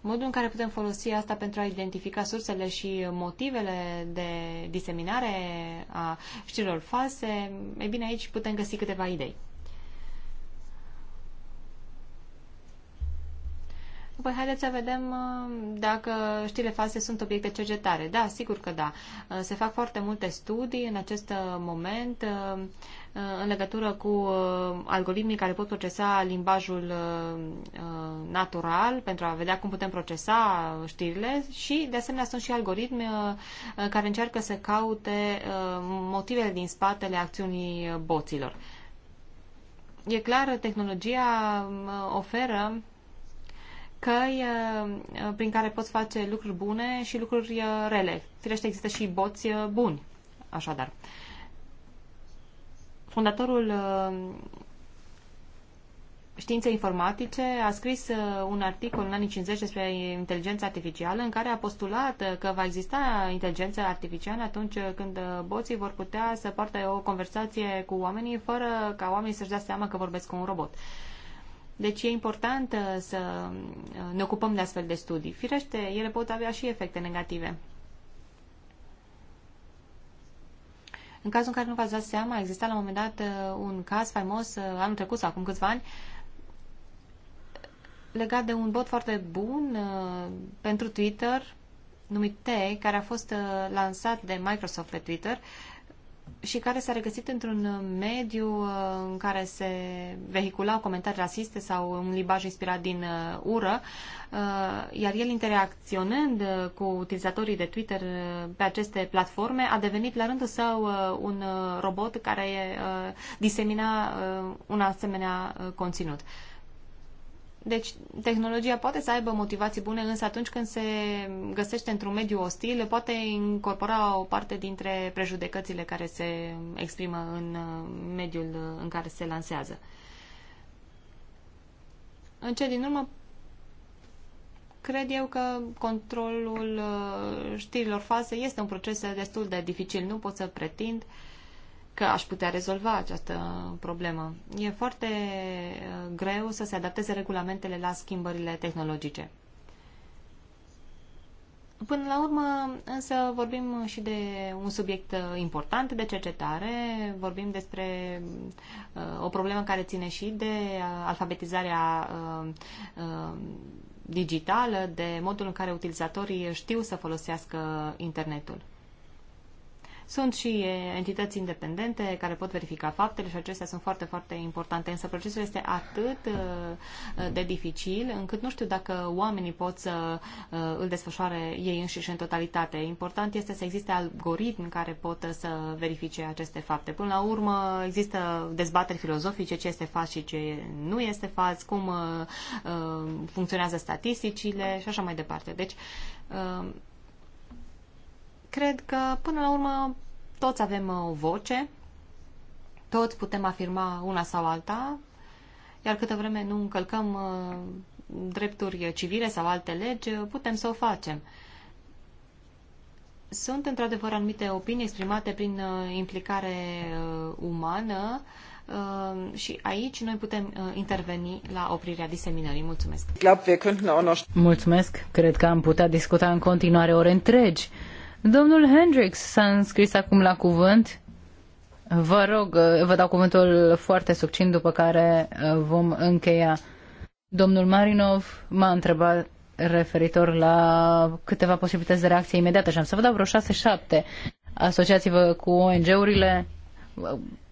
modul în care putem folosi asta pentru a identifica sursele și motivele de diseminare a știrilor false, e bine, aici putem găsi câteva idei. Păi haideți să vedem uh, dacă știrile false sunt obiecte cercetare. Da, sigur că da. Uh, se fac foarte multe studii în acest uh, moment în legătură cu algoritmii care pot procesa limbajul natural pentru a vedea cum putem procesa știrile și, de asemenea, sunt și algoritmi care încearcă să caute motivele din spatele acțiunii boților. E clar, tehnologia oferă căi uh, uh, prin care poți face lucruri bune și lucruri uh, rele. Firește, există și boți buni, așadar. Fondatorul științei informatice a scris un articol în anii 50 despre inteligența artificială în care a postulat că va exista inteligența artificială atunci când boții vor putea să poartă o conversație cu oamenii fără ca oamenii să-și dea seama că vorbesc cu un robot. Uh, deci e important uh, să uh, ne ocupăm de astfel de studii. Firește, ele pot avea și efecte negative. În cazul în care nu v-ați dat seama, exista la un moment dat uh, un caz faimos anul trecut sau acum câțiva ani legat de un bot foarte bun pentru Twitter numit T, care a fost lansat de Microsoft pe Twitter și care s-a regăsit într-un uh, mediu uh, în care se vehiculau comentarii rasiste sau un limbaj inspirat din uh, ură, iar el interacționând cu utilizatorii de Twitter pe aceste platforme, a devenit la rândul său un robot care disemina un asemenea conținut. Deci, tehnologia poate să aibă motivații bune, însă atunci când se găsește într-un mediu ostil, poate incorpora o parte dintre prejudecățile care se exprimă în uh, mediul uh, în care se lansează. În ce din urmă, cred eu că controlul uh, știrilor false este un proces destul de dificil. Nu pot să pretind uh, că aș putea rezolva această problemă. E foarte uh, greu să se adapteze regulamentele la schimbările tehnologice. Până la urmă, însă, vorbim și de un subiect uh, important de cercetare, vorbim despre uh, o problemă care ține și de uh, alfabetizarea uh, uh digitală, de modul în care utilizatorii știu să folosească internetul. Sunt și entități independente care pot verifica faptele și acestea sunt foarte, foarte importante. Însă procesul este atât uh, uh, de dificil încât nu știu dacă oamenii pot să uh, îl desfășoare ei înșiși în totalitate. Important este să existe algoritmi care pot să verifice aceste fapte. Până la urmă există dezbateri filozofice ce este fals și ce nu este fals, cum funcționează statisticile și așa mai departe. Deci Cred că, până la urmă, toți avem uh, o voce, toți putem afirma una sau alta, iar câtă vreme nu încălcăm uh, drepturi civile sau alte legi, uh, putem să o facem. Sunt într-adevăr anumite opinii exprimate prin implicare umană și aici noi putem interveni la oprirea diseminării. Mulțumesc! Mulțumesc! Cred că am putea discuta în continuare ore întregi Domnul Hendrix s-a înscris acum la cuvânt. Vă rog, vă dau cuvântul foarte succint, după care uh, vom încheia. Domnul Marinov m-a întrebat referitor la câteva posibilități de reacție imediată și am să vă dau vreo 6-7. Asociați-vă cu ONG-urile, uh,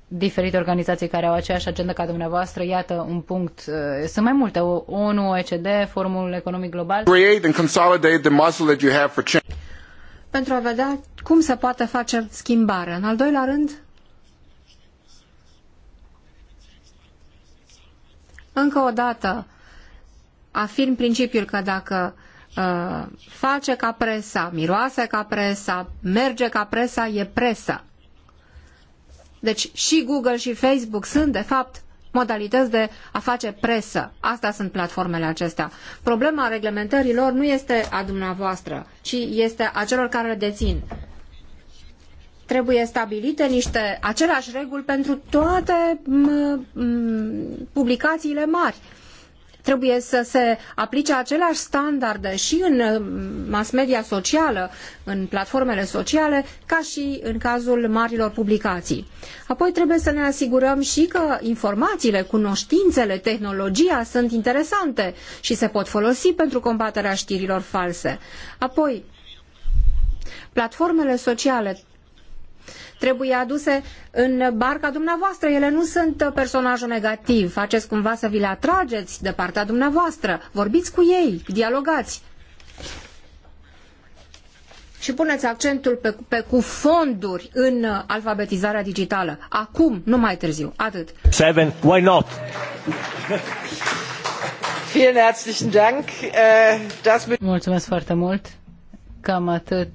diferite organizații care au aceeași agenda ca dumneavoastră. Iată un punct. Uh, sunt mai multe. ONU, OECD, Forumul Economic Global. Create and consolidate the muscle that you have for change pentru a vedea cum se poate face schimbare. În al doilea rând, încă o dată afirm principiul că dacă uh, face ca presa, miroase ca presa, merge ca presa, e presă. Deci și Google și Facebook sunt, de fapt, modalități de a face presă. Asta sunt platformele acestea. Problema reglementărilor nu este a dumneavoastră, ci este a celor care le dețin. Trebuie stabilite niște aceleași reguli pentru toate mm, mm, publicațiile mari. Trebuie să se aplice aceleași standarde și în uh, mass media socială, în platformele sociale, ca și în cazul marilor publicații. Apoi trebuie să ne asigurăm și că informațiile, cunoștințele, tehnologia sunt interesante și se pot folosi pentru combaterea știrilor false. Apoi, platformele sociale trebuie aduse în barca dumneavoastră. Ele nu sunt personajul negativ. Faceți cumva să vi le atrageți de partea dumneavoastră. Vorbiți cu ei, dialogați. Și puneți accentul pe, pe cu fonduri în alfabetizarea digitală. Acum, nu mai târziu. Atât. Seven, why not? Äh, Mulțumesc foarte mult. Cam atât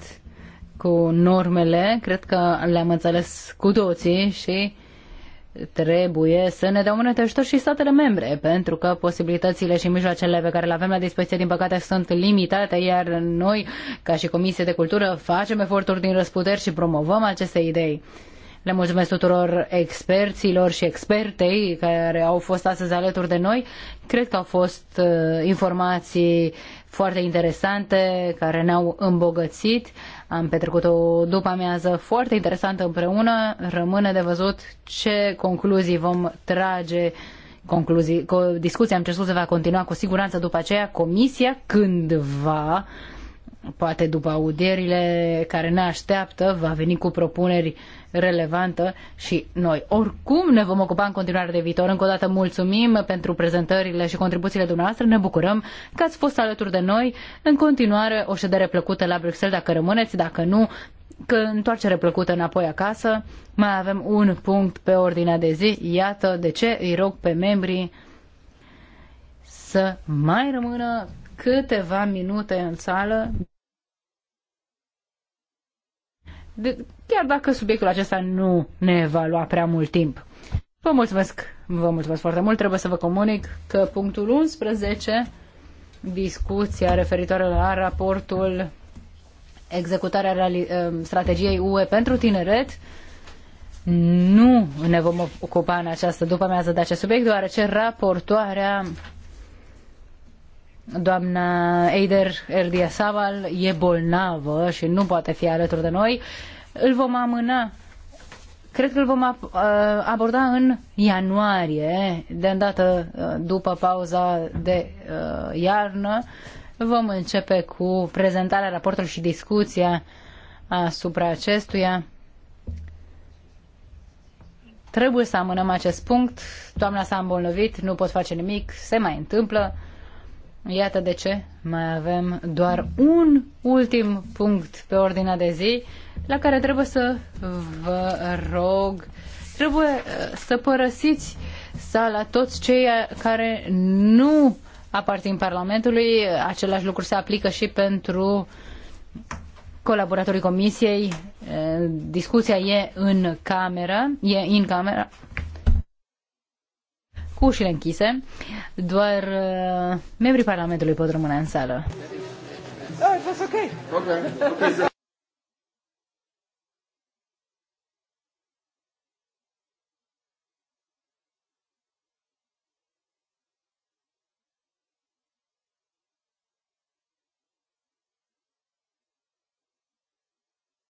cu normele, cred că le-am înțeles cu toții și trebuie să ne dea un ajutor și statele membre, pentru că posibilitățile și mijloacele pe care le avem la dispoziție, din păcate, sunt limitate, iar noi, ca și Comisie de Cultură, facem eforturi din răsputeri și promovăm aceste idei. Le mulțumesc tuturor experților și expertei care au fost astăzi alături de noi. Cred că au fost uh, informații foarte interesante care ne-au îmbogățit. Am petrecut o după amiază foarte interesantă împreună. Rămâne de văzut ce concluzii vom trage. Concluzii, discuția, am cerut, să va continua cu siguranță după aceea. Comisia cândva, poate după audierile care ne așteaptă, va veni cu propuneri uh, relevantă și noi oricum ne vom ocupa în continuare de viitor. Încă o dată mulțumim pentru prezentările și contribuțiile dumneavoastră. Ne bucurăm că ați fost alături de noi. În continuare, o ședere plăcută la Bruxelles dacă rămâneți, dacă nu, că întoarcere plăcută înapoi acasă. Mai avem un punct pe ordinea de zi. Iată de ce îi rog pe membrii să mai rămână câteva minute în sală de, chiar dacă subiectul acesta nu ne va lua prea mult timp. Vă mulțumesc, vă mulțumesc foarte mult. Trebuie să vă comunic că punctul 11, discuția referitoare la raportul executarea um, strategiei UE pentru tineret, nu ne vom ocupa în această după de acest subiect, deoarece raportoarea Doamna Eider Erdia Saval e bolnavă și nu poate fi alături de noi. Îl vom amâna. Cred că îl vom uh, aborda în ianuarie, de îndată uh, după pauza de uh, iarnă. Vom începe cu prezentarea raportului și discuția asupra acestuia. Trebuie să amânăm acest punct. Doamna s-a îmbolnăvit, nu pot face nimic, se mai întâmplă. Iată de ce mai avem doar un ultim punct pe ordinea de zi la care trebuie să vă rog, trebuie uh, să părăsiți sala toți cei care nu aparțin Parlamentului. Același lucru se aplică și pentru colaboratorii comisiei. Uh, discuția e în cameră, e în cameră, cu ușile închise. Doar uh, membrii Parlamentului pot rămâne în sală. Oh, it was okay. Okay. okay.